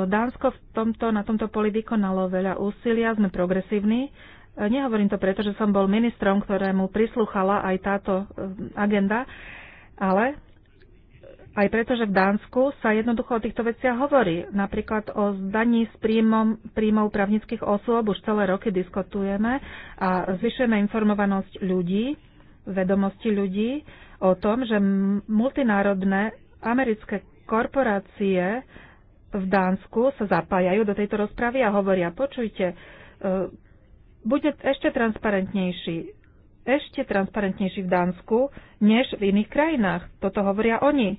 Dánsko v tomto, na tomto poli vykonalo veľa úsilia, sme progresívni. Eh, nehovorím to preto, že som bol ministrom, ktorému prislúchala aj táto agenda, ale aj preto, že v Dánsku sa jednoducho o týchto veciach hovorí. Napríklad o zdaní s príjmom, príjmov právnických osôb už celé roky diskutujeme a zvyšujeme informovanosť ľudí vedomosti ľudí o tom, že multinárodné americké korporácie v Dánsku sa zapájajú do tejto rozpravy a hovoria, počujte, e, bude ešte transparentnejší, ešte transparentnejší v Dánsku, než v iných krajinách. Toto hovoria oni.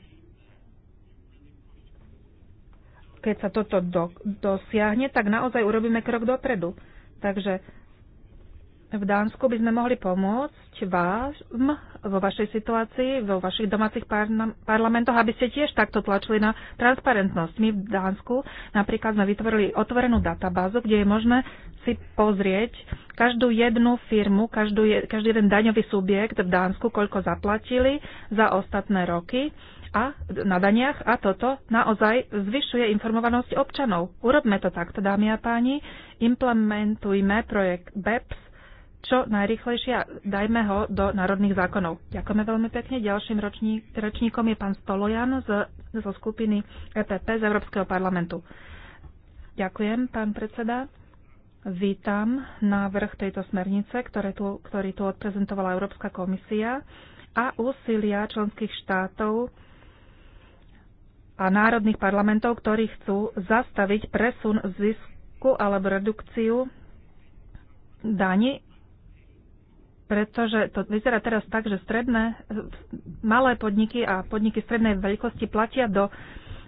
Keď sa toto do, dosiahne, tak naozaj urobíme krok dopredu. Takže v Dánsku by sme mohli pomôcť vám vo vašej situácii, vo vašich domácich parlamentoch, aby ste tiež takto tlačili na transparentnosť. My v Dánsku napríklad sme vytvorili otvorenú databázu, kde je možné si pozrieť každú jednu firmu, každú, každý jeden daňový subjekt v Dánsku, koľko zaplatili za ostatné roky a na daniach a toto naozaj zvyšuje informovanosť občanov. Urobme to takto, dámy a páni, implementujme projekt BEPS čo najrychlejšie dajme ho do národných zákonov. Ďakujeme veľmi pekne. Ďalším ročník, ročníkom je pán Stolojan z, zo skupiny EPP z Európskeho parlamentu. Ďakujem, pán predseda. Vítam návrh tejto smernice, ktoré tu, ktorý tu odprezentovala Európska komisia a úsilia členských štátov a národných parlamentov, ktorí chcú zastaviť presun zisku alebo redukciu daní pretože to vyzerá teraz tak, že stredné, malé podniky a podniky strednej veľkosti platia, do,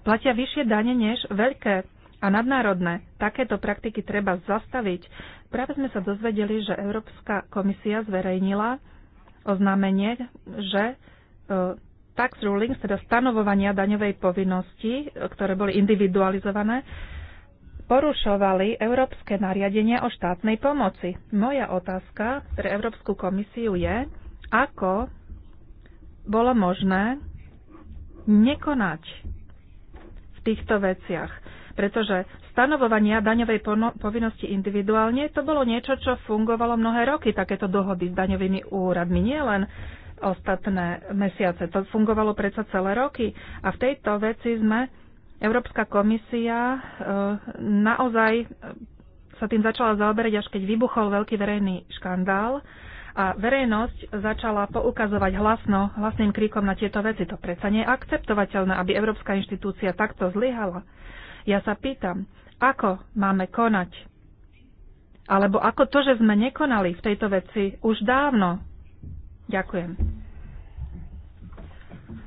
platia vyššie dane než veľké a nadnárodné. Takéto praktiky treba zastaviť. Práve sme sa dozvedeli, že Európska komisia zverejnila oznámenie, že e, tax rulings, teda stanovovania daňovej povinnosti, e, ktoré boli individualizované, porušovali európske nariadenia o štátnej pomoci. Moja otázka pre Európsku komisiu je, ako bolo možné nekonať v týchto veciach. Pretože stanovovania daňovej povinnosti individuálne, to bolo niečo, čo fungovalo mnohé roky, takéto dohody s daňovými úradmi, nie len ostatné mesiace. To fungovalo predsa celé roky. A v tejto veci sme Európska komisia e, naozaj e, sa tým začala zaoberať, až keď vybuchol veľký verejný škandál a verejnosť začala poukazovať hlasno, hlasným kríkom na tieto veci. To predsa nie je akceptovateľné, aby Európska inštitúcia takto zlyhala. Ja sa pýtam, ako máme konať? Alebo ako to, že sme nekonali v tejto veci už dávno? Ďakujem.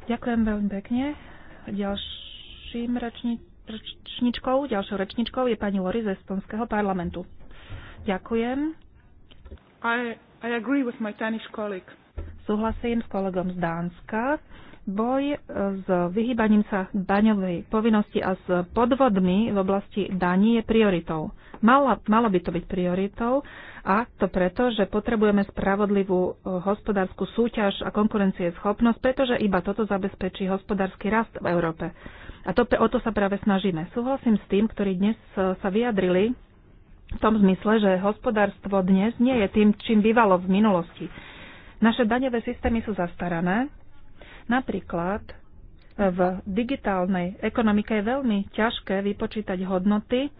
Ďakujem veľmi pekne. Ďalšie. Ďalším rečni, rečničkou, ďalšou rečničkou je pani Lori z Estonského parlamentu. Ďakujem. I, I agree with my Danish colleague. Súhlasím s kolegom z Dánska. Boj e, s vyhýbaním sa daňovej povinnosti a s podvodmi v oblasti daní je prioritou. Malo, malo by to byť prioritou a to preto, že potrebujeme spravodlivú e, hospodárskú súťaž a konkurencieschopnosť, pretože iba toto zabezpečí hospodársky rast v Európe. A to, o to sa práve snažíme. Súhlasím s tým, ktorí dnes e, sa vyjadrili v tom zmysle, že hospodárstvo dnes nie je tým, čím bývalo v minulosti. Naše daňové systémy sú zastarané. Napríklad e, v digitálnej ekonomike je veľmi ťažké vypočítať hodnoty e,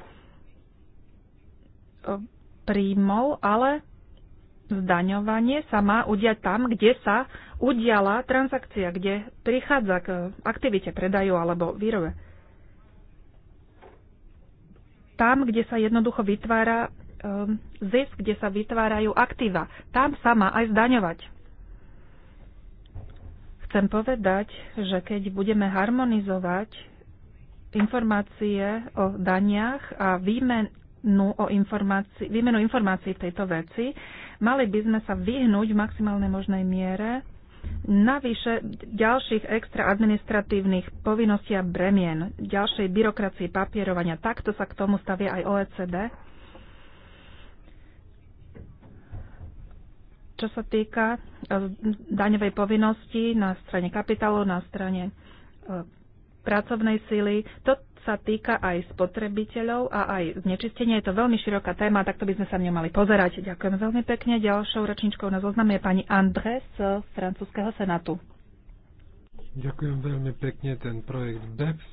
príjmov, ale Zdaňovanie sa má udiať tam, kde sa udiala transakcia, kde prichádza k aktivite predaju alebo výrobe. Tam, kde sa jednoducho vytvára ehm, zisk, kde sa vytvárajú aktíva. Tam sa má aj zdaňovať. Chcem povedať, že keď budeme harmonizovať informácie o daniach a výmenu, o informácii, výmenu informácií v tejto veci, Mali by sme sa vyhnúť v maximálnej možnej miere navyše ďalších extra administratívnych povinností a bremien, ďalšej byrokracii papierovania. Takto sa k tomu stavia aj OECD. Čo sa týka e, daňovej povinnosti na strane kapitálu, na strane e, pracovnej síly, to, sa týka aj spotrebiteľov a aj znečistenia. Je to veľmi široká téma, takto by sme sa v ňom mali pozerať. Ďakujem veľmi pekne. Ďalšou rečničkou na zozname je pani André z francúzského senátu. Ďakujem veľmi pekne. Ten projekt BEPS,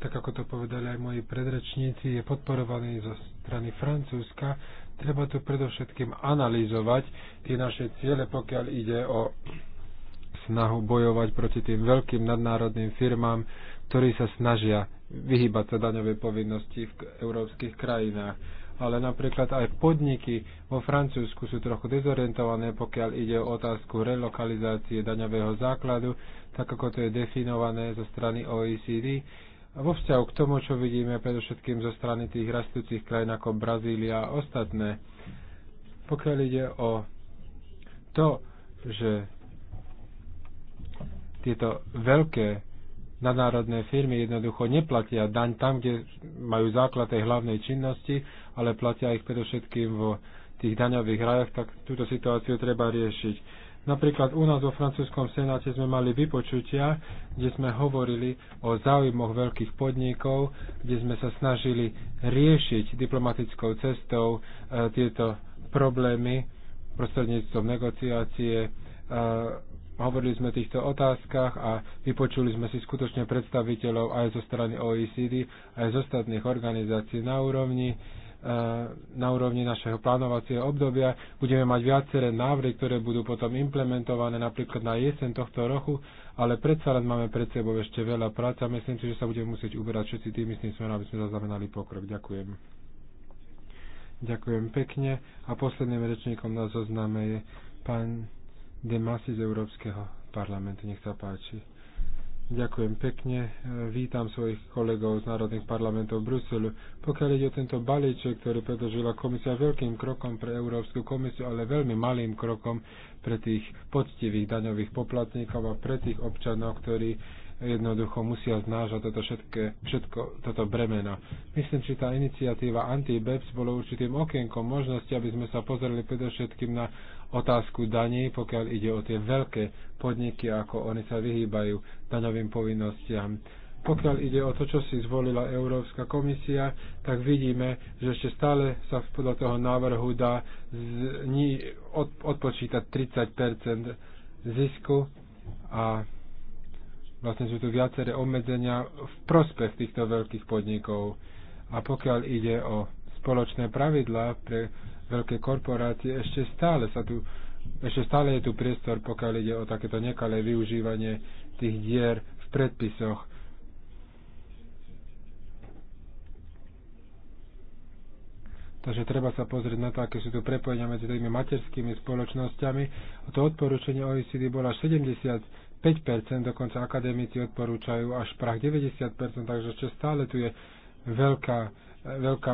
tak ako to povedali aj moji predrečníci, je podporovaný zo strany Francúzska. Treba tu predovšetkým analyzovať tie naše ciele, pokiaľ ide o snahu bojovať proti tým veľkým nadnárodným firmám, ktorí sa snažia vyhybať sa daňovej povinnosti v európskych krajinách. Ale napríklad aj podniky vo Francúzsku sú trochu dezorientované, pokiaľ ide o otázku relokalizácie daňového základu, tak ako to je definované zo strany OECD. A vo vzťahu k tomu, čo vidíme predovšetkým zo strany tých rastúcich krajín ako Brazília a ostatné, pokiaľ ide o to, že tieto veľké nadnárodné firmy jednoducho neplatia daň tam, kde majú základ tej hlavnej činnosti, ale platia ich predovšetkým vo tých daňových rajach, tak túto situáciu treba riešiť. Napríklad u nás vo francúzskom senáte sme mali vypočutia, kde sme hovorili o záujmoch veľkých podnikov, kde sme sa snažili riešiť diplomatickou cestou e, tieto problémy prostredníctvom negociácie e, Hovorili sme o týchto otázkach a vypočuli sme si skutočne predstaviteľov aj zo strany OECD, aj z ostatných organizácií na úrovni e, na úrovni našeho plánovacieho obdobia. Budeme mať viaceré návrhy, ktoré budú potom implementované napríklad na jeseň tohto roku, ale predsa len máme pred sebou ešte veľa práce a myslím si, že sa budeme musieť uberať všetci tým istým smerom, aby sme zaznamenali pokrok. Ďakujem. Ďakujem pekne a posledným rečníkom na zozname je pán Demasi z Európskeho parlamentu. Nech sa páči. Ďakujem pekne. Vítam svojich kolegov z národných parlamentov v Bruselu. Pokiaľ ide o tento balíček, ktorý predložila komisia veľkým krokom pre Európsku komisiu, ale veľmi malým krokom pre tých poctivých daňových poplatníkov a pre tých občanov, ktorí jednoducho musia znážať toto všetké, všetko toto bremeno. Myslím, že tá iniciatíva anti-BEPS bolo určitým okienkom možnosti, aby sme sa pozreli predovšetkým na otázku daní, pokiaľ ide o tie veľké podniky, ako oni sa vyhýbajú daňovým povinnostiam. Pokiaľ ide o to, čo si zvolila Európska komisia, tak vidíme, že ešte stále sa podľa toho návrhu dá z, ni, od, odpočítať 30 zisku a vlastne sú tu viaceré obmedzenia v prospech týchto veľkých podnikov. A pokiaľ ide o spoločné pravidlá pre veľké korporácie, ešte stále sa tu ešte stále je tu priestor, pokiaľ ide o takéto nekalé využívanie tých dier v predpisoch. Takže treba sa pozrieť na to, aké sú tu prepojenia medzi tými materskými spoločnosťami. A to odporúčanie OECD bolo až 75%, dokonca akademici odporúčajú až prach 90%, takže ešte stále tu je veľká, veľká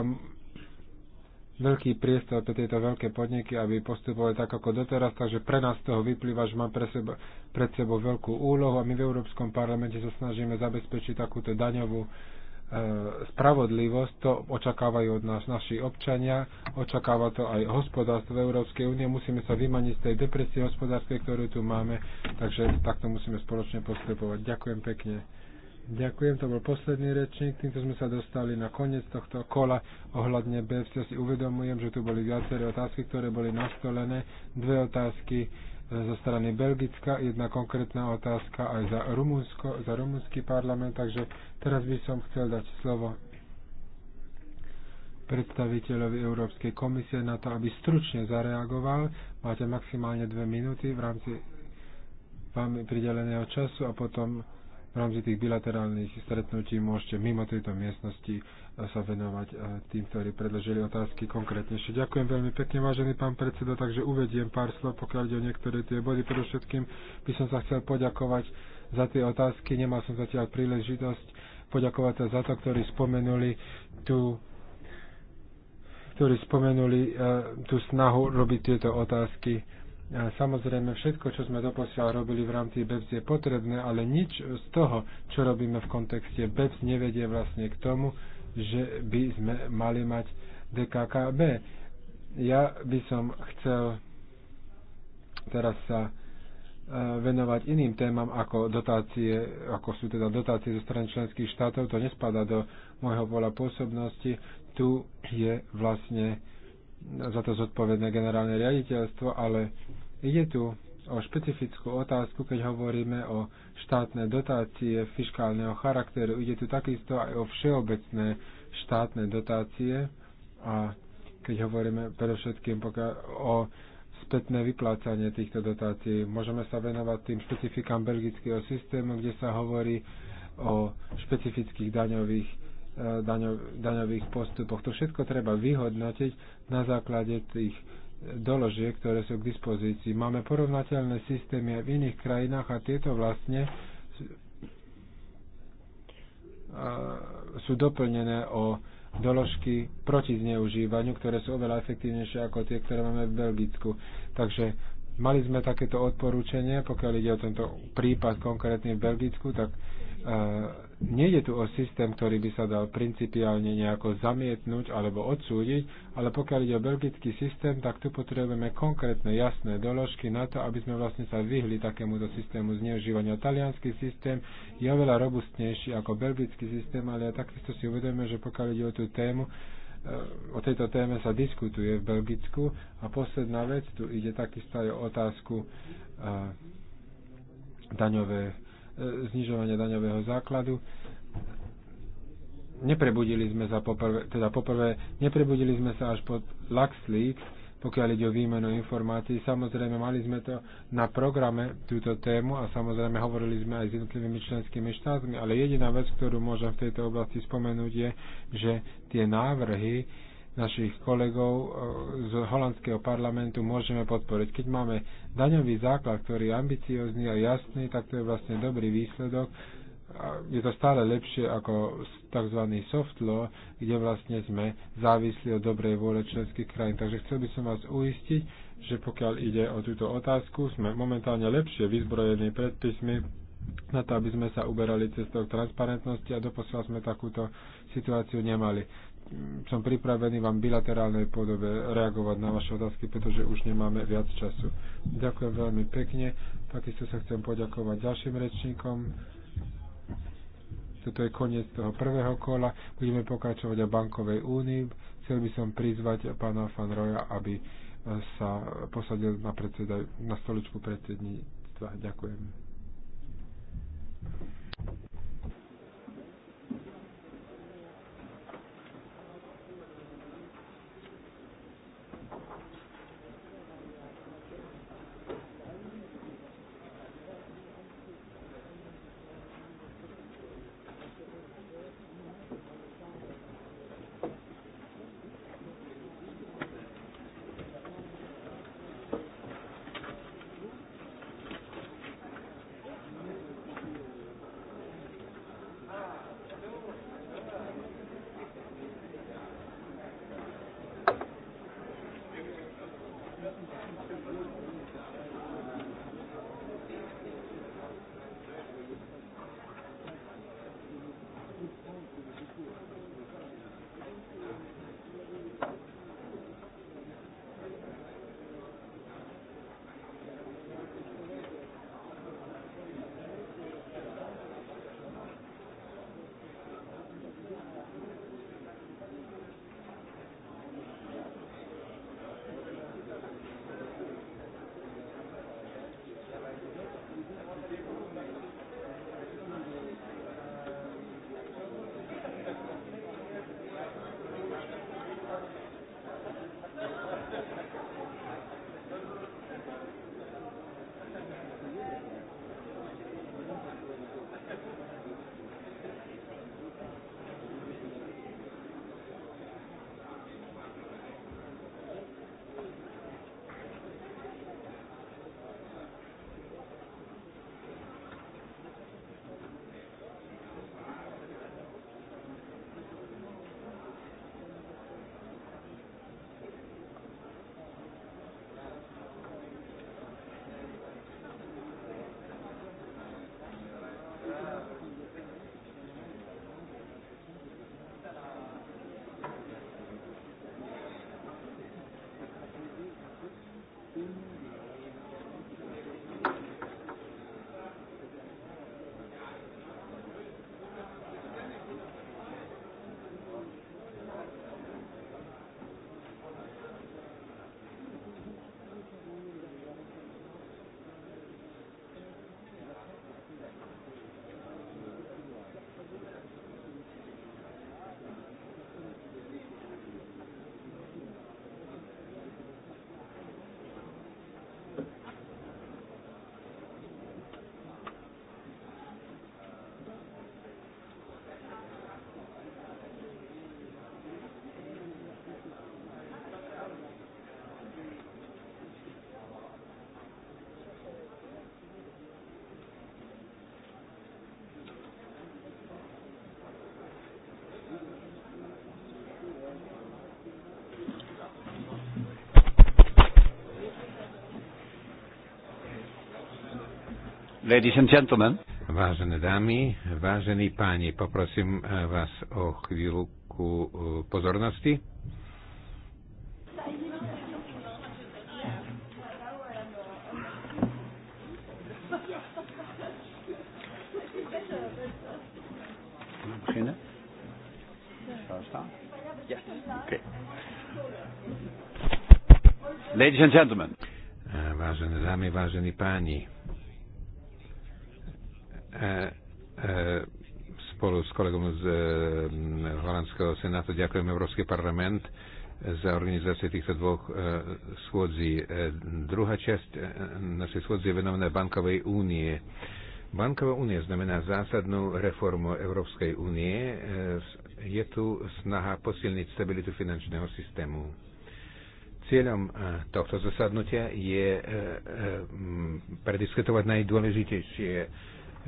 veľký priestor pre tieto veľké podniky, aby postupovali tak ako doteraz, takže pre nás toho vyplýva, že má pre seba, pred sebou veľkú úlohu a my v Európskom parlamente sa snažíme zabezpečiť takúto daňovú e, spravodlivosť, to očakávajú od nás naši občania, očakáva to aj hospodárstvo Európskej únie, musíme sa vymaniť z tej depresie hospodárskej, ktorú tu máme, takže takto musíme spoločne postupovať. Ďakujem pekne. Ďakujem, to bol posledný rečník. Týmto sme sa dostali na koniec tohto kola ohľadne BFC. Ja si uvedomujem, že tu boli viaceré otázky, ktoré boli nastolené. Dve otázky e, zo strany Belgicka, jedna konkrétna otázka aj za, Rumunsko, za rumunský parlament, takže teraz by som chcel dať slovo predstaviteľovi Európskej komisie na to, aby stručne zareagoval. Máte maximálne dve minúty v rámci vám prideleného času a potom v rámci tých bilaterálnych stretnutí môžete mimo tejto miestnosti e, sa venovať e, tým, ktorí predložili otázky konkrétnejšie. Ďakujem veľmi pekne, vážený pán predseda, takže uvediem pár slov, pokiaľ ide o niektoré tie body. Predovšetkým by som sa chcel poďakovať za tie otázky. Nemal som zatiaľ príležitosť poďakovať sa za to, ktorí spomenuli tú ktorí spomenuli e, tú snahu robiť tieto otázky Samozrejme, všetko, čo sme doposiaľ robili v rámci BEPS je potrebné, ale nič z toho, čo robíme v kontexte BEPS, nevedie vlastne k tomu, že by sme mali mať DKKB. Ja by som chcel teraz sa e, venovať iným témam ako dotácie, ako sú teda dotácie zo strany členských štátov. To nespada do môjho pola pôsobnosti. Tu je vlastne za to zodpovedné generálne riaditeľstvo, ale ide tu o špecifickú otázku, keď hovoríme o štátne dotácie fiskálneho charakteru. Ide tu takisto aj o všeobecné štátne dotácie a keď hovoríme predovšetkým o spätné vyplácanie týchto dotácií. Môžeme sa venovať tým špecifikám belgického systému, kde sa hovorí o špecifických daňových Eh, daňových postupoch. To všetko treba vyhodnotiť na základe tých doložiek, ktoré sú k dispozícii. Máme porovnateľné systémy aj v iných krajinách a tieto vlastne eh, sú doplnené o doložky proti zneužívaniu, ktoré sú oveľa efektívnejšie ako tie, ktoré máme v Belgicku. Takže mali sme takéto odporúčanie, pokiaľ ide o tento prípad konkrétny v Belgicku, tak eh, Nejde tu o systém, ktorý by sa dal principiálne nejako zamietnúť alebo odsúdiť, ale pokiaľ ide o belgický systém, tak tu potrebujeme konkrétne jasné doložky na to, aby sme vlastne sa vyhli takémuto systému zneužívania. Talianský systém je oveľa robustnejší ako belgický systém, ale ja takisto si uvedujeme, že pokiaľ ide o tú tému, eh, o tejto téme sa diskutuje v Belgicku a posledná vec, tu ide takisto aj o otázku eh, daňové znižovania daňového základu. Neprebudili sme sa poprvé, teda poprvé, neprebudili sme sa až pod LuxLeaks, pokiaľ ide o výmenu informácií. Samozrejme, mali sme to na programe, túto tému a samozrejme hovorili sme aj s jednotlivými členskými štátmi, ale jediná vec, ktorú môžem v tejto oblasti spomenúť, je, že tie návrhy, našich kolegov e, z holandského parlamentu môžeme podporiť. Keď máme daňový základ, ktorý je ambiciózny a jasný, tak to je vlastne dobrý výsledok. Je to stále lepšie ako tzv. soft law, kde vlastne sme závisli od dobrej vôle členských krajín. Takže chcel by som vás uistiť, že pokiaľ ide o túto otázku, sme momentálne lepšie vyzbrojení predpismi na to, aby sme sa uberali cestou transparentnosti a doposiaľ sme takúto situáciu nemali. Mm, som pripravený vám bilaterálnej podobe reagovať na vaše otázky, pretože už nemáme viac času. Ďakujem veľmi pekne. Takisto sa chcem poďakovať ďalším rečníkom. Toto je koniec toho prvého kola. Budeme pokračovať o bankovej únii. Chcel by som prizvať pána Fan Roja, aby eh, sa posadil na, na stoličku predsedníctva. Ďakujem. Ladies and gentlemen. Vážené dámy, vážení páni, poprosím eh, vás o chvíľku eh, pozornosti. Ladies and gentlemen. Eh, vážené dámy, vážení páni, Európskeho senátu. Ďakujem Európsky parlament za organizáciu týchto dvoch e, schôdzí. E, druhá časť e, našej schôdzi je venovaná bankovej únie. Banková únie znamená zásadnú reformu Európskej únie. Je tu snaha posilniť stabilitu finančného systému. Cieľom tohto zasadnutia je prediskutovať najdôležitejšie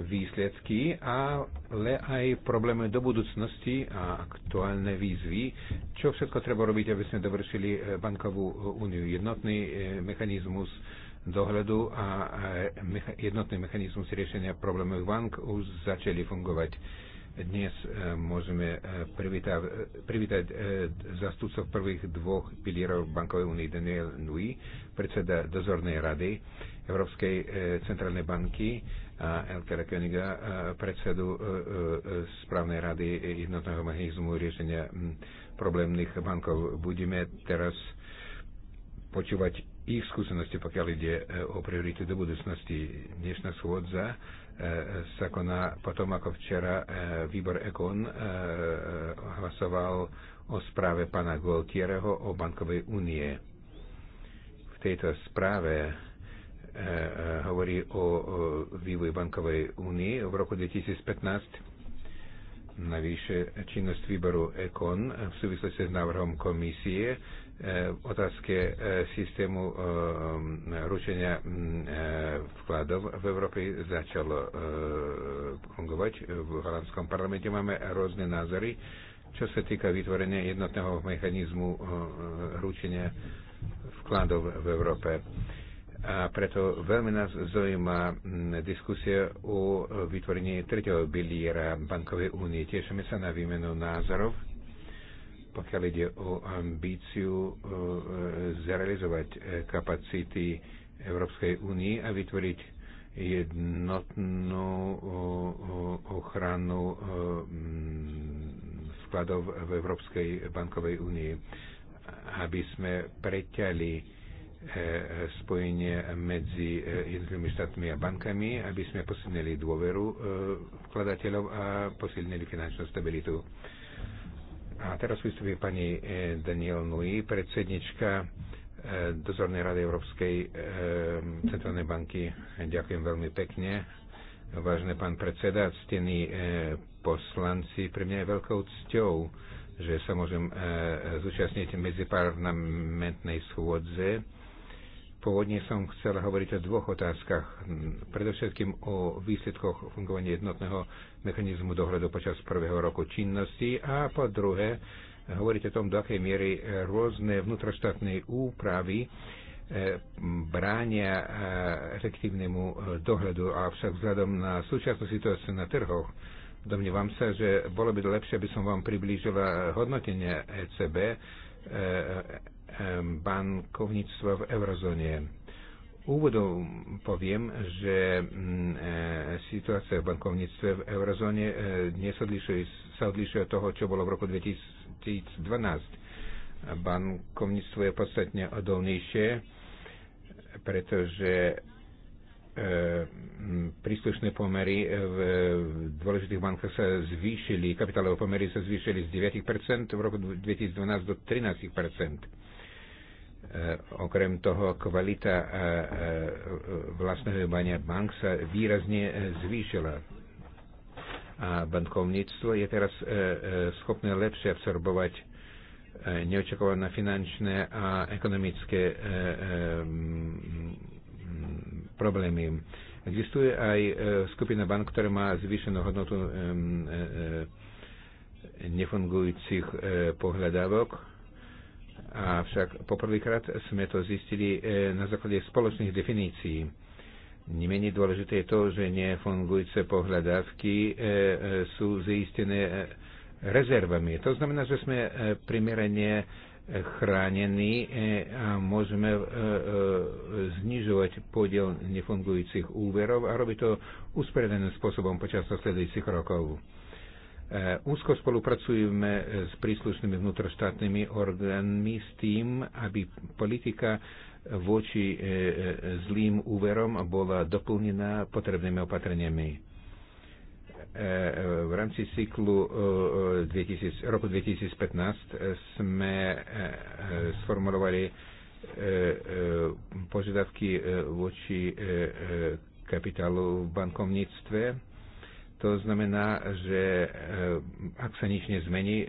výsledky a ale aj problémy do budúcnosti a aktuálne výzvy, čo všetko treba robiť, aby sme dovršili eh, bankovú eh, úniu. Jednotný eh, mechanizmus dohľadu a jednotný mechanizmus riešenia problémov bank už začali fungovať dnes e, môžeme e, privítať, e, privítať zastupcov prvých dvoch pilierov Bankovej únie Daniel Nui, predseda dozornej rady Európskej centrálnej banky a Elkera Königa, predsedu správnej rady jednotného mechanizmu riešenia problémnych bankov. Budeme teraz počúvať ich skúsenosti, pokiaľ ide o priority do budúcnosti. Dnešná schôdza Eh, sa koná potom, ako včera eh, výbor EKON eh, hlasoval o správe pana Goltiereho o bankovej únie. V tejto správe hovorí o vývoji bankovej únie v roku 2015. Navyše činnosť výboru EKON v súvislosti s návrhom komisie Eh, otázke eh, systému eh, mm, ručenia mm, vkladov v Európe začalo fungovať. V holandskom parlamente máme rôzne názory, čo sa týka vytvorenia jednotného mechanizmu ručenia vkladov v Európe a preto veľmi nás zaujíma mm, diskusia o vytvorení tretieho biliera bankovej únie. Tešíme sa na výmenu názorov pokiaľ ide o ambíciu e, zrealizovať e, kapacity Európskej únie a vytvoriť jednotnú ochranu e, skladov v Európskej bankovej únii, aby sme preťali spojenie medzi jednotlivými štátmi a bankami, aby sme posilnili dôveru vkladateľov a posilnili finančnú stabilitu. A teraz vystupí pani e, Daniel Nui, predsednička e, dozornej rady Európskej e, centrálnej banky. Ďakujem veľmi pekne. Vážne pán predseda, ctení poslanci, pre mňa je veľkou cťou, že sa môžem zúčastniť medziparlamentnej schôdze Pôvodne som chcela hovoriť o dvoch otázkach. Predovšetkým o výsledkoch fungovania jednotného mechanizmu dohľadu počas prvého roku činnosti a po druhé hovoriť o tom, do akej miery rôzne vnútroštátne úpravy eh, bránia eh, efektívnemu eh, dohľadu, a však vzhľadom na súčasnú situáciu na trhoch, domnievam sa, že bolo by lepšie, aby som vám priblížila hodnotenie ECB bankovníctva v eurozóne. Úvodom poviem, že mm, e, situácia v bankovníctve v eurozóne e, dnes odlišuje, sa odlišuje od toho, čo bolo v roku 2012. Bankovníctvo je podstatne odolnejšie, pretože e, príslušné pomery v dôležitých bankách sa zvýšili, kapitálové pomery sa zvýšili z 9% v roku 2012 do 13%. Eh, okrem toho kvalita eh, eh, vlastného jebania bank sa výrazne zvýšila. A bankovníctvo je teraz schopné lepšie absorbovať neočakované finančné a ekonomické problémy. Existuje aj skupina bank, ktorá má zvýšenú hodnotu nefungujúcich pohľadávok Avšak poprvýkrát sme to zistili e, na základe spoločných definícií. Nemenej dôležité je to, že nefungujúce pohľadávky e, e, sú zistené rezervami. To znamená, že sme primerane chránení a môžeme znižovať podiel nefungujúcich úverov a robiť to usporiadaným spôsobom počas nasledujúcich rokov. E, úzko spolupracujeme s príslušnými vnútroštátnymi orgánmi s tým, aby politika voči e, e, zlým úverom bola doplnená potrebnými opatreniami. V rámci cyklu 2000, roku 2015 sme sformulovali požiadavky voči kapitálu v bankovníctve to znamená, že eh, ak sa nič nezmení, eh,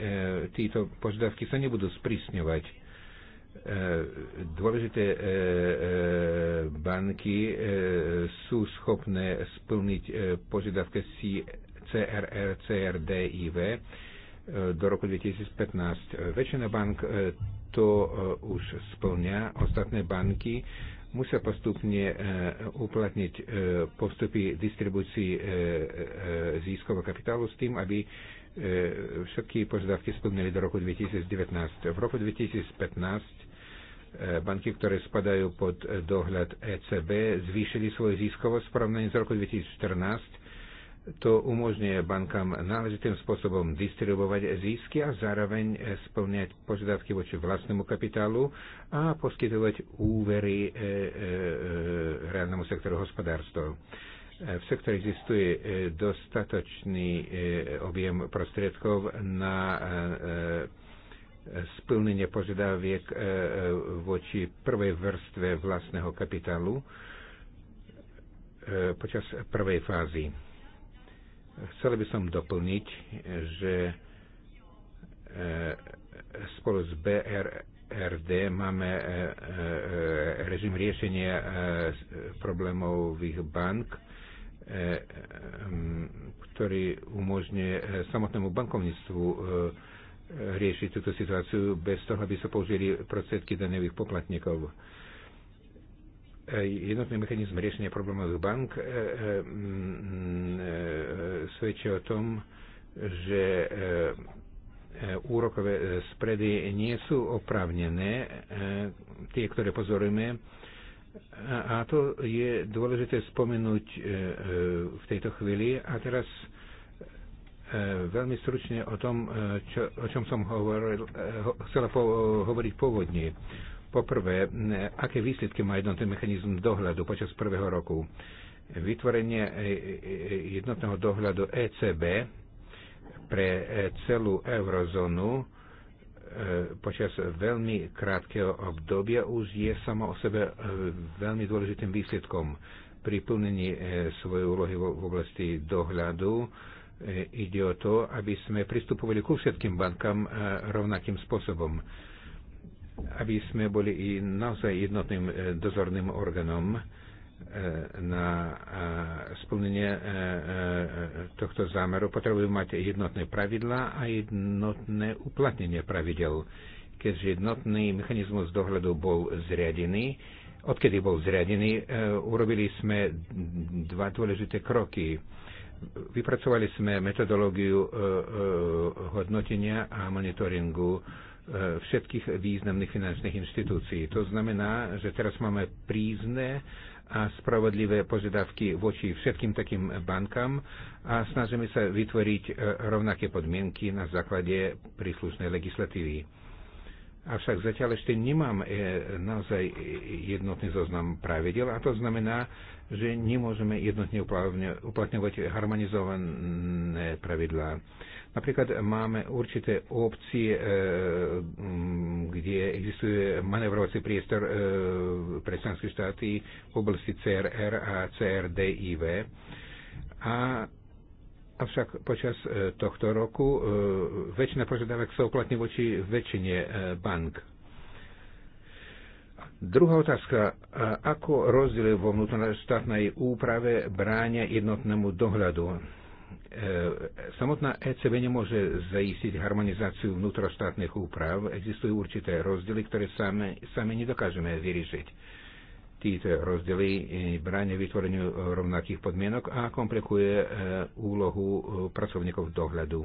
títo požiadavky sa nebudú sprísňovať. Eh, dôležité banky sú schopné splniť požiadavky CRR, CRDIV do roku 2015. Väčšina bank to už splňa. Ostatné banky musia postupne e, uplatniť e, postupy distribúcii e, získového kapitálu s tým, aby všetky požiadavky splnili do roku 2019. V roku 2015 banky, ktoré spadajú pod dohľad ECB, zvýšili svoju získovosť v porovnaní s roku 2014 to umožňuje bankám náležitým spôsobom distribuovať zisky a zároveň splňať požiadavky voči vlastnému kapitálu a poskytovať úvery e, e, e, reálnemu sektoru hospodárstva. V sektore existuje dostatočný objem prostriedkov na splnenie požiadaviek voči prvej vrstve vlastného kapitálu počas prvej fázy Chcel by som doplniť, že e, spolu s BRRD máme e, e, režim riešenia problémov ich bank, ktorý umožňuje samotnému bankovníctvu riešiť túto situáciu bez toho, aby sa použili prostriedky daňových poplatníkov jednotný mechanizm riešenia problémových bank e, e, e, svedčí o tom, že úrokové spredy nie sú opravnené, tie, ktoré pozorujeme. A to je dôležité spomenúť v tejto chvíli. A teraz veľmi stručne o tom, čo, o čom som hovoril, chcela po, hovoriť pôvodne Poprvé, aké výsledky má jednotný mechanizm dohľadu počas prvého roku? Vytvorenie e, e, e, jednotného dohľadu ECB pre celú eurozónu počas veľmi krátkeho obdobia už je samo o sebe veľmi dôležitým výsledkom. Pri plnení svojej úlohy v oblasti dohľadu ide o to, aby sme pristupovali ku všetkým bankám rovnakým spôsobom aby sme boli i naozaj jednotným e, dozorným orgánom e, na e, splnenie tohto zámeru potrebujú mať jednotné pravidlá a jednotné uplatnenie pravidel. Keďže jednotný mechanizmus dohľadu bol zriadený, odkedy bol zriadený, urobili sme dva dôležité kroky. Vypracovali sme metodológiu hodnotenia a monitoringu E, všetkých významných finančných inštitúcií. To znamená, že teraz máme prízne a spravodlivé požiadavky voči všetkým takým bankám a snažíme sa vytvoriť e, rovnaké podmienky na základe príslušnej legislatívy. Avšak zatiaľ ešte nemám e, naozaj jednotný zoznam pravidel a to znamená, že nemôžeme jednotne uplatňovať harmonizované pravidlá. Napríklad máme určité opcie, e, kde existuje manevrovací priestor e, pre členské štáty v oblasti CRR a CRDIV. A Avšak počas e, tohto roku väčšina požiadavek sa uplatní voči väčšine bank Druhá otázka. Ako rozdiely vo vnútroštátnej úprave bráňa jednotnému dohľadu? E, samotná ECB nemôže zaistiť harmonizáciu vnútroštátnych úprav. Existujú určité rozdiely, ktoré sami, sami nedokážeme vyriešiť. Títo rozdiely e, bráňa vytvoreniu rovnakých podmienok a komplikuje e, úlohu pracovníkov dohľadu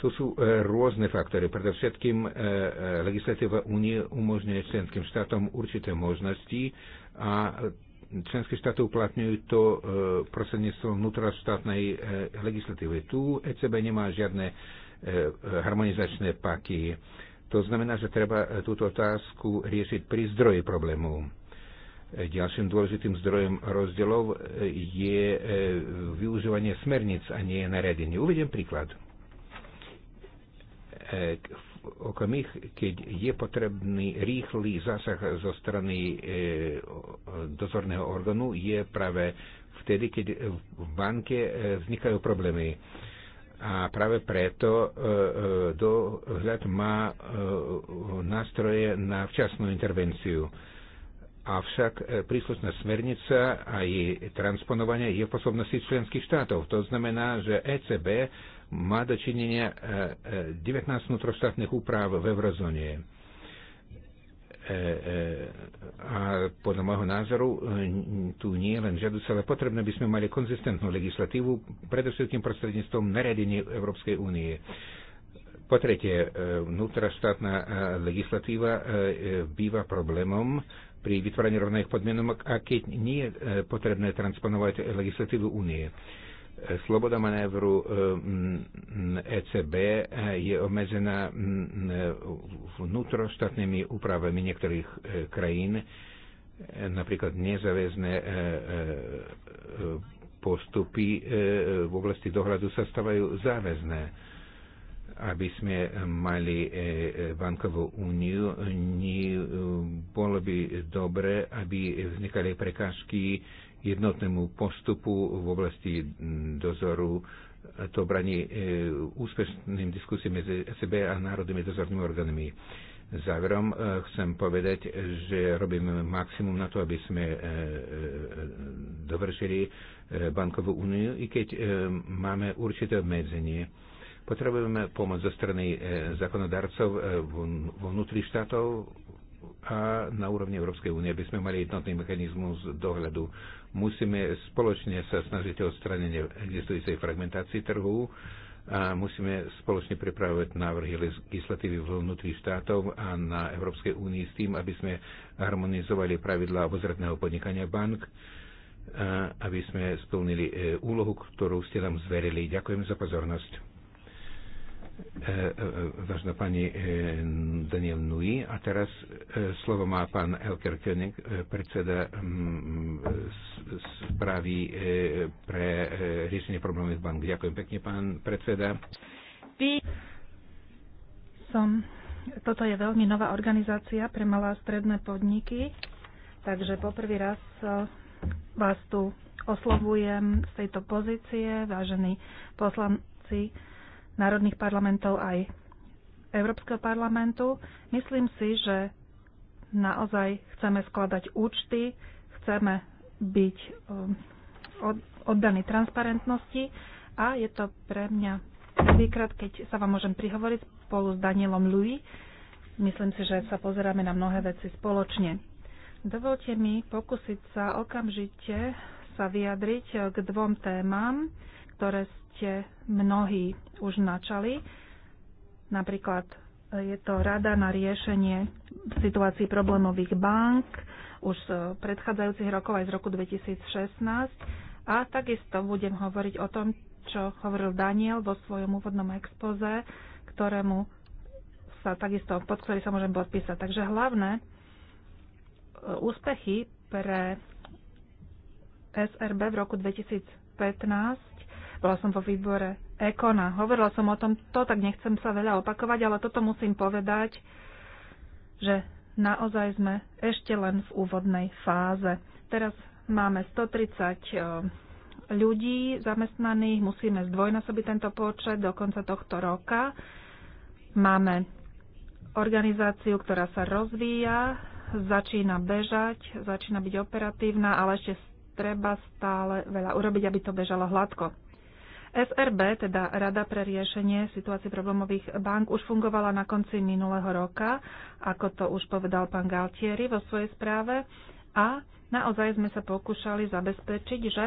tu sú e, rôzne faktory. Predovšetkým e, e, legislatíva únie umožňuje členským štátom určité možnosti a členské štáty uplatňujú to prostredníctvom vnútroštátnej legislatívy. Tu ECB nemá žiadne harmonizačné paky. To znamená, že treba túto otázku riešiť pri zdroji problému. Ďalším dôležitým zdrojom rozdielov je využívanie smerníc a nie nariadení. Uvediem príklad okamih, keď je potrebný rýchly zásah zo strany e, dozorného orgánu, je práve vtedy, keď v banke e, vznikajú problémy. A práve preto e, dohľad má nástroje na včasnú intervenciu. Avšak príslušná smernica a jej transponovanie je v pôsobnosti členských štátov. To znamená, že ECB má dočinenia 19 e, e, vnútroštátnych úprav v eurozóne. E, a podľa môjho názoru tu nie je len žiaduce, ale potrebné by sme mali konzistentnú legislatívu, predovšetkým prostredníctvom nariadení Európskej únie. Po tretie, vnútroštátna legislatíva býva problémom pri vytváraní rovných podmienok a keď nie je potrebné transponovať legislatívu únie. Sloboda manévru mm, mm, ECB e, je obmedzená mm, vnútroštátnymi úpravami niektorých e, krajín, e, napríklad nezáväzné postupy v oblasti dohľadu sa stávajú záväzné. Aby sme mali bankovú úniu, bolo by dobre, aby vznikali prekážky jednotnému postupu v oblasti mm, dozoru. E, to braní e, úspešným diskusím medzi SB a národnými dozornými orgánmi. Záverom e, chcem povedať, že robíme maximum na to, aby sme dovršili bankovú úniu, i keď máme určité obmedzenie. Potrebujeme pomoc zo strany zákonodarcov vo vnútri štátov a na úrovni Európskej únie, aby sme mali jednotný mechanizmus dohľadu Musíme spoločne sa snažiť o odstranenie existujúcej fragmentácii trhu a musíme spoločne pripravovať návrhy legislatívy vnútri štátov a na Európskej únii s tým, aby sme harmonizovali pravidlá obozretného podnikania bank, aby sme splnili e, úlohu, ktorú ste nám zverili. Ďakujem za pozornosť. E, e, e, vážna pani Daniel Nui. A teraz slovo má pán Elker König, predseda správy pre riešenie problémov z banku. Ďakujem pekne, pán predseda. Som. Toto je veľmi nová organizácia pre malé a stredné podniky, takže poprvý raz vás tu oslovujem z tejto pozície, vážení poslanci národných parlamentov aj Európskeho parlamentu. Myslím si, že naozaj chceme skladať účty, chceme byť eh, oddaní transparentnosti a je to pre mňa prvýkrát, keď sa vám môžem prihovoriť spolu s Danielom Louis. Myslím si, že sa pozeráme na mnohé veci spoločne. Dovolte mi pokúsiť sa okamžite sa vyjadriť k dvom témam, ktoré ste mnohí už načali. Napríklad e, je to rada na riešenie situácií problémových bank už z predchádzajúcich rokov aj z roku 2016. A takisto budem hovoriť o tom, čo hovoril Daniel vo svojom úvodnom expoze, ktorému sa takisto, pod ktorý sa môžem podpísať. Takže hlavné e, úspechy pre SRB v roku 2015 bola som vo výbore Ekona. Hovorila som o tomto, tak nechcem sa veľa opakovať, ale toto musím povedať, že naozaj sme ešte len v úvodnej fáze. Teraz máme 130 eh, ľudí zamestnaných, musíme zdvojnásobiť tento počet do konca tohto roka. Máme organizáciu, ktorá sa rozvíja, začína bežať, začína byť operatívna, ale ešte treba stále veľa urobiť, aby to bežalo hladko. SRB, teda Rada pre riešenie situácie problémových bank, už fungovala na konci minulého roka, ako to už povedal pán Galtieri vo svojej správe. A naozaj sme sa pokúšali zabezpečiť, že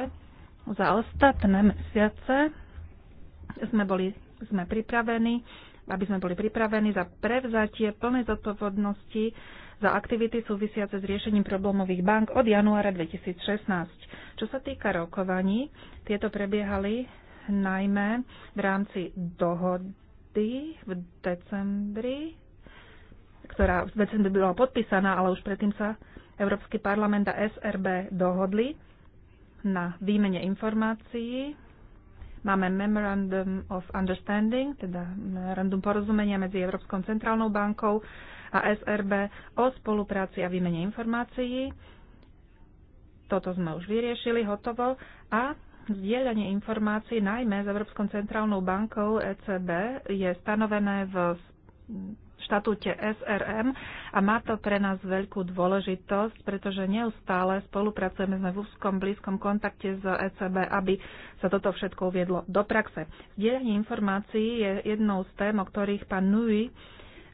za ostatné mesiace sme, boli, sme pripravení, aby sme boli pripravení za prevzatie plnej zodpovednosti za aktivity súvisiace s riešením problémových bank od januára 2016. Čo sa týka rokovaní, tieto prebiehali najmä v rámci dohody v decembri, ktorá v decembri bola podpísaná, ale už predtým sa Európsky parlament a SRB dohodli na výmene informácií. Máme Memorandum of Understanding, teda Memorandum porozumenia medzi Európskou centrálnou bankou a SRB o spolupráci a výmene informácií. Toto sme už vyriešili, hotovo. A Zdieľanie informácií najmä s Európskou centrálnou bankou ECB je stanovené v štatúte SRM a má to pre nás veľkú dôležitosť, pretože neustále spolupracujeme, sme v úzkom, blízkom kontakte s ECB, aby sa toto všetko uviedlo do praxe. Zdieľanie informácií je jednou z tém, o ktorých pán Nui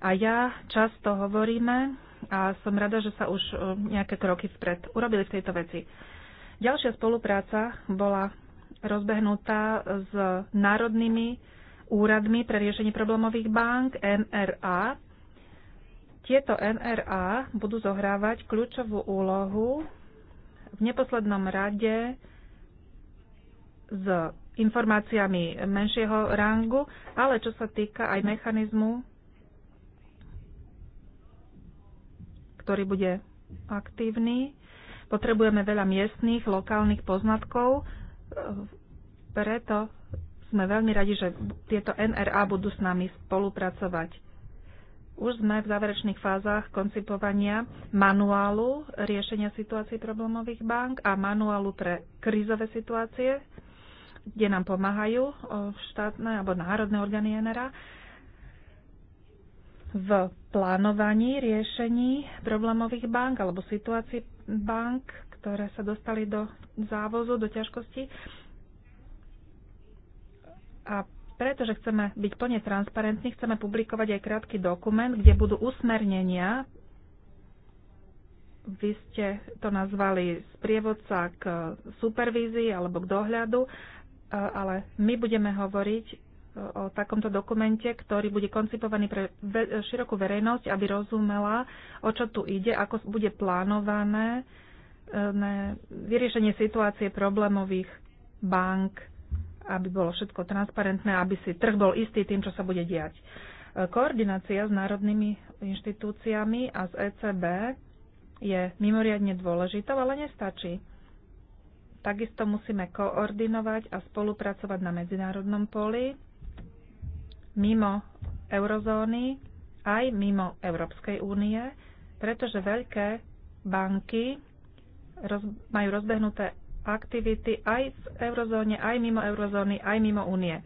a ja často hovoríme a som rada, že sa už e, nejaké kroky vpred urobili v tejto veci. Ďalšia spolupráca bola rozbehnutá s národnými úradmi pre riešenie problémových bank NRA. Tieto NRA budú zohrávať kľúčovú úlohu v neposlednom rade s informáciami menšieho rangu, ale čo sa týka aj mechanizmu, ktorý bude aktívny, potrebujeme veľa miestných, lokálnych poznatkov, preto sme veľmi radi, že tieto NRA budú s nami spolupracovať. Už sme v záverečných fázach koncipovania manuálu riešenia situácií problémových bank a manuálu pre krízové situácie, kde nám pomáhajú štátne alebo národné orgány NRA v plánovaní riešení problémových bank alebo situácií bank ktoré sa dostali do závozu, do ťažkosti. A pretože chceme byť plne transparentní, chceme publikovať aj krátky dokument, kde budú usmernenia. Vy ste to nazvali sprievodca k supervízii alebo k dohľadu, e, ale my budeme hovoriť e, o takomto dokumente, ktorý bude koncipovaný pre širokú verejnosť, aby rozumela, o čo tu ide, ako bude plánované na vyriešenie situácie problémových bank, aby bolo všetko transparentné, aby si trh bol istý tým, čo sa bude diať. Koordinácia s národnými inštitúciami a s ECB je mimoriadne dôležitou, ale nestačí. Takisto musíme koordinovať a spolupracovať na medzinárodnom poli mimo eurozóny aj mimo Európskej únie, pretože veľké banky roz, majú rozbehnuté aktivity aj v eurozóne, aj mimo eurozóny, aj mimo únie.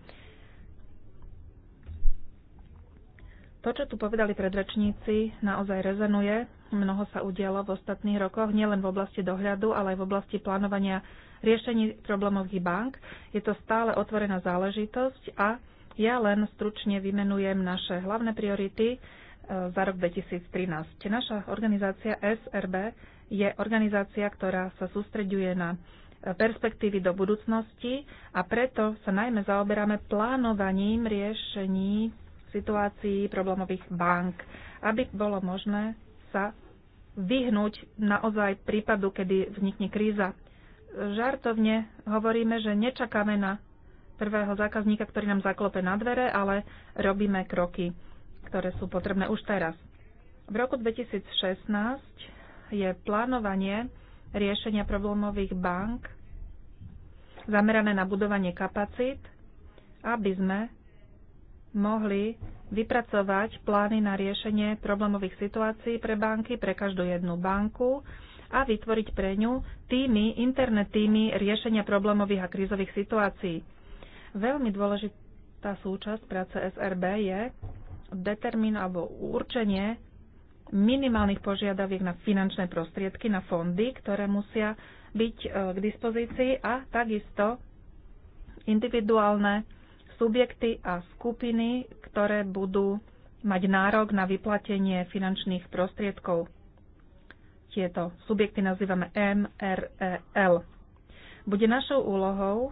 To, čo tu povedali predrečníci, naozaj rezonuje. Mnoho sa udialo v ostatných rokoch, nielen v oblasti dohľadu, ale aj v oblasti plánovania riešení problémových bank. Je to stále otvorená záležitosť a ja len stručne vymenujem naše hlavné priority eh, za rok 2013. Naša organizácia SRB je organizácia, ktorá sa sústreďuje na e, perspektívy do budúcnosti a preto sa najmä zaoberáme plánovaním riešení situácií problémových bank, aby bolo možné sa vyhnúť naozaj prípadu, kedy vznikne kríza. Žartovne hovoríme, že nečakáme na prvého zákazníka, ktorý nám zaklope na dvere, ale robíme kroky, ktoré sú potrebné už teraz. V roku 2016 je plánovanie riešenia problémových bank zamerané na budovanie kapacít, aby sme mohli vypracovať plány na riešenie problémových situácií pre banky, pre každú jednu banku a vytvoriť pre ňu týmy, internet týmy riešenia problémových a krízových situácií. Veľmi dôležitá súčasť práce SRB je determín alebo určenie minimálnych požiadaviek na finančné prostriedky, na fondy, ktoré musia byť e, k dispozícii a takisto individuálne subjekty a skupiny, ktoré budú mať nárok na vyplatenie finančných prostriedkov. Tieto subjekty nazývame MREL. Bude našou úlohou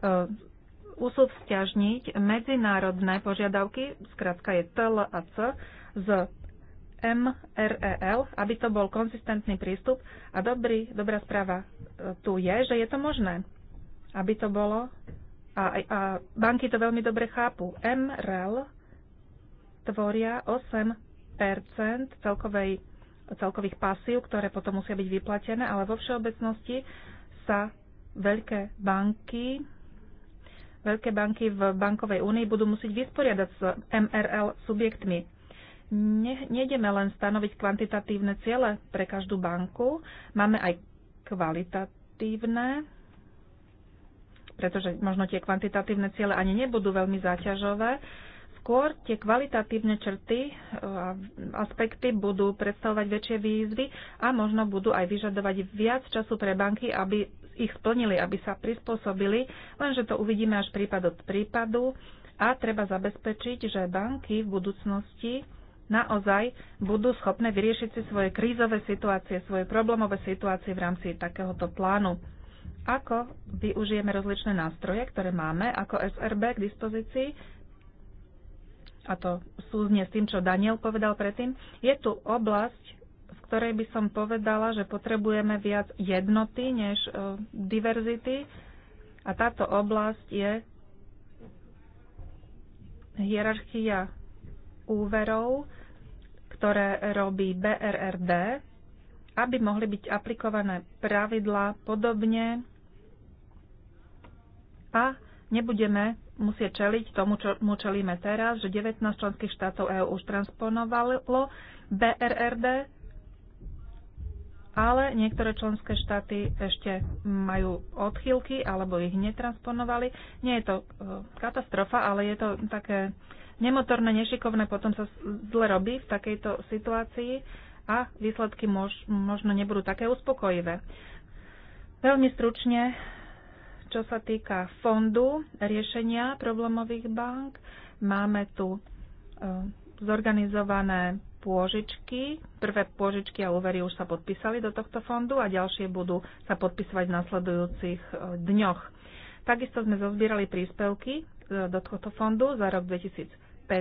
e, usúvzťažniť medzinárodné požiadavky, zkrátka je TL a C, z MREL, aby to bol konzistentný prístup. A dobrý, dobrá správa e, tu je, že je to možné, aby to bolo. A, a banky to veľmi dobre chápu. MREL tvoria 8 celkovej, celkových pasív, ktoré potom musia byť vyplatené, ale vo všeobecnosti sa veľké banky veľké banky v bankovej únii budú musieť vysporiadať s MRL e subjektmi ne, nejdeme len stanoviť kvantitatívne ciele pre každú banku, máme aj kvalitatívne, pretože možno tie kvantitatívne ciele ani nebudú veľmi záťažové. Skôr tie kvalitatívne črty e, a aspekty budú predstavovať väčšie výzvy a možno budú aj vyžadovať viac času pre banky, aby ich splnili, aby sa prispôsobili, lenže to uvidíme až prípad od prípadu a treba zabezpečiť, že banky v budúcnosti naozaj budú schopné vyriešiť si svoje krízové situácie, svoje problémové situácie v rámci takéhoto plánu. Ako využijeme rozličné nástroje, ktoré máme ako SRB k dispozícii, a to súznie s tým, čo Daniel povedal predtým, je tu oblasť, v ktorej by som povedala, že potrebujeme viac jednoty než e, diverzity. A táto oblasť je hierarchia úverov ktoré robí BRRD, aby mohli byť aplikované pravidlá podobne a nebudeme musieť čeliť tomu, čo mu čelíme teraz, že 19 členských štátov EÚ už transponovalo BRRD, ale niektoré členské štáty ešte majú odchýlky alebo ich netransponovali. Nie je to e, katastrofa, ale je to také nemotorné, nešikovné, potom sa zle robí v takejto situácii a výsledky mož, možno nebudú také uspokojivé. Veľmi stručne, čo sa týka fondu riešenia problémových bank, máme tu e, zorganizované pôžičky. Prvé pôžičky a úvery už sa podpísali do tohto fondu a ďalšie budú sa podpisovať v nasledujúcich e, dňoch. Takisto sme zozbierali príspevky e, do tohto fondu za rok 2020. 15, e,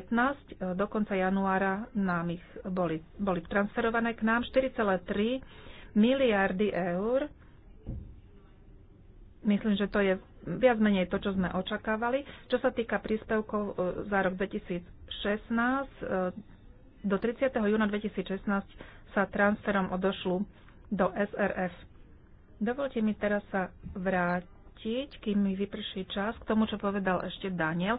do konca januára nám ich boli, boli transferované k nám 4,3 miliardy eur. Myslím, že to je viac menej to, čo sme očakávali. Čo sa týka príspevkov e, za rok 2016, e, do 30. júna 2016 sa transferom odošlu do SRF. Dovolte mi teraz sa vrátiť, kým mi vyprší čas, k tomu, čo povedal ešte Daniel.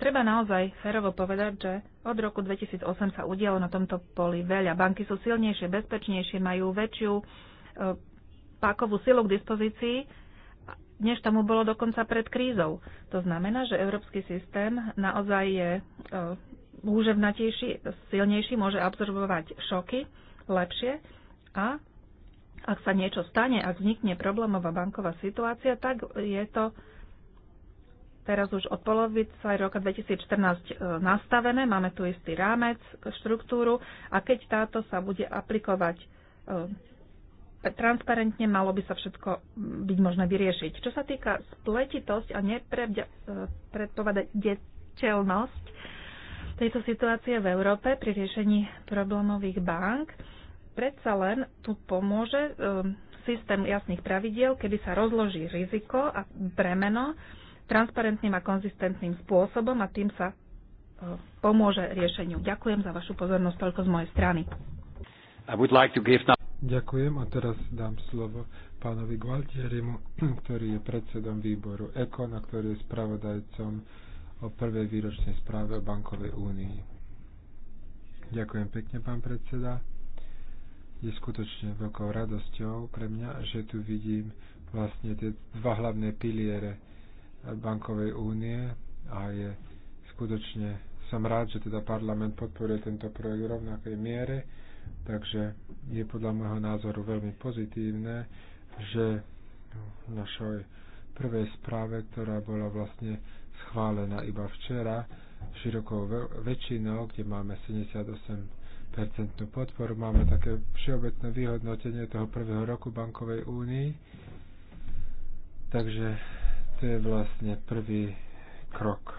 Treba naozaj férovo povedať, že od roku 2008 sa udialo na tomto poli veľa. Banky sú silnejšie, bezpečnejšie, majú väčšiu e, pákovú silu k dispozícii, než tomu bolo dokonca pred krízou. To znamená, že európsky systém naozaj je e, úževnatejší, silnejší, môže absorbovať šoky lepšie a ak sa niečo stane, ak vznikne problémová banková situácia, tak je to teraz už od polovice roka 2014 e, nastavené, máme tu istý rámec, štruktúru a keď táto sa bude aplikovať e, transparentne, malo by sa všetko byť možné vyriešiť. Čo sa týka spletitosť a nepredpovedateľnosť e, tejto situácie v Európe pri riešení problémových bank, predsa len tu pomôže systém jasných pravidiel, kedy sa rozloží riziko a bremeno transparentným a konzistentným spôsobom a tým sa e, pomôže riešeniu. Ďakujem za vašu pozornosť toľko z mojej strany. Ďakujem a teraz dám slovo pánovi Gualtierimu, ktorý je predsedom výboru ECON a ktorý je spravodajcom o prvej výročnej správe o bankovej únii. Ďakujem pekne, pán predseda. Je skutočne veľkou radosťou pre mňa, že tu vidím vlastne tie dva hlavné piliere bankovej únie a je skutočne, som rád, že teda parlament podporuje tento projekt v rovnakej miere, takže je podľa môjho názoru veľmi pozitívne, že v našej prvej správe, ktorá bola vlastne schválená iba včera, širokou väčšinou, kde máme 78 percentnú podporu. Máme také všeobecné vyhodnotenie toho prvého roku bankovej únii. Takže to je vlastne prvý krok.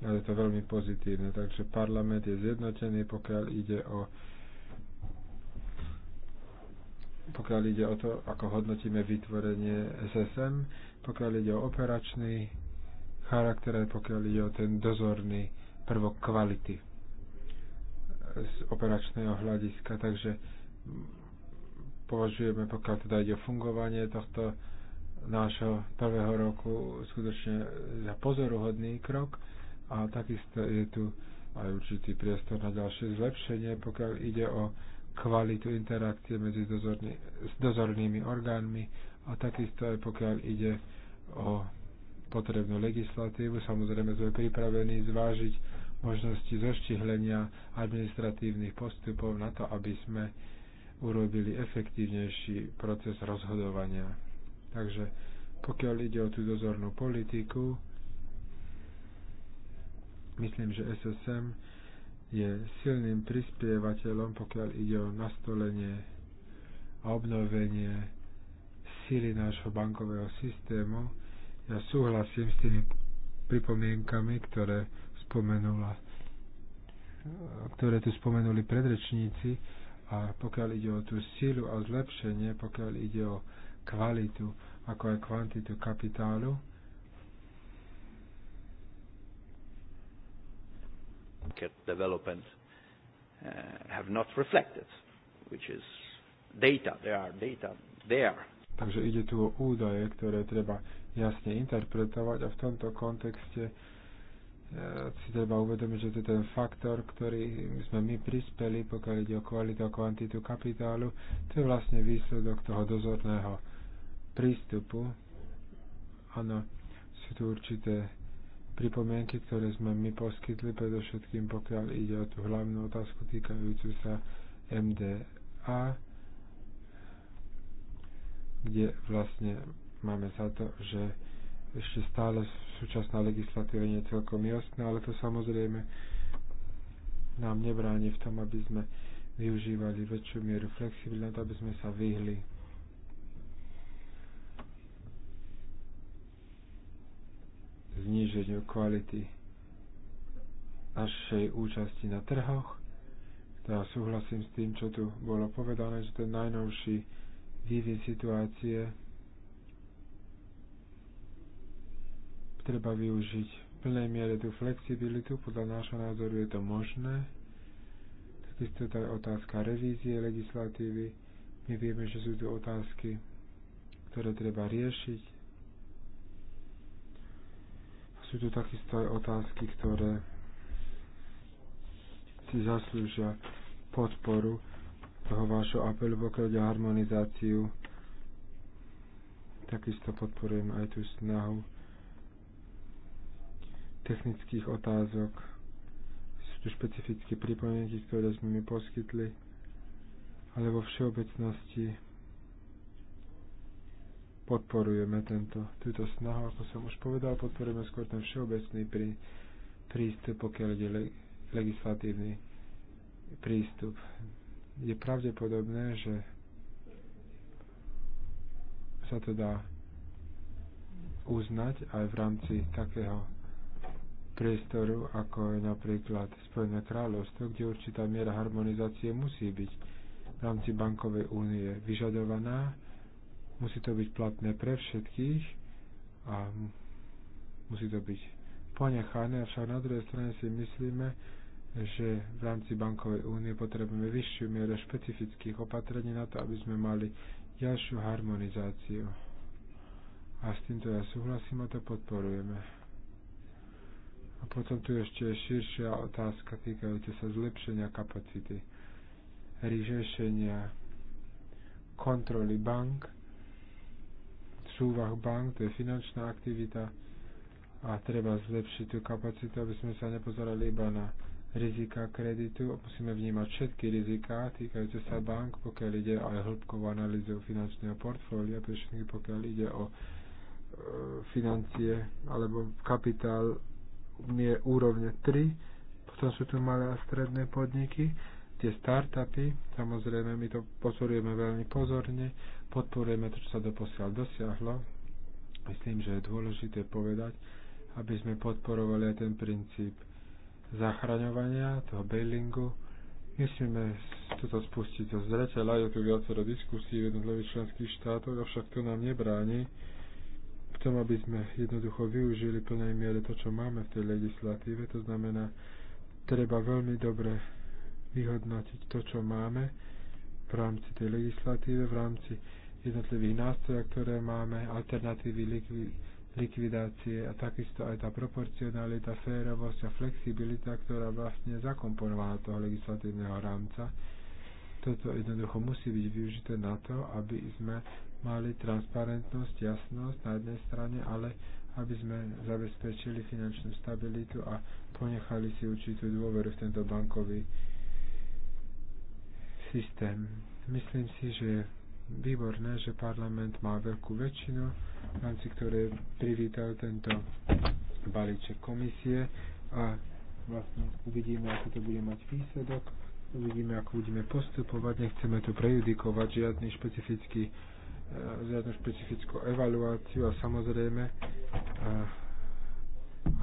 A je to veľmi pozitívne. Takže parlament je zjednotený, pokiaľ ide o pokiaľ ide o to, ako hodnotíme vytvorenie SSM, pokiaľ ide o operačný charakter, pokiaľ ide o ten dozorný prvok kvality z operačného hľadiska. Takže považujeme, pokiaľ teda ide o fungovanie tohto nášho prvého roku skutočne za pozoruhodný krok a takisto je tu aj určitý priestor na ďalšie zlepšenie, pokiaľ ide o kvalitu interakcie medzi dozorný, s dozornými orgánmi a takisto aj pokiaľ ide o potrebnú legislatívu. Samozrejme sme pripravení zvážiť možnosti zoštihlenia administratívnych postupov na to, aby sme urobili efektívnejší proces rozhodovania. Takže pokiaľ ide o tú dozornú politiku, myslím, že SSM je silným prispievateľom, pokiaľ ide o nastolenie a obnovenie síly nášho bankového systému. Ja súhlasím s tými pripomienkami, ktoré spomenula ktoré tu spomenuli predrečníci a pokiaľ ide o tú sílu a zlepšenie, pokiaľ ide o kvalitu ako aj kvantitu kapitálu. Development uh, have not reflected, which is data. There are data there. Takže ide tu o údaje, ktoré treba jasne interpretovať a v tomto kontexte uh, si treba uvedomiť, že to je ten faktor, ktorý sme my prispeli, pokiaľ ide o kvalitu a kvantitu kapitálu, to je vlastne výsledok toho dozorného prístupu. Áno, sú tu určité pripomienky, ktoré sme my poskytli, predovšetkým pokiaľ ide o tú hlavnú otázku týkajúcu sa MDA, kde vlastne máme za to, že ešte stále súčasná legislatíva nie je celkom jasná, ale to samozrejme nám nebráni v tom, aby sme využívali väčšiu mieru flexibility, aby sme sa vyhli zniženiu kvality našej účasti na trhoch. Ja no súhlasím s tým, čo tu bolo povedané, že ten najnovší vývin situácie treba využiť v plnej miere tú flexibilitu, podľa nášho názoru je to možné. Takisto to je otázka revízie legislatívy. My vieme, že sú tu otázky, ktoré treba riešiť sú tu takisto aj otázky, ktoré si zaslúžia podporu toho vášho apelu, pokiaľ ide harmonizáciu. Takisto podporujem aj tú snahu technických otázok. Sú tu špecifické pripomienky, ktoré sme mi poskytli, ale vo všeobecnosti podporujeme tento, túto snahu, ako som už povedal, podporujeme skôr ten všeobecný prí, prístup, pokiaľ ide le, legislatívny prístup. Je pravdepodobné, že sa to dá uznať aj v rámci takého priestoru, ako je napríklad Spojené kráľovstvo, kde určitá miera harmonizácie musí byť v rámci bankovej únie vyžadovaná, Musí to byť platné pre všetkých a musí to byť ponechané, avšak na druhej strane si myslíme, že v rámci bankovej únie potrebujeme vyššiu mieru špecifických opatrení na to, aby sme mali ďalšiu harmonizáciu. A s týmto ja súhlasím a to podporujeme. A potom tu ešte je širšia otázka týkajúca sa zlepšenia kapacity, riešenia kontroly bank súvah bank, to je finančná aktivita a treba zlepšiť tú kapacitu, aby sme sa nepozerali iba na rizika kreditu. Musíme vnímať všetky riziká týkajúce sa bank, pokiaľ ide aj hĺbkovú analýzu finančného portfólia, všetky pokiaľ ide o e, financie alebo kapitál úrovne 3. Potom sú tu malé a stredné podniky tie startupy, samozrejme my to pozorujeme veľmi pozorne, podporujeme to, čo sa doposiaľ dosiahlo. Myslím, že je dôležité povedať, aby sme podporovali aj ten princíp zachraňovania, toho bailingu. Musíme toto spustiť zo zreteľa, je tu viacero diskusí v jednotlivých členských štátoch, avšak to nám nebráni v tom, aby sme jednoducho využili plnej miere to, čo máme v tej legislatíve, to znamená, treba veľmi dobre vyhodnotiť to, čo máme v rámci tej legislatíve, v rámci jednotlivých nástrojov, ktoré máme, alternatívy likvidácie a takisto aj tá proporcionalita, férovosť a flexibilita, ktorá vlastne zakomponovala toho legislatívneho rámca. Toto jednoducho musí byť využité na to, aby sme mali transparentnosť, jasnosť na jednej strane, ale aby sme zabezpečili finančnú stabilitu a ponechali si určitú dôveru v tento bankový systém. Myslím si, že je výborné, že parlament má veľkú väčšinu, v rámci ktorej privítal tento balíček komisie a vlastne uvidíme, ako to bude mať výsledok, uvidíme, ako budeme postupovať, nechceme tu prejudikovať žiadny špecifický e, žiadnu špecifickú evaluáciu a samozrejme e,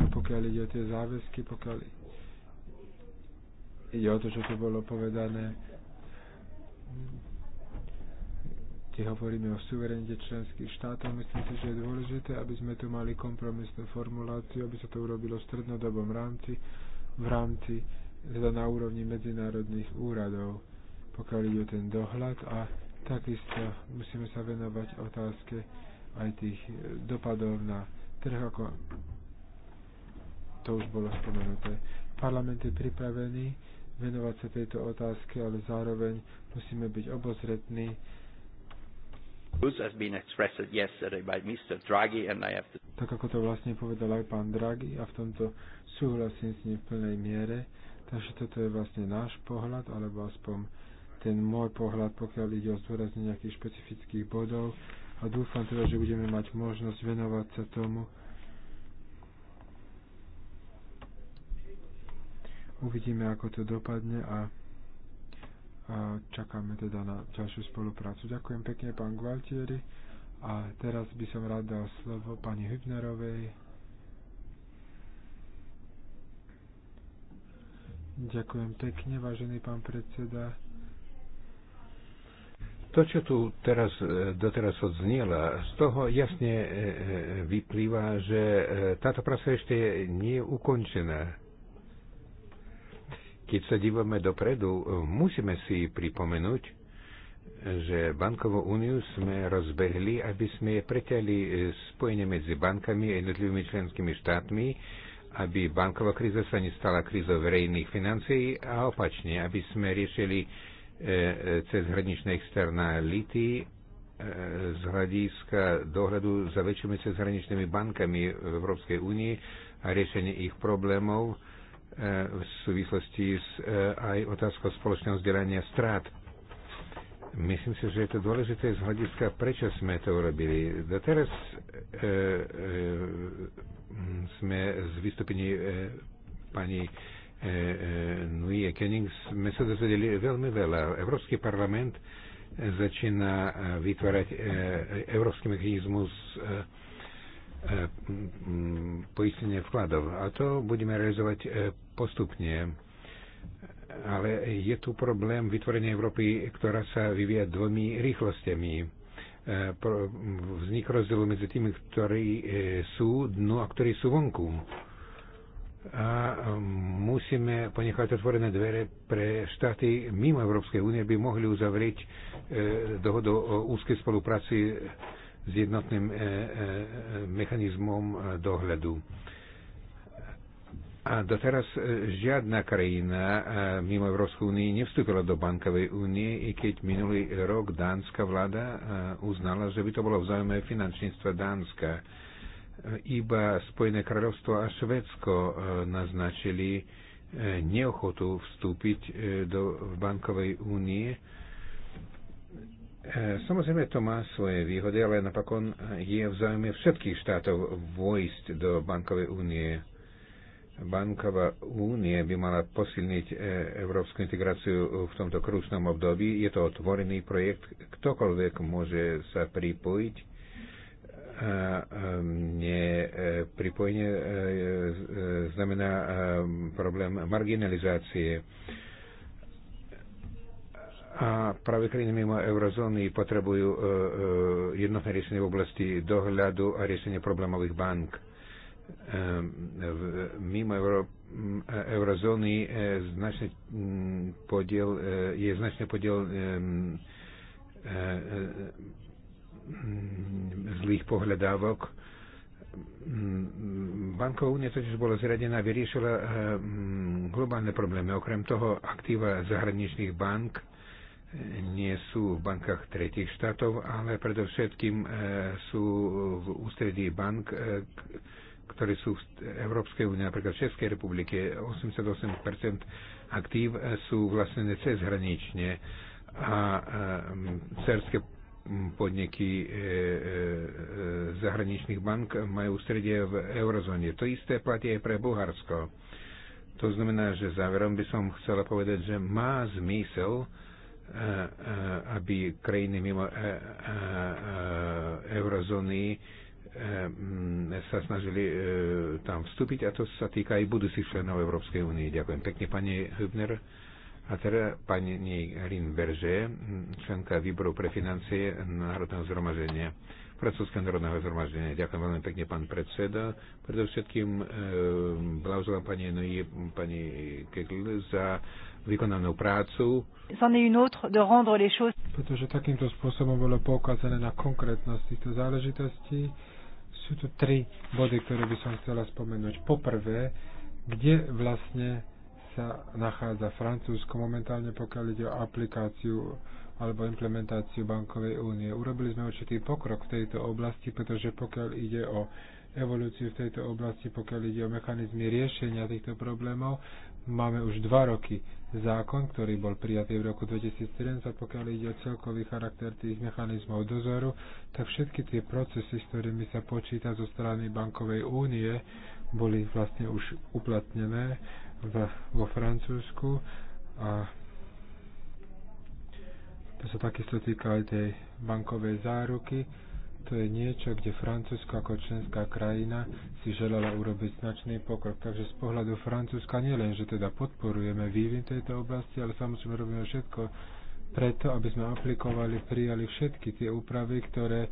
aj pokiaľ ide o tie záväzky, pokiaľ ide o to, čo tu bolo povedané, keď hovoríme o suverenite členských štátov, myslím si, že je dôležité, aby sme tu mali kompromisnú formuláciu, aby sa to urobilo v strednodobom rámci, v rámci teda na úrovni medzinárodných úradov, pokiaľ ide o ten dohľad a takisto musíme sa venovať otázke aj tých e, dopadov na trh, ako to už bolo spomenuté. Parlament je pripravený venovať sa tejto otázke, ale zároveň musíme byť obozretní. Tak ako to vlastne povedal aj pán Draghi a v tomto súhlasím s ním v plnej miere, takže toto je vlastne náš pohľad, alebo aspoň ten môj pohľad, pokiaľ ide o zdôraznenie nejakých špecifických bodov a dúfam teda, že budeme mať možnosť venovať sa tomu, Uvidíme, ako to dopadne a, a čakáme teda na ďalšiu spoluprácu. Ďakujem pekne, pán Gualtieri. A teraz by som rád dal slovo pani Hübnerovej. Ďakujem pekne, vážený pán predseda. To, čo tu teraz, e, doteraz odzniela, z toho jasne e, e, vyplýva, že táto práca ešte nie je ukončená. Keď sa dívame dopredu, musíme si pripomenúť, že bankovú úniu sme rozbehli, aby sme preťali spojenie medzi bankami a jednotlivými členskými štátmi, aby banková kríza sa nestala krízou verejných financií a opačne, aby sme riešili e, e, cez hraničné externality e, z hľadiska dohľadu za väčšími cezhraničnými bankami v Európskej únii a riešenie ich problémov v súvislosti s e, aj otázkou spoločného vzdelania strát. Myslím si, že je to dôležité z hľadiska, prečo sme to urobili. Doteraz e, e, sme z vystúpení e, pani e, e, Nui Kenning sme sa dozvedeli veľmi veľa. Európsky parlament začína e, vytvárať e, e, európsky mechanizmus e, E, mm, poistenie vkladov. A to budeme realizovať e, postupne. Ale je tu problém vytvorenia Európy, ktorá sa vyvíja dvomi rýchlostiami. E, vznik rozdielu medzi tými, ktorí sú dnu a ktorí sú vonku. A musíme ponechať otvorené dvere pre štáty mimo Európskej únie, aby mohli uzavrieť dohodu o úzkej spolupráci s jednotným e, e, e, mechanizmom dohľadu. A doteraz žiadna krajina mimo Európskej únie nevstúpila do bankovej únie, i keď minulý rok dánska vláda uznala, že by to bolo v záujme finančníctva Dánska. Iba Spojené kráľovstvo a Švedsko naznačili neochotu vstúpiť do bankovej únie E, samozrejme, to má svoje výhody, ale napokon je v záujme všetkých štátov vojsť do bankovej únie. Banková únie by mala posilniť e, európsku integráciu v tomto krúčnom období. Je to otvorený projekt, ktokoľvek môže sa pripojiť. Nie e, pripojenie znamená problém marginalizácie a práve krajiny mimo eurozóny potrebujú e, e, jednotné riešenie v oblasti dohľadu a riešenie problémových bank. E, mimo euro, eurozóny značný mm, podiel, je značný podiel zlých pohľadávok. Mm, Banková únia totiž bola zradená, vyriešila mm, globálne problémy. Okrem toho aktíva zahraničných bank nie sú v bankách tretich štátov, ale predovšetkým e, sú v ústredí bank, e, ktoré sú v Európskej únie, napríklad v Českej republike. 88% aktív e, sú vlastnené cezhranične a cerské podniky zahraničných bank majú ústredie v eurozóne. To isté platí aj pre Bulharsko. To znamená, že záverom by som chcela povedať, že má zmysel Eh, eh, aby krajiny mimo eh, eurozóny mm, sa snažili tam vstúpiť a to sa týka aj budúcich členov Európskej únie. Ďakujem pekne, pani Hübner. A teraz pani Rin Berže, členka výboru pre financie Národného zhromaždenia, Francúzského národného zhromaždenia. Ďakujem veľmi pekne, pán predseda. Predovšetkým e, blahoželám pani Noji, pani Kegl za e, vykonanú prácu. Pretože takýmto spôsobom bolo poukázané na konkrétnosť týchto záležitostí. Sú tu tri body, ktoré by som chcela spomenúť. Poprvé, kde vlastne sa nachádza Francúzsko momentálne, pokiaľ ide o aplikáciu alebo implementáciu bankovej únie. Urobili sme určitý pokrok v tejto oblasti, pretože pokiaľ ide o evolúciu v tejto oblasti, pokiaľ ide o mechanizmy riešenia týchto problémov, máme už dva roky zákon, ktorý bol prijatý v roku 2013 a pokiaľ ide o celkový charakter tých mechanizmov dozoru, tak všetky tie procesy, s ktorými sa počíta zo strany Bankovej únie, boli vlastne už uplatnené v, vo Francúzsku a to sa takisto týka aj tej bankovej záruky to je niečo, kde Francúzsko ako členská krajina si želala urobiť značný pokrok. Takže z pohľadu Francúzska nie len, že teda podporujeme vývin tejto oblasti, ale samozrejme robíme všetko preto, aby sme aplikovali, prijali všetky tie úpravy, ktoré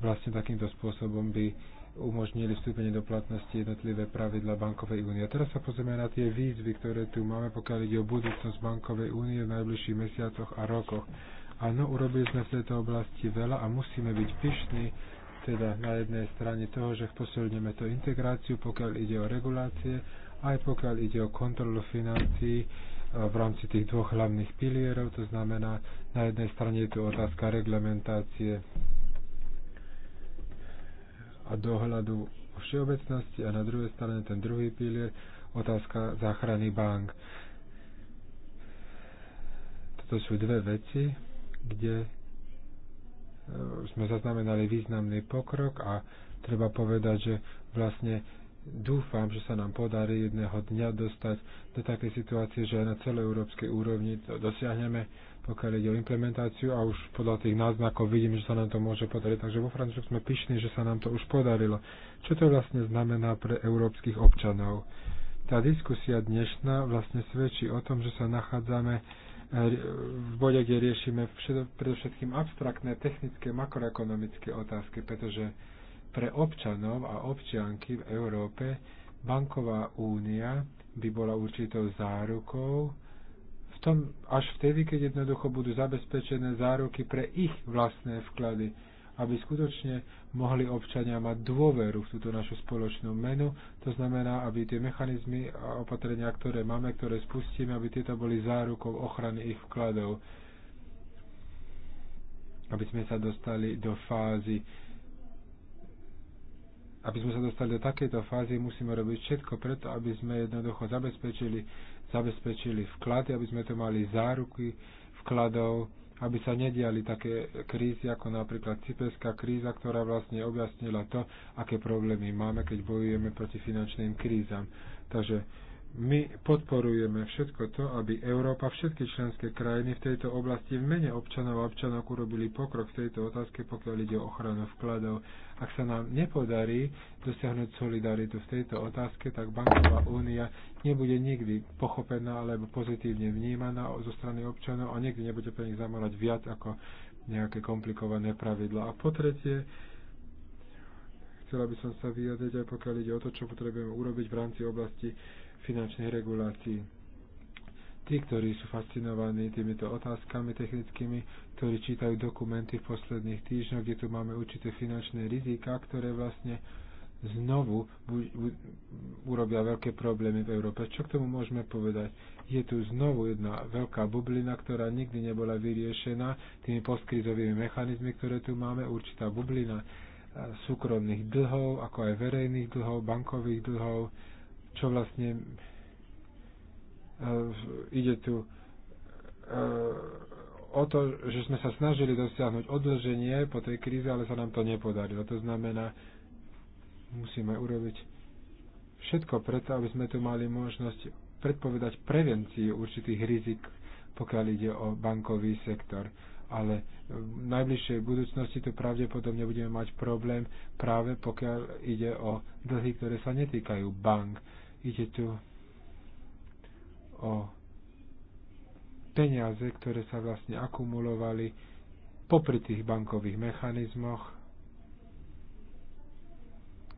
vlastne takýmto spôsobom by umožnili vstúpenie do platnosti jednotlivé pravidla bankovej únie. A teraz sa pozrieme na tie výzvy, ktoré tu máme, pokiaľ ide o budúcnosť bankovej únie v najbližších mesiacoch a rokoch. Áno, urobili sme v tejto oblasti veľa a musíme byť pyšní, teda na jednej strane toho, že posilňujeme tú integráciu, pokiaľ ide o regulácie, aj pokiaľ ide o kontrolu financií e, v rámci tých dvoch hlavných pilierov, to znamená, na jednej strane je tu otázka reglementácie a dohľadu o všeobecnosti a na druhej strane ten druhý pilier, otázka záchrany bank. Toto sú dve veci, kde e, sme zaznamenali významný pokrok a treba povedať, že vlastne dúfam, že sa nám podarí jedného dňa dostať do takej situácie, že aj na európskej úrovni to dosiahneme, pokiaľ ide o implementáciu a už podľa tých náznakov vidím, že sa nám to môže podariť. Takže vo Francúzsku sme pyšní, že sa nám to už podarilo. Čo to vlastne znamená pre európskych občanov? Tá diskusia dnešná vlastne svedčí o tom, že sa nachádzame v bode, kde riešime predovšetkým abstraktné, technické, makroekonomické otázky, pretože pre občanov a občianky v Európe banková únia by bola určitou zárukou, v tom, až vtedy, keď jednoducho budú zabezpečené záruky pre ich vlastné vklady aby skutočne mohli občania mať dôveru v túto našu spoločnú menu. To znamená, aby tie mechanizmy a opatrenia, ktoré máme, ktoré spustíme, aby tieto boli zárukou ochrany ich vkladov. Aby sme sa dostali do fázy aby sme sa dostali do takejto fázy, musíme robiť všetko preto, aby sme jednoducho zabezpečili, zabezpečili vklady, aby sme to mali záruky vkladov, aby sa nediali také krízy, ako napríklad cyperská kríza, ktorá vlastne objasnila to, aké problémy máme, keď bojujeme proti finančným krízam. Takže my podporujeme všetko to, aby Európa, všetky členské krajiny v tejto oblasti v mene občanov a občanok urobili pokrok v tejto otázke, pokiaľ ide o ochranu vkladov. Ak sa nám nepodarí dosiahnuť solidaritu v tejto otázke, tak Banková únia nebude nikdy pochopená alebo pozitívne vnímaná zo strany občanov a nikdy nebude pre nich zamorať viac ako nejaké komplikované pravidla. A po tretie, chcela by som sa vyjadriť aj pokiaľ ide o to, čo potrebujeme urobiť v rámci oblasti finančnej regulácii. Tí, ktorí sú fascinovaní týmito otázkami technickými, ktorí čítajú dokumenty v posledných týždňoch, kde tu máme určité finančné rizika, ktoré vlastne znovu urobia veľké problémy v Európe. Čo k tomu môžeme povedať? Je tu znovu jedna veľká bublina, ktorá nikdy nebola vyriešená tými postkrizovými mechanizmy, ktoré tu máme, určitá bublina eh, súkromných dlhov, ako aj verejných dlhov, bankových dlhov, čo vlastne e, ide tu e, o to, že sme sa snažili dosiahnuť odlženie po tej kríze, ale sa nám to nepodarilo. To znamená, musíme urobiť všetko preto, aby sme tu mali možnosť predpovedať prevenciu určitých rizik, pokiaľ ide o bankový sektor. Ale v najbližšej budúcnosti tu pravdepodobne budeme mať problém práve pokiaľ ide o dlhy, ktoré sa netýkajú bank Ide tu o peniaze, ktoré sa vlastne akumulovali popri tých bankových mechanizmoch,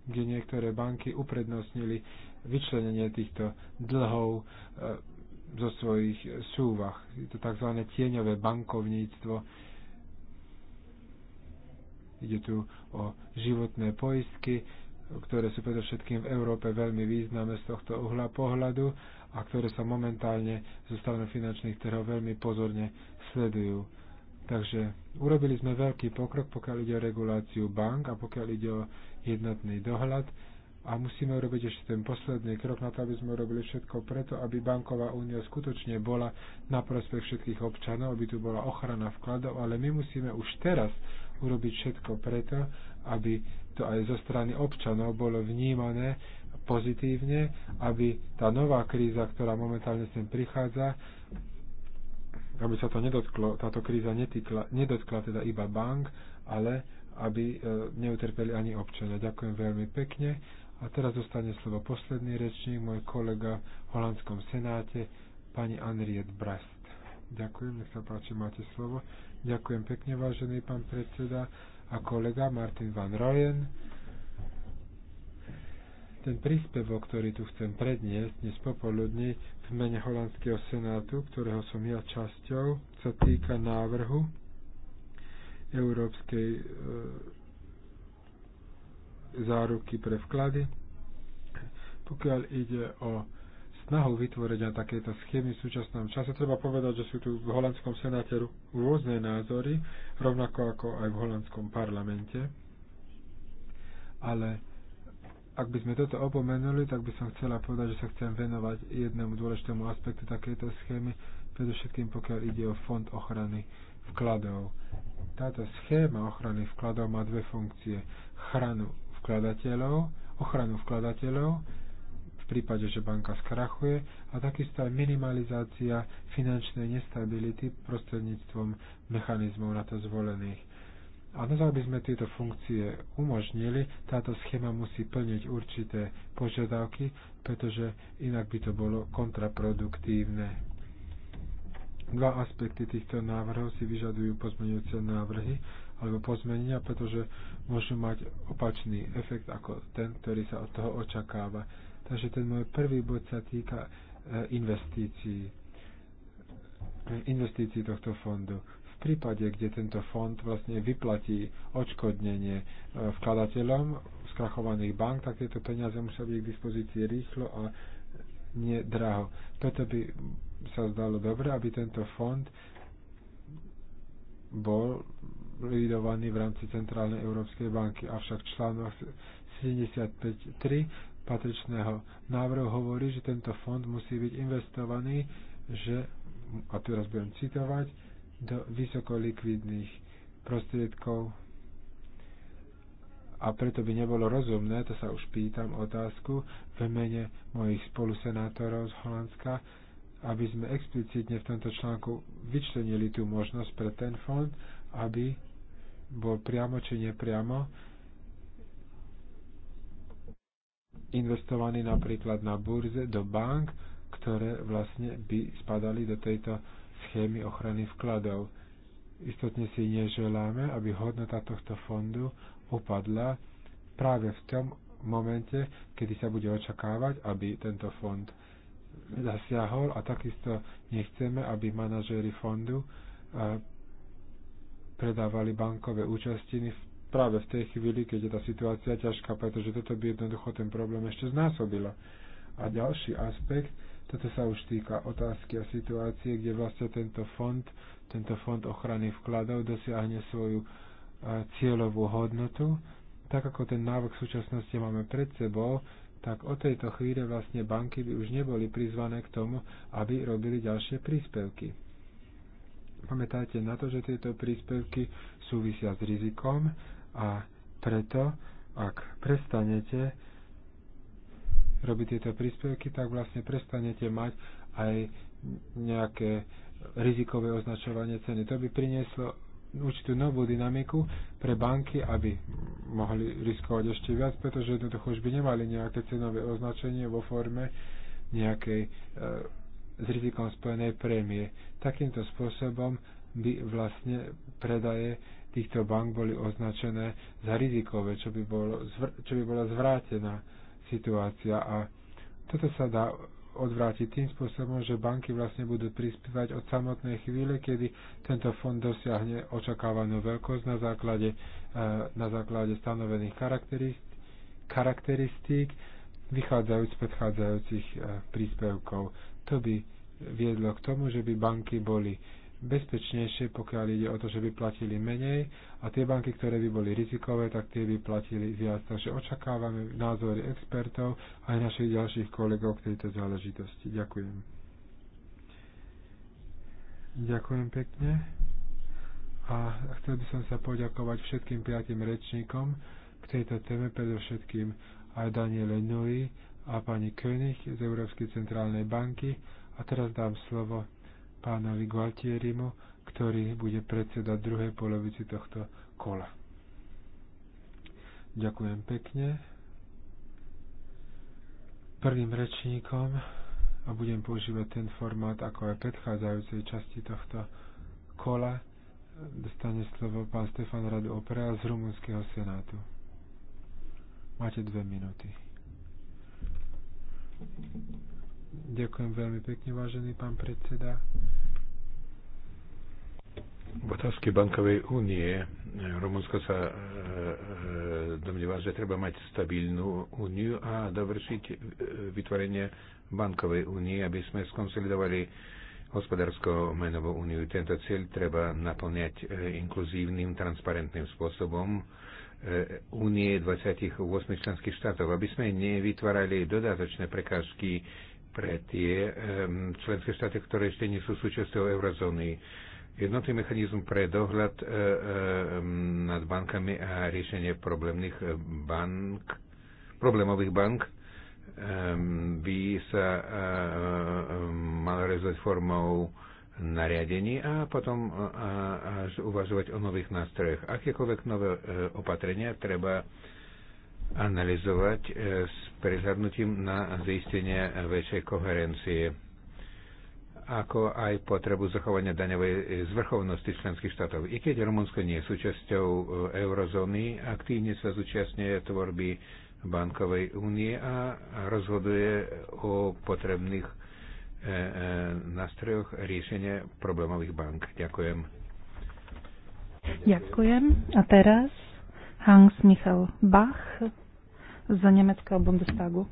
kde niektoré banky uprednostnili vyčlenenie týchto dlhov e, zo svojich súvah. Je to tzv. tieňové bankovníctvo. Ide tu o životné poistky, ktoré sú predovšetkým v Európe veľmi významné z tohto uhla pohľadu a ktoré sa momentálne zo strany finančných trhov veľmi pozorne sledujú. Takže urobili sme veľký pokrok, pokiaľ ide o reguláciu bank a pokiaľ ide o jednotný dohľad a musíme urobiť ešte ten posledný krok na to, aby sme urobili všetko preto, aby banková únia skutočne bola na prospech všetkých občanov, aby tu bola ochrana vkladov, ale my musíme už teraz urobiť všetko preto, aby to aj zo strany občanov bolo vnímané pozitívne, aby tá nová kríza, ktorá momentálne sem prichádza, aby sa to nedotklo, táto kríza netýkla, nedotkla teda iba bank, ale aby e, neutrpeli ani občania. Ďakujem veľmi pekne. A teraz dostane slovo posledný rečník, môj kolega v holandskom senáte, pani Anriet Brast. Ďakujem, nech sa páči, máte slovo. Ďakujem pekne, vážený pán predseda a kolega Martin van Royen. Ten príspevok, ktorý tu chcem predniesť dnes popoludní v mene holandského senátu, ktorého som ja časťou, sa týka návrhu Európskej e, záruky pre vklady. Pokiaľ ide o snahou vytvoriť aj takéto schémy v súčasnom čase. Treba povedať, že sú tu v holandskom senáte rôzne názory, rovnako ako aj v holandskom parlamente. Ale ak by sme toto opomenuli, tak by som chcela povedať, že sa chcem venovať jednému dôležitému aspektu takejto schémy, predovšetkým pokiaľ ide o fond ochrany vkladov. Táto schéma ochrany vkladov má dve funkcie. Chranu vkladateľov, ochranu vkladateľov v prípade, že banka skrachuje a takisto aj minimalizácia finančnej nestability prostredníctvom mechanizmov na to zvolených. A na to, aby sme tieto funkcie umožnili, táto schéma musí plniť určité požiadavky, pretože inak by to bolo kontraproduktívne. Dva aspekty týchto návrhov si vyžadujú pozmeňujúce návrhy alebo pozmenenia, pretože môžu mať opačný efekt ako ten, ktorý sa od toho očakáva. Takže ten môj prvý bod sa týka e, investícií, e, investícií tohto fondu. V prípade, kde tento fond vlastne vyplatí odškodnenie e, vkladateľom skrachovaných bank, tak tieto peniaze musia byť k dispozícii rýchlo a nedraho. Preto by sa zdalo dobre, aby tento fond bol revidovaný v rámci Centrálnej Európskej banky, avšak článok 75.3 patričného návrhu hovorí, že tento fond musí byť investovaný, že, a teraz budem citovať, do vysokolikvidných prostriedkov a preto by nebolo rozumné, to sa už pýtam otázku v mene mojich spolusenátorov z Holandska, aby sme explicitne v tomto článku vyčlenili tú možnosť pre ten fond, aby bol priamo či nepriamo investovaní napríklad na burze do bank, ktoré vlastne by spadali do tejto schémy ochrany vkladov. Istotne si neželáme, aby hodnota tohto fondu upadla práve v tom momente, kedy sa bude očakávať, aby tento fond zasiahol a takisto nechceme, aby manažéri fondu eh, predávali bankové účastiny v práve v tej chvíli, keď je tá situácia ťažká, pretože toto by jednoducho ten problém ešte znásobilo. A ďalší aspekt, toto sa už týka otázky a situácie, kde vlastne tento fond, tento fond ochrany vkladov dosiahne svoju e, cieľovú hodnotu. Tak ako ten návrh v súčasnosti máme pred sebou, tak od tejto chvíle vlastne banky by už neboli prizvané k tomu, aby robili ďalšie príspevky. Pamätajte na to, že tieto príspevky súvisia s rizikom a preto, ak prestanete robiť tieto príspevky, tak vlastne prestanete mať aj nejaké rizikové označovanie ceny. To by prinieslo určitú novú dynamiku pre banky, aby mohli riskovať ešte viac, pretože jednoducho už by nemali nejaké cenové označenie vo forme nejakej e, s rizikom spojenej prémie. Takýmto spôsobom by vlastne predaje týchto bank boli označené za rizikové, čo by, bolo, čo by bola zvrátená situácia. A toto sa dá odvrátiť tým spôsobom, že banky vlastne budú prispievať od samotnej chvíle, kedy tento fond dosiahne očakávanú veľkosť na základe, e, na základe stanovených charakteristík, vychádzajúc z predchádzajúcich e, príspevkov. To by viedlo k tomu, že by banky boli bezpečnejšie, pokiaľ ide o to, že by platili menej a tie banky, ktoré by boli rizikové, tak tie by platili viac. Takže očakávame názory expertov aj našich ďalších kolegov k tejto záležitosti. Ďakujem. Ďakujem pekne. A chcel by som sa poďakovať všetkým piatým rečníkom k tejto téme, predovšetkým aj Daniele Nui a pani König z Európskej centrálnej banky. A teraz dám slovo pánovi Gualtierimu, ktorý bude predsedať druhej polovici tohto kola. Ďakujem pekne. Prvým rečníkom a budem používať ten formát ako aj predchádzajúcej časti tohto kola dostane slovo pán Stefan Radu Oprea z Rumunského senátu. Máte dve minúty. Ďakujem veľmi pekne, vážený pán predseda otázky bankovej únie e, Rumunsko sa e, e, domnieva, že treba mať stabilnú úniu a dovršiť vytvorenie bankovej únie, aby sme skonsolidovali hospodársko-menovú úniu. Tento cieľ treba naplňať inkluzívnym, transparentným spôsobom únie 28 členských štátov, aby sme nevytvárali dodatočné prekážky pre tie členské štáty, ktoré ešte nie sú súčasťou eurozóny Jednotný mechanizm pre dohľad e, e, nad bankami a riešenie problémnych e, bank, problémových bank by ehm, sa mal rezovať formou nariadení a potom až uvažovať o nových nástrojoch. Akékoľvek nové opatrenia treba analyzovať s prezadnutím na zistenie väčšej koherencie ako aj potrebu zachovania daňovej zvrchovnosti členských štátov. I keď Rumunsko nie je súčasťou e, eurozóny, aktívne sa zúčastňuje tvorby bankovej únie a rozhoduje o potrebných e, e, nástrojoch riešenia problémových bank. Ďakujem. Ďakujem. A teraz Hans Michael Bach z nemeckého Bundestagu.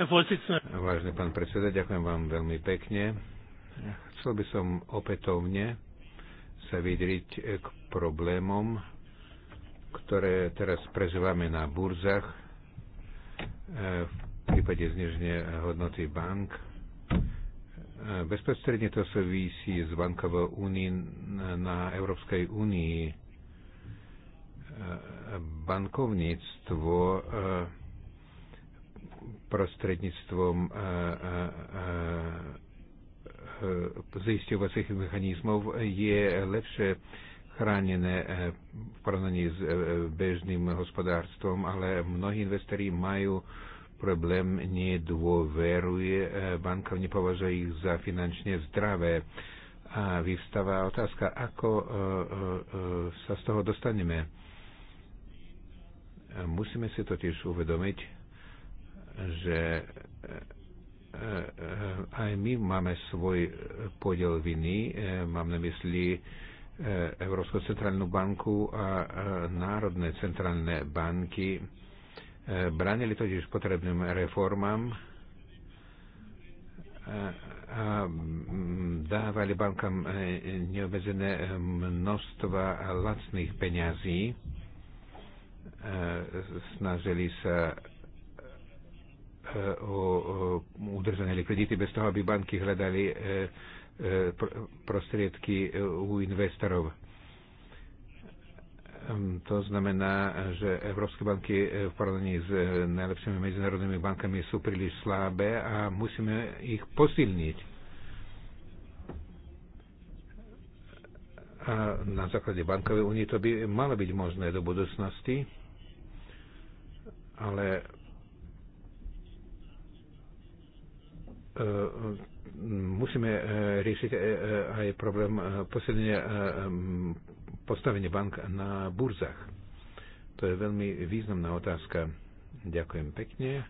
Vážny pán predseda, ďakujem vám veľmi pekne. Chcel by som opätovne sa vydriť k problémom, ktoré teraz prežívame na burzach v prípade zniženia hodnoty bank. Bezprostredne to súvisí s bankovou únii na Európskej únii. Bankovníctvo prostredníctvom eh, eh, eh, zisťovacích mechanizmov je lepšie chránené v porovnaní s bežným hospodárstvom, ale mnohí investori majú problém, nedôveruje bankov, nepovažuje ich za finančne zdravé. A vyvstáva otázka, ako sa z toho dostaneme. Musíme si totiž uvedomiť, že eh, aj my máme svoj podiel viny, eh, mám na mysli eh, Európsku centrálnu banku a národné centrálne banky. Bránili totiž potrebným reformám a mm, dávali bankám neobmedzené množstva lacných peňazí snažili sa o udržané likvidity bez toho, aby banky hľadali e, e, prostriedky u investorov. To znamená, že európske banky e, v porovnaní s najlepšími medzinárodnými bankami sú príliš slabé a musíme ich posilniť. A na základe bankovej únie to by malo byť možné do budúcnosti, ale E, musíme e, riešiť e, aj problém posilnenia postavenia bank na burzach. To je veľmi významná otázka. Ďakujem pekne.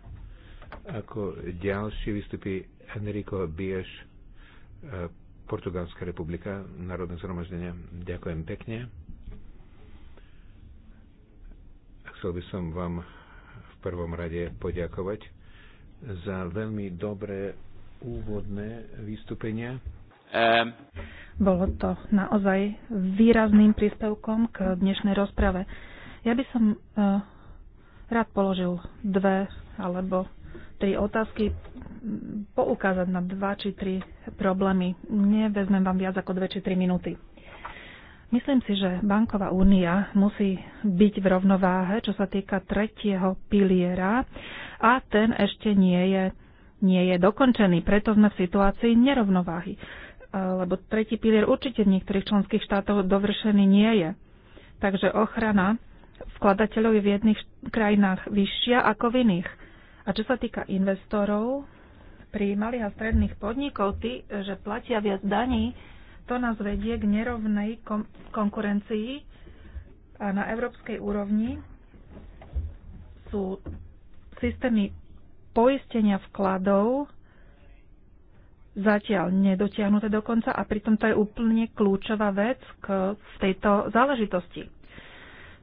Ako ďalší vystupí Enrico Bieš, Portugalská republika, Národné zhromaždenie. Ďakujem pekne. Chcel by som vám v prvom rade poďakovať za veľmi dobré úvodné vystúpenia. Um. Bolo to naozaj výrazným príspevkom k dnešnej rozprave. Ja by som uh, rád položil dve alebo tri otázky, poukázať na dva či tri problémy. Nevezmem vám viac ako dve či tri minúty. Myslím si, že banková únia musí byť v rovnováhe, čo sa týka tretieho piliera a ten ešte nie je nie je dokončený. Preto sme v situácii nerovnováhy. E, lebo tretí pilier určite v niektorých členských štátoch dovršený nie je. Takže ochrana vkladateľov je v jedných krajinách vyššia ako v iných. A čo sa týka investorov, pri malých a stredných podnikov, tí, že platia viac daní, to nás vedie k nerovnej kom- konkurencii a na európskej úrovni sú systémy poistenia vkladov zatiaľ nedotiahnuté dokonca a pritom to je úplne kľúčová vec k, v tejto záležitosti.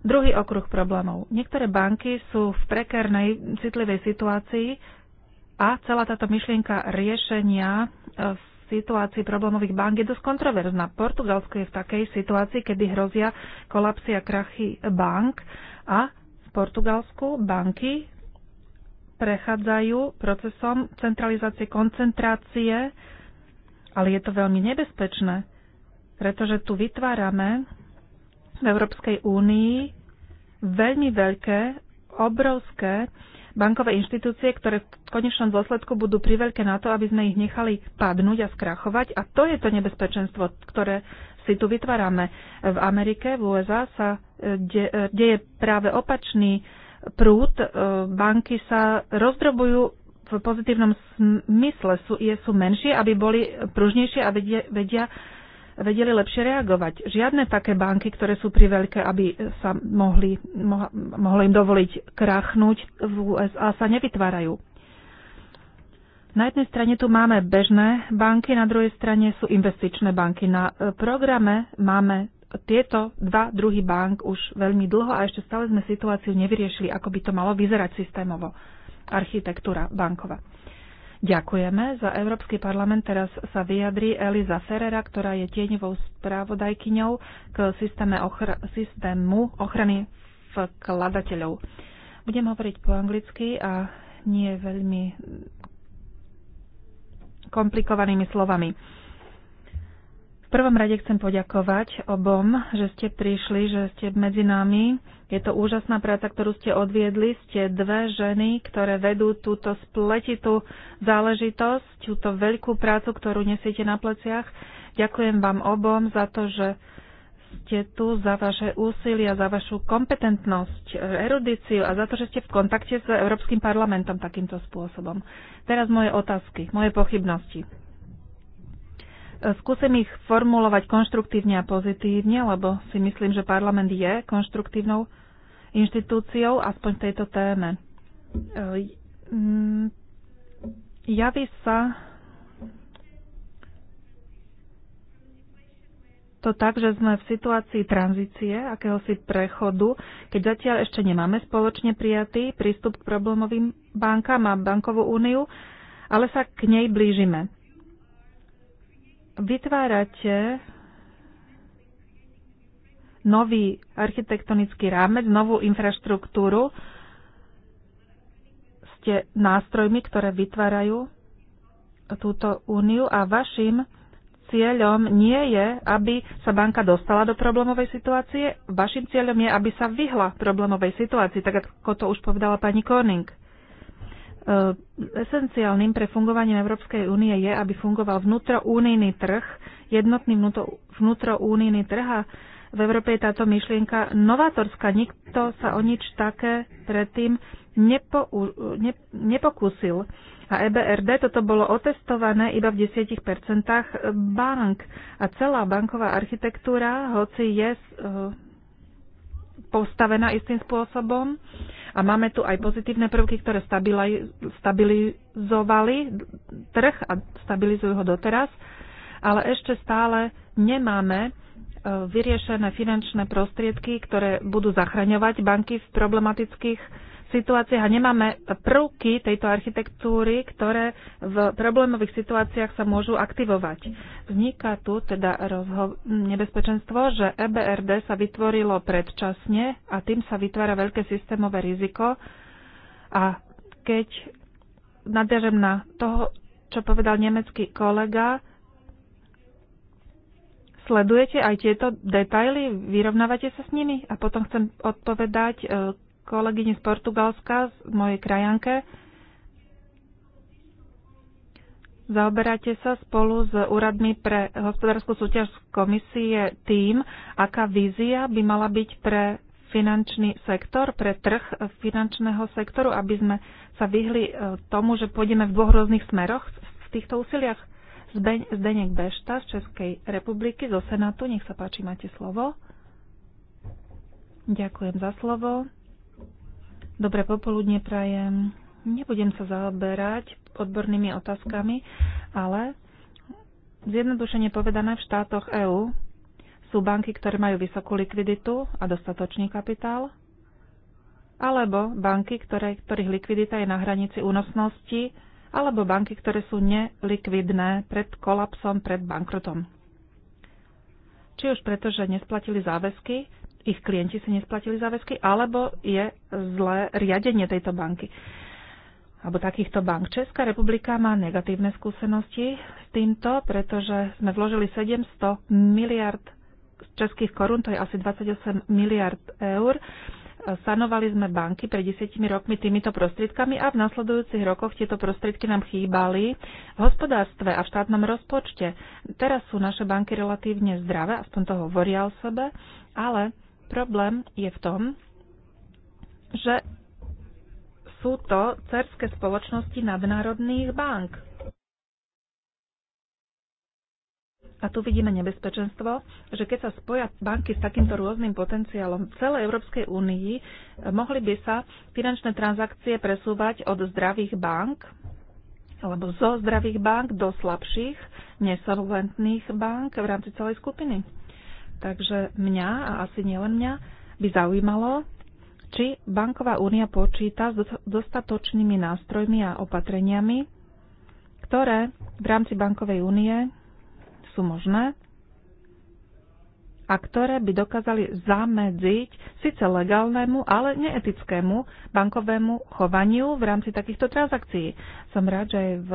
Druhý okruh problémov. Niektoré banky sú v prekernej, citlivej situácii a celá táto myšlienka riešenia e, v situácii problémových bank je dosť kontroverzná. Portugalsko je v takej situácii, kedy hrozia kolapsia krachy bank a v Portugalsku banky prechádzajú procesom centralizácie, koncentrácie, ale je to veľmi nebezpečné, pretože tu vytvárame v Európskej únii veľmi veľké, obrovské bankové inštitúcie, ktoré v konečnom dôsledku budú priveľké na to, aby sme ich nechali padnúť a skrachovať. A to je to nebezpečenstvo, ktoré si tu vytvárame. V Amerike, v USA sa e, de- e, deje práve opačný prúd. E, banky sa rozdrobujú v pozitívnom smysle, sú, je, sú menšie, aby boli pružnejšie a vedia, vedia, vedeli lepšie reagovať. Žiadne také banky, ktoré sú priveľké, aby sa mohli, mo, mohli im dovoliť krachnúť v USA, sa nevytvárajú. Na jednej strane tu máme bežné banky, na druhej strane sú investičné banky. Na e, programe máme tieto dva druhy bank už veľmi dlho a ešte stále sme situáciu nevyriešili, ako by to malo vyzerať systémovo architektúra banková. Ďakujeme. Za Európsky parlament teraz sa vyjadrí Eliza Ferrera, ktorá je tieňovou správodajkyňou k systéme ochr- systému ochrany vkladateľov. Budem hovoriť po anglicky a nie veľmi komplikovanými slovami. V prvom rade chcem poďakovať obom, že ste prišli, že ste medzi nami. Je to úžasná práca, ktorú ste odviedli. Ste dve ženy, ktoré vedú túto spletitú záležitosť, túto veľkú prácu, ktorú nesiete na pleciach. Ďakujem vám obom za to, že ste tu, za vaše úsilia, za vašu kompetentnosť, erudíciu a za to, že ste v kontakte s Európskym parlamentom takýmto spôsobom. Teraz moje otázky, moje pochybnosti. E, skúsim ich formulovať konštruktívne a pozitívne, lebo si myslím, že parlament je konštruktívnou inštitúciou, aspoň v tejto téme. E, javí sa to tak, že sme v situácii tranzície, akéhosi prechodu, keď zatiaľ ešte nemáme spoločne prijatý prístup k problémovým bankám a bankovú úniu, ale sa k nej blížime vytvárate nový architektonický rámec, novú infraštruktúru, ste nástrojmi, ktoré vytvárajú túto úniu a vašim cieľom nie je, aby sa banka dostala do problémovej situácie, vašim cieľom je, aby sa vyhla problémovej situácii, tak ako to už povedala pani Koning. E, esenciálnym pre fungovanie Európskej únie je, aby fungoval vnútroúnijný trh, jednotný vnútroúnijný trh a v Európe je táto myšlienka novátorská. Nikto sa o nič také predtým nepo, ne, nepokúsil. A EBRD toto bolo otestované iba v 10% bank. A celá banková architektúra, hoci je e, postavená istým spôsobom, a máme tu aj pozitívne prvky, ktoré stabilizovali trh a stabilizujú ho doteraz, ale ešte stále nemáme e, vyriešené finančné prostriedky, ktoré budú zachraňovať banky v problematických situáciách a nemáme prvky tejto architektúry, ktoré v problémových situáciách sa môžu aktivovať. Vzniká tu teda rozho- nebezpečenstvo, že EBRD sa vytvorilo predčasne a tým sa vytvára veľké systémové riziko. A keď nadviažem na toho, čo povedal nemecký kolega, Sledujete aj tieto detaily? Vyrovnávate sa s nimi? A potom chcem odpovedať e, kolegyni z Portugalska, z mojej krajanke. Zaoberáte sa spolu s úradmi pre hospodárskú súťaž komisie tým, aká vízia by mala byť pre finančný sektor, pre trh finančného sektoru, aby sme sa vyhli e, tomu, že pôjdeme v dvoch rôznych smeroch v týchto úsiliach. Zdenek Bešta z Českej republiky, zo Senátu, nech sa páči, máte slovo. Ďakujem za slovo. Dobré popoludne prajem. Nebudem sa zaoberať odbornými otázkami, ale zjednodušene povedané v štátoch EÚ sú banky, ktoré majú vysokú likviditu a dostatočný kapitál, alebo banky, ktoré, ktorých likvidita je na hranici únosnosti, alebo banky, ktoré sú nelikvidné pred kolapsom, pred bankrotom. Či už preto, že nesplatili záväzky, ich klienti si nesplatili záväzky, alebo je zlé riadenie tejto banky alebo takýchto bank. Česká republika má negatívne skúsenosti s týmto, pretože sme vložili 700 miliard českých korún, to je asi 28 miliard eur. Sanovali sme banky pred desiatimi rokmi týmito prostriedkami a v nasledujúcich rokoch tieto prostriedky nám chýbali v hospodárstve a v štátnom rozpočte. Teraz sú naše banky relatívne zdravé, aspoň to hovoria o sebe, ale Problém je v tom, že sú to cerské spoločnosti nadnárodných bank. A tu vidíme nebezpečenstvo, že keď sa spoja banky s takýmto rôznym potenciálom v celej Európskej únii, mohli by sa finančné transakcie presúvať od zdravých bank alebo zo zdravých bank do slabších, nesolventných bank v rámci celej skupiny. Takže mňa, a asi nielen mňa, by zaujímalo, či Banková únia počíta s dostatočnými nástrojmi a opatreniami, ktoré v rámci Bankovej únie sú možné a ktoré by dokázali zamedziť síce legálnemu, ale neetickému bankovému chovaniu v rámci takýchto transakcií. Som rád, že aj v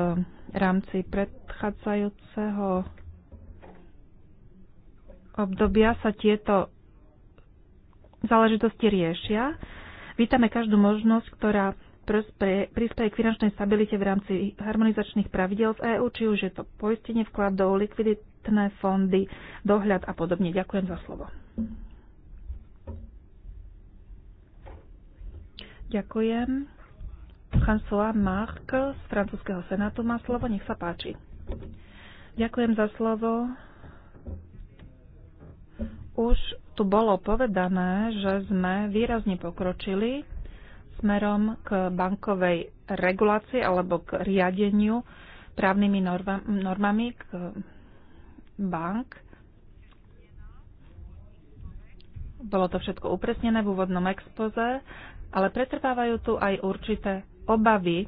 rámci predchádzajúceho obdobia sa tieto záležitosti riešia. Vítame každú možnosť, ktorá prispieje k finančnej stabilite v rámci harmonizačných pravidel v EÚ, či už je to poistenie vkladov, likviditné fondy, dohľad a podobne. Ďakujem za slovo. Ďakujem. François Marc z francúzského senátu má slovo. Nech sa páči. Ďakujem za slovo. Už tu bolo povedané, že sme výrazne pokročili smerom k bankovej regulácii alebo k riadeniu právnymi normami k bank. Bolo to všetko upresnené v úvodnom expoze, ale pretrvávajú tu aj určité obavy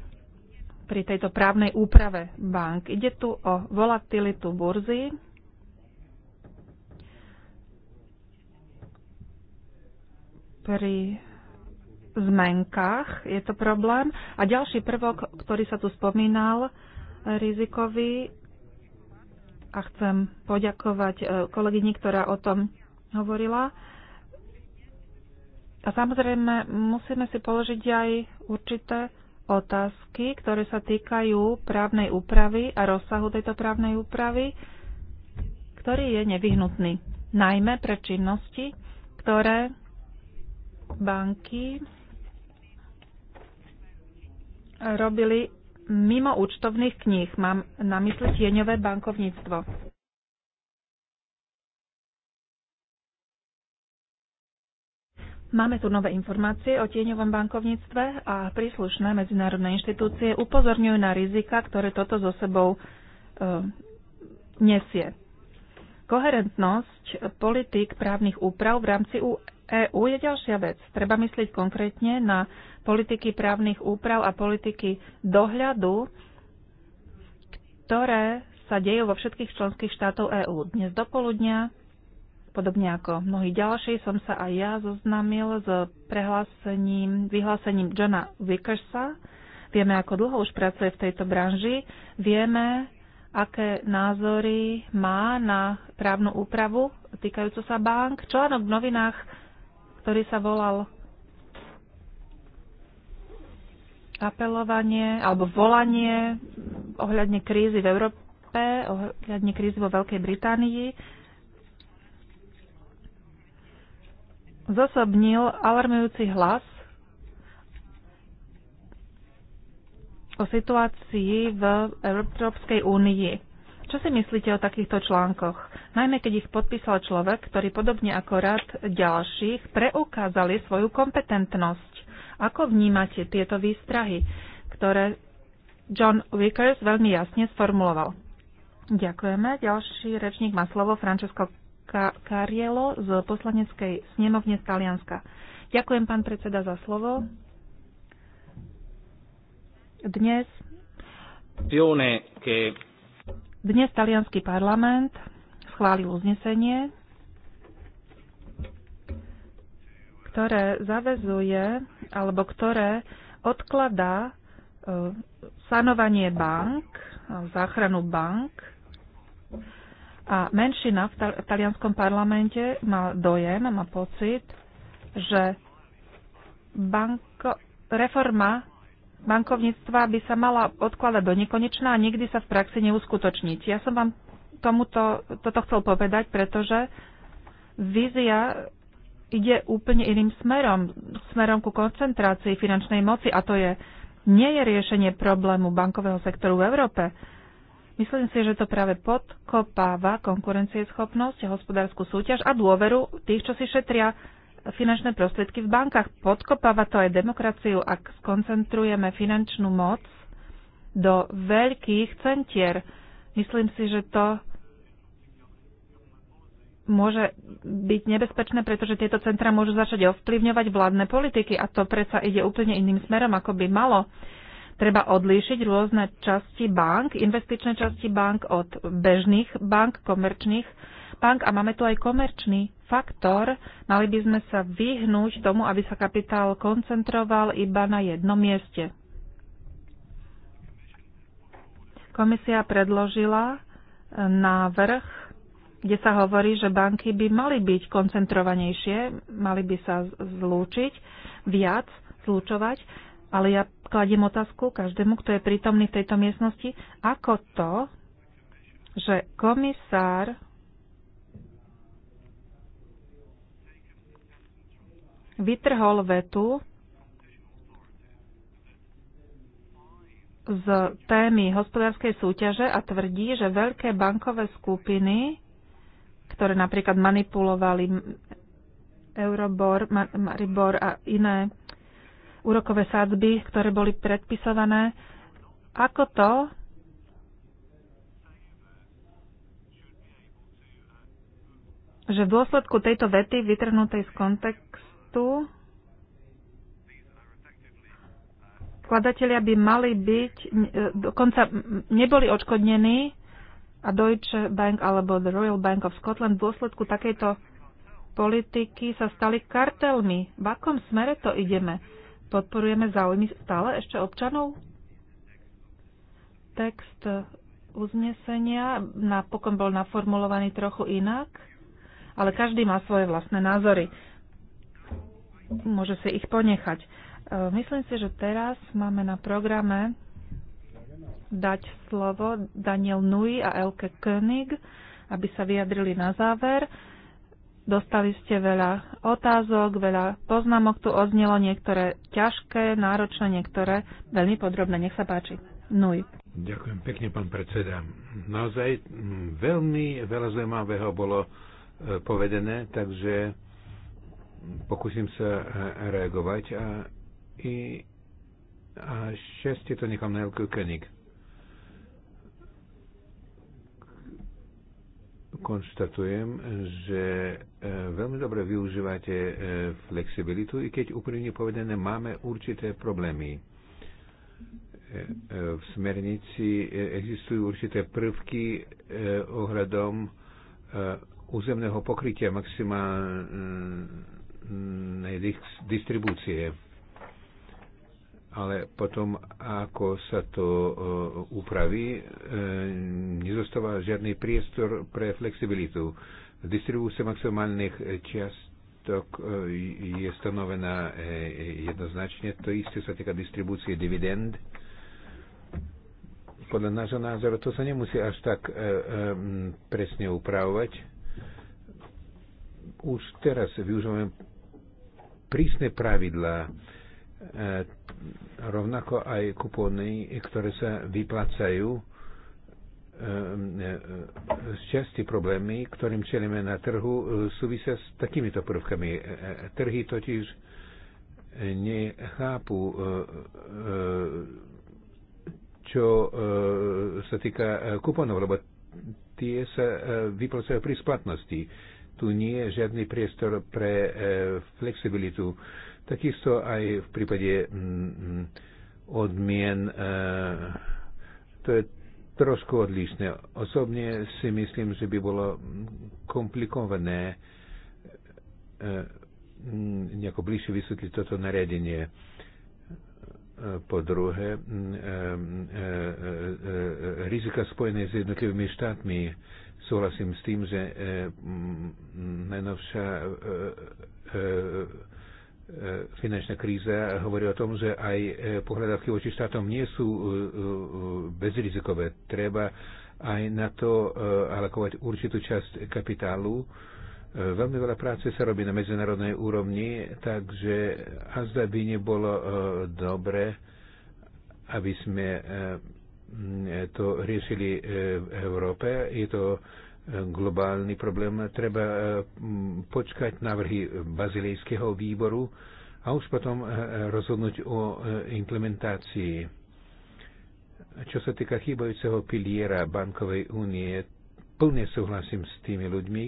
pri tejto právnej úprave bank. Ide tu o volatilitu burzy, pri zmenkách je to problém. A ďalší prvok, ktorý sa tu spomínal, rizikový, a chcem poďakovať e, kolegyni, ktorá o tom hovorila. A samozrejme, musíme si položiť aj určité otázky, ktoré sa týkajú právnej úpravy a rozsahu tejto právnej úpravy, ktorý je nevyhnutný, najmä pre činnosti, ktoré banky robili mimo účtovných kníh. Mám na mysli tieňové bankovníctvo. Máme tu nové informácie o tieňovom bankovníctve a príslušné medzinárodné inštitúcie upozorňujú na rizika, ktoré toto so sebou e, nesie. Koherentnosť politik právnych úprav v rámci EÚ je ďalšia vec. Treba myslieť konkrétne na politiky právnych úprav a politiky dohľadu, ktoré sa dejú vo všetkých členských štátov EÚ. Dnes do poludnia, podobne ako mnohí ďalší, som sa aj ja zoznamil s prehlásením, vyhlásením Johna Wickersa. Vieme, ako dlho už pracuje v tejto branži. Vieme, aké názory má na právnu úpravu týkajúcu sa bank. Článok v novinách ktorý sa volal apelovanie alebo volanie ohľadne krízy v Európe, ohľadne krízy vo Veľkej Británii, zosobnil alarmujúci hlas o situácii v Európskej únii. Čo si myslíte o takýchto článkoch? Najmä keď ich podpísal človek, ktorý podobne ako rad ďalších preukázali svoju kompetentnosť. Ako vnímate tieto výstrahy, ktoré John Wickers veľmi jasne sformuloval? Ďakujeme. Ďalší rečník má slovo Francesco Cariello z poslaneckej snemovne z Talianska. Ďakujem, pán predseda, za slovo. Dnes dnes talianský parlament schválil uznesenie, ktoré zavezuje alebo ktoré odkladá e, sanovanie bank, záchranu bank. A menšina v talianskom parlamente má dojem, má pocit, že banko, reforma bankovníctva by sa mala odkladať do nekonečná a nikdy sa v praxi neuskutočniť. Ja som vám tomuto, toto chcel povedať, pretože vízia ide úplne iným smerom, smerom ku koncentrácii finančnej moci a to je, nie je riešenie problému bankového sektoru v Európe. Myslím si, že to práve podkopáva konkurencieschopnosť, hospodárskú súťaž a dôveru tých, čo si šetria finančné prostriedky v bankách. Podkopáva to aj demokraciu, ak skoncentrujeme finančnú moc do veľkých centier. Myslím si, že to môže byť nebezpečné, pretože tieto centra môžu začať ovplyvňovať vládne politiky a to predsa ide úplne iným smerom, ako by malo. Treba odlíšiť rôzne časti bank, investičné časti bank od bežných bank, komerčných bank a máme tu aj komerčný faktor, mali by sme sa vyhnúť tomu, aby sa kapitál koncentroval iba na jednom mieste. Komisia predložila e, návrh, kde sa hovorí, že banky by mali byť koncentrovanejšie, mali by sa zlúčiť viac, zlúčovať, ale ja kladiem otázku každému, kto je prítomný v tejto miestnosti, ako to, že komisár vytrhol vetu z témy hospodárskej súťaže a tvrdí, že veľké bankové skupiny, ktoré napríklad manipulovali Eurobor, Maribor a iné úrokové sádzby, ktoré boli predpisované. Ako to, že v dôsledku tejto vety vytrhnutej z kontextu štátu vkladatelia by mali byť, e, dokonca neboli odškodnení a Deutsche Bank alebo The Royal Bank of Scotland v dôsledku takejto politiky sa stali kartelmi. V akom smere to ideme? Podporujeme záujmy stále ešte občanov? Text uznesenia napokon bol naformulovaný trochu inak, ale každý má svoje vlastné názory môže si ich ponechať. E, myslím si, že teraz máme na programe dať slovo Daniel Nui a Elke König, aby sa vyjadrili na záver. Dostali ste veľa otázok, veľa poznámok tu oznelo, niektoré ťažké, náročné, niektoré veľmi podrobné. Nech sa páči. Nuj. Ďakujem pekne, pán predseda. Naozaj mm, veľmi veľa zaujímavého bolo e, povedené, takže pokúsim sa eh, reagovať a, i, a šťastie to nechám na Elke König. Konštatujem, že eh, veľmi dobre využívate eh, flexibilitu, i keď úprimne povedané máme určité problémy. V smernici existujú určité prvky ohľadom územného pokrytia maximálne Mm, distribúcie. Ale potom, ako sa to e, upraví, e, nezostáva žiadny priestor pre flexibilitu. Distribúcia maximálnych čiastok e, je stanovená jednoznačne. To isté sa týka distribúcie dividend podľa nášho názoru to sa nemusí až tak presne upravovať. Už teraz využívame prísne pravidlá, e, rovnako aj kupóny, ktoré sa vyplácajú e, e, z časti problémy, ktorým čelíme na trhu, súvisia s takýmito prvkami. Trhy totiž nechápu, čo sa týka kuponov, lebo tie sa vyplacajú pri splatnosti tu nie je žiadny priestor pre e, flexibilitu. Takisto aj v prípade mm, mm, odmien e, to je trošku odlišné. Osobne si myslím, že by bolo mm, komplikované e, nejako bližšie vysvetliť toto nariadenie. Po druhé, rizika spojené s jednotlivými štátmi Súhlasím s tým, že e, najnovšia e, e, finančná kríza hovorí o tom, že aj pohľadavky voči štátom nie sú bezrizikové. Treba aj na to alokovať určitú časť kapitálu. Veľmi veľa práce sa robí na medzinárodnej úrovni, takže azda by nebolo dobre, aby sme E, to riešili e, v Európe. Je to e, globálny problém. Treba počkať návrhy bazilejského výboru a už potom rozhodnúť o implementácii. Čo sa týka chýbajúceho piliera bankovej únie, plne súhlasím s tými ľuďmi,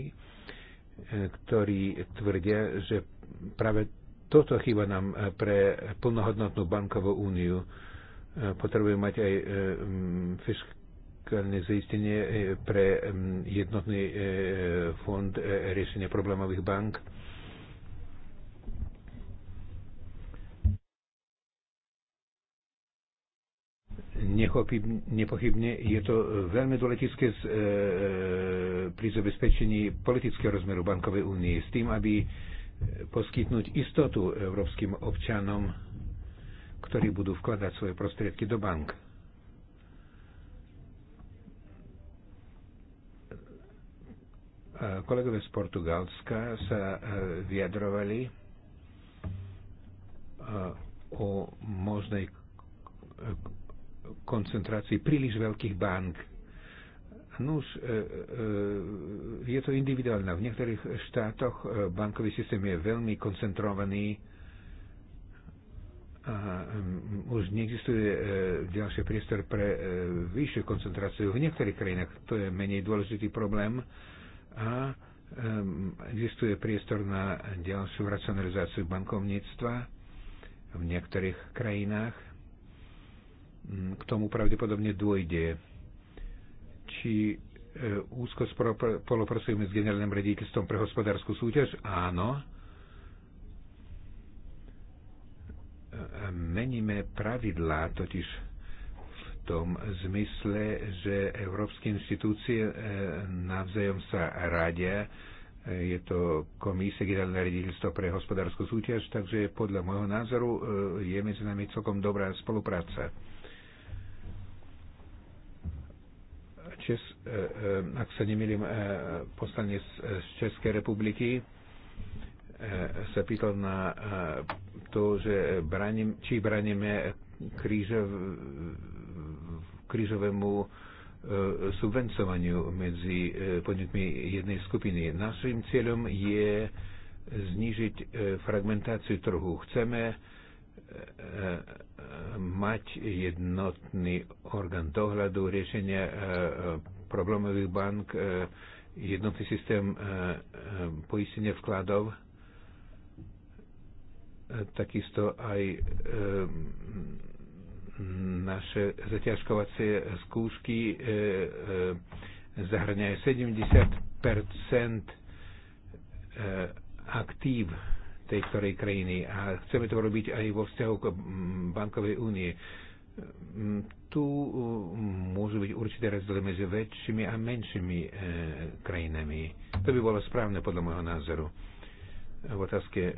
ktorí tvrdia, že práve toto chýba nám pre plnohodnotnú bankovú úniu potrebujú mať aj e, fiskálne zistenie e, pre jednotný e, fond riešenia problémových bank. Nepochybne je to veľmi dôležité pri zabezpečení politického rozmeru bankovej únie s tým, aby poskytnúť istotu európskym občanom ktorí budú vkladať svoje prostriedky do bank. E, Kolegové z Portugalska sa e, vyjadrovali e, o možnej koncentrácii príliš veľkých bank. Nuž, je to individuálne. V niektorých štátoch bankový systém je veľmi koncentrovaný už neexistuje e, ďalší priestor pre e, vyššiu koncentráciu v niektorých krajinách. To je menej dôležitý problém a existuje priestor na ďalšiu racionalizáciu bankovníctva v niektorých krajinách. Mm, k tomu pravdepodobne dôjde. Či e, úzko spolupracujeme s generálnym rediteľstvom pre hospodárskú súťaž? Áno meníme pravidlá, totiž v tom zmysle, že európske inštitúcie e, navzájom sa radia. E, je to Komise generálne riaditeľstvo pre hospodárskú súťaž, takže podľa môjho názoru e, je medzi nami celkom dobrá spolupráca. Čes, ak sa nemýlim, poslanec z Českej republiky Eh, sa pýtal na eh, to, že braním, či braníme krížov, krížovému eh, subvencovaniu medzi podnikmi jednej skupiny. Našim cieľom je znižiť fragmentáciu trhu. Chceme mať jednotný orgán dohľadu, riešenia problémových bank, jednotný systém poistenia vkladov takisto aj naše zaťažkovacie skúšky zahrňajú 70 aktív tej ktorej krajiny a chceme to robiť aj vo vzťahu k bankovej únie. Tu môžu byť určité rozdiely medzi väčšími a menšími krajinami. To by bolo správne podľa môjho názoru v otázke e, e, e,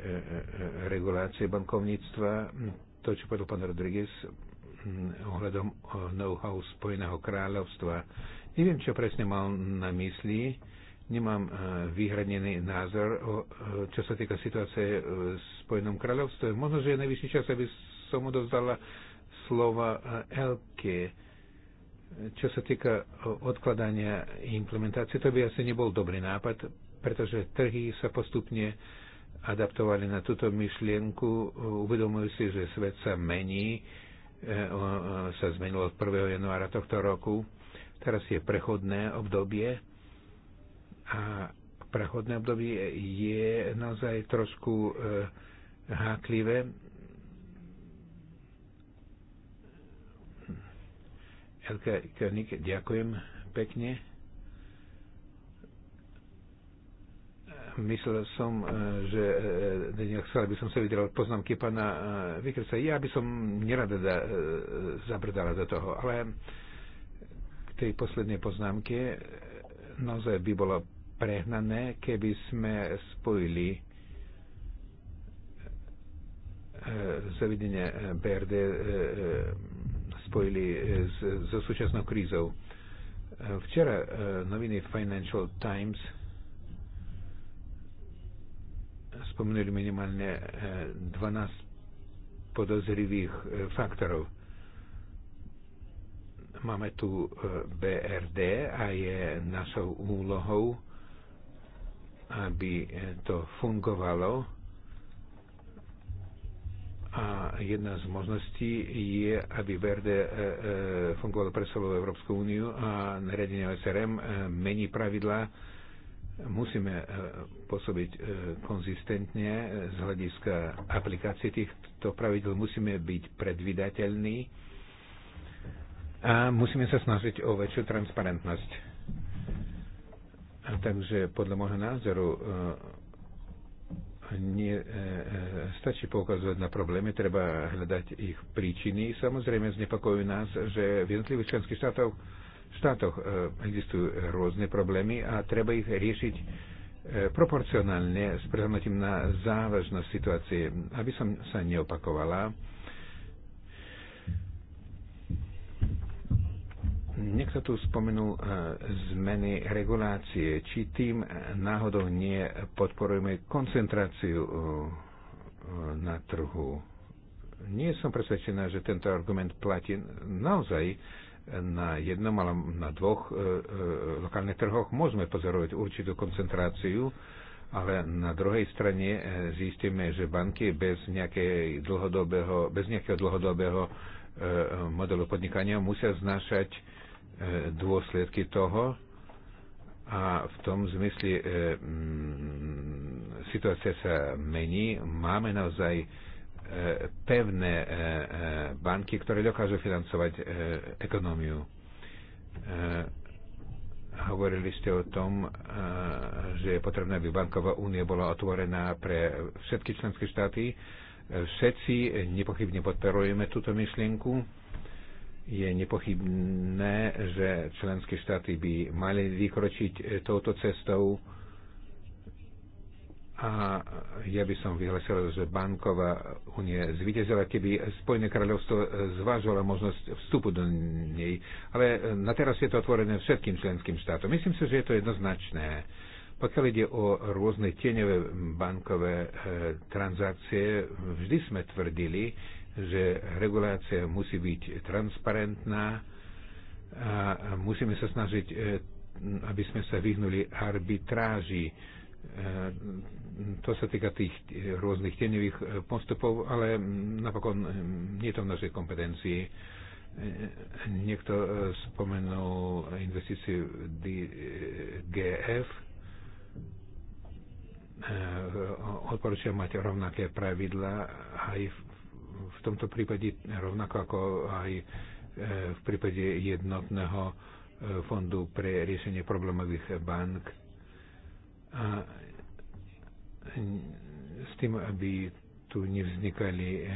regulácie bankovníctva, to, čo povedal pán Rodriguez ohľadom know-how Spojeného kráľovstva. Neviem, čo presne mal na mysli, nemám vyhranený názor, čo sa týka situácie v Spojenom kráľovstve. Možno, že je najvyšší čas, aby som odovzdala slova Elke. Čo sa týka odkladania implementácie, to by asi nebol dobrý nápad, pretože trhy sa postupne uh, adaptovali na túto myšlienku, uvedomujú si, že svet sa mení, e, e, sa zmenilo od 1. januára tohto roku. Teraz je prechodné obdobie a prechodné obdobie je naozaj trošku e, háklivé. ďakujem pekne. Myslel som, e, že e, nechcel by som sa vydral od poznámky pána e, Vikersa. Ja by som nerada da, zabrdala do toho, ale k tej poslednej poznámke naozaj by bolo prehnané, keby sme spojili zavedenie BRD spojili so súčasnou krízou. Včera noviny Financial Times spomenuli minimálne 12 e, podozrivých e, faktorov. Máme tu e, BRD a je našou úlohou, aby to fungovalo. A jedna z možností je, aby BRD fungovalo pre celú Európsku úniu a naredenie SRM mení pravidla musíme e, pôsobiť e, konzistentne e, z hľadiska aplikácie týchto pravidel, musíme byť predvydateľní a musíme sa snažiť o väčšiu transparentnosť. A takže podľa môjho názoru nie, stačí poukazovať na problémy, treba hľadať ich príčiny. Samozrejme znepokojujú nás, že v jednotlivých členských štátoch štátoch e, existujú rôzne problémy a treba ich riešiť e, proporcionálne s prehľadnutím na závažnosť situácie. Aby som sa neopakovala, Niekto tu spomenul e, zmeny regulácie. Či tým náhodou nie podporujeme koncentráciu na trhu? Nie som presvedčená, že tento argument platí. Naozaj na jednom alebo na dvoch e, e, lokálnych trhoch môžeme pozorovať určitú koncentráciu, ale na druhej strane e, zistíme, že banky bez, dlhodobého, bez nejakého dlhodobého modelu podnikania musia znašať dôsledky toho a v tom zmysle situácia sa mení. Máme naozaj E, pevné e, e, banky, ktoré dokážu financovať ekonómiu. Hovorili ste o tom, že je potrebné, aby banková únia bola otvorená pre všetky členské štáty. Všetci nepochybne podporujeme túto myšlienku. Je nepochybné, že členské štáty by mali vykročiť touto cestou a ja by som vyhlasil, že banková únie zvíťazila, keby Spojené kráľovstvo zvážovalo možnosť vstupu do nej. Ale na teraz je to otvorené všetkým členským štátom. Myslím si, že je to jednoznačné. Pokiaľ ide o rôzne tieňové bankové e, transakcie, vždy sme tvrdili, že regulácia musí byť transparentná a musíme sa snažiť, e, aby sme sa vyhnuli arbitráži Eh, to sa týka tých rôznych tenevých eh, postupov, ale mm, napokon eh, nie je to v našej kompetencii. Niekto spomenul investíciu DGF. Odporúčam mať rovnaké pravidla aj v tomto prípade, rovnako ako aj v prípade jednotného fondu pre riešenie problémových bank a s tým, aby tu nevznikali e, e,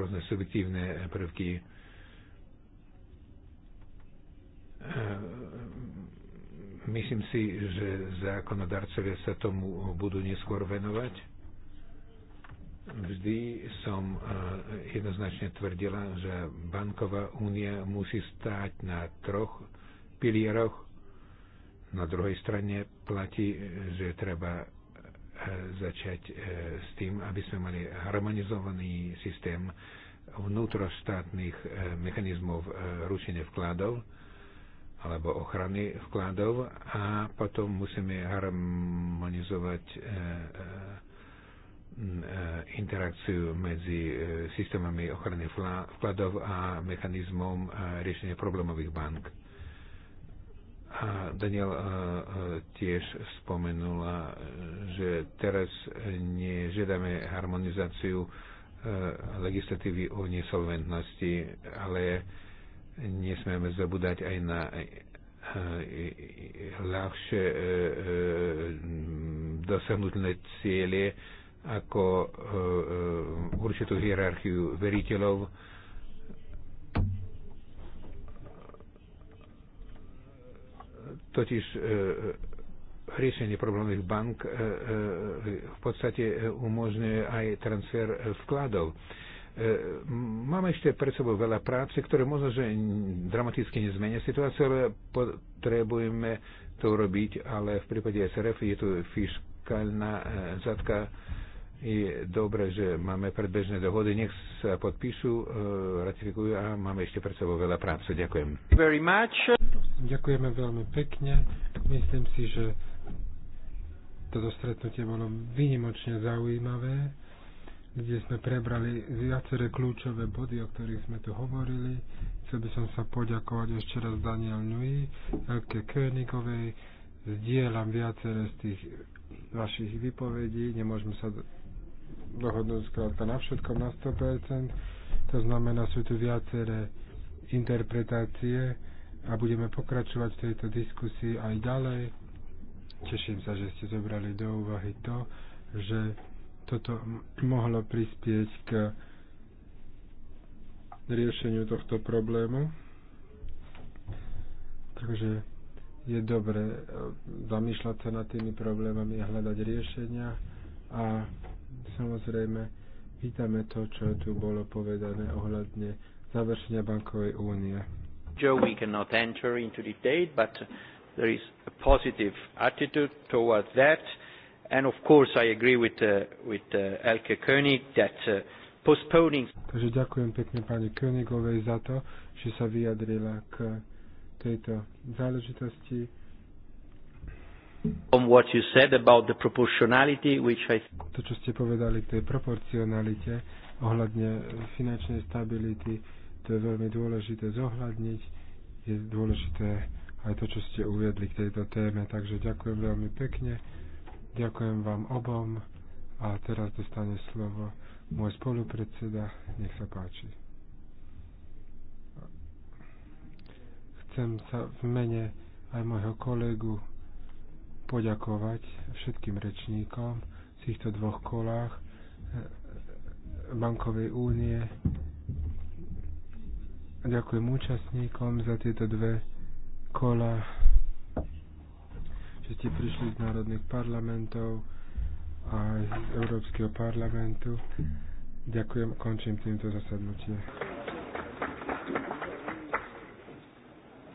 rôzne subjektívne prvky. E, myslím si, že zákonodarcovia sa tomu budú neskôr venovať. Vždy som jednoznačne tvrdila, že banková únia musí stáť na troch pilieroch. Na druhej strane platí, že treba e, začať e, s tým, aby sme mali harmonizovaný systém vnútroštátnych e, mechanizmov rušenia vkladov alebo ochrany vkladov a potom musíme harmonizovať interakciu medzi systémami ochrany vkladov a mechanizmom riešenia problémových bank a Daniel tiež spomenula, že teraz nežiadame harmonizáciu e, legislatívy o nesolventnosti, ale nesmieme zabúdať aj na e, e, ľahšie dosiahnutelné cieľe ako určitú hierarchiu veriteľov, Totiž e, e, riešenie problémových bank e, e, v podstate e, umožňuje aj transfer e, vkladov. E, Máme ešte pred sebou veľa práce, ktoré možno, že dramaticky nezmenia situáciu, ale potrebujeme to robiť, ale v prípade SRF je to fiskálna e, zadka. Je dobré, že máme predbežné dohody, nech sa podpíšu, ratifikujú a máme ešte pred sebou veľa práce. Ďakujem. Very much. Ďakujeme veľmi pekne. Myslím si, že toto stretnutie bolo vynimočne zaujímavé, kde sme prebrali viaceré kľúčové body, o ktorých sme tu hovorili. Chcel by som sa poďakovať ešte raz Daniel Nui, Elke Königovej. Zdieľam viaceré z tých vašich vypovedí. Nemôžeme sa dohodnúť skrátka na všetkom na 100%. To znamená, sú tu viaceré interpretácie a budeme pokračovať v tejto diskusii aj ďalej. Teším sa, že ste zobrali do úvahy to, že toto mohlo prispieť k riešeniu tohto problému. Takže je dobre e, zamýšľať sa nad tými problémami a hľadať riešenia a samozrejme vítame to, čo tu bolo povedané ohľadne završenia bankovej únie. Joe, we cannot enter into detail, but there is a positive attitude towards that. of course, I agree with, uh, uh, Elke König that uh, postponing... Takže ďakujem pekne pani Königovej za to, že sa vyjadrila k tejto záležitosti. On what you said about the proportionality, which I... To, čo ste povedali k tej proporcionalite ohľadne finančnej stability, to je veľmi dôležité zohľadniť. Je dôležité aj to, čo ste uviedli k tejto téme. Takže ďakujem veľmi pekne. Ďakujem vám obom. A teraz dostane slovo môj spolupredseda. Nech sa páči. Chcem sa v mene aj môjho kolegu poďakovať všetkým rečníkom v týchto dvoch kolách bankovej únie Ďakujem účastníkom za tieto dve kola, že ste prišli z národných parlamentov a z Európskeho parlamentu. Ďakujem, končím týmto zasadnutie.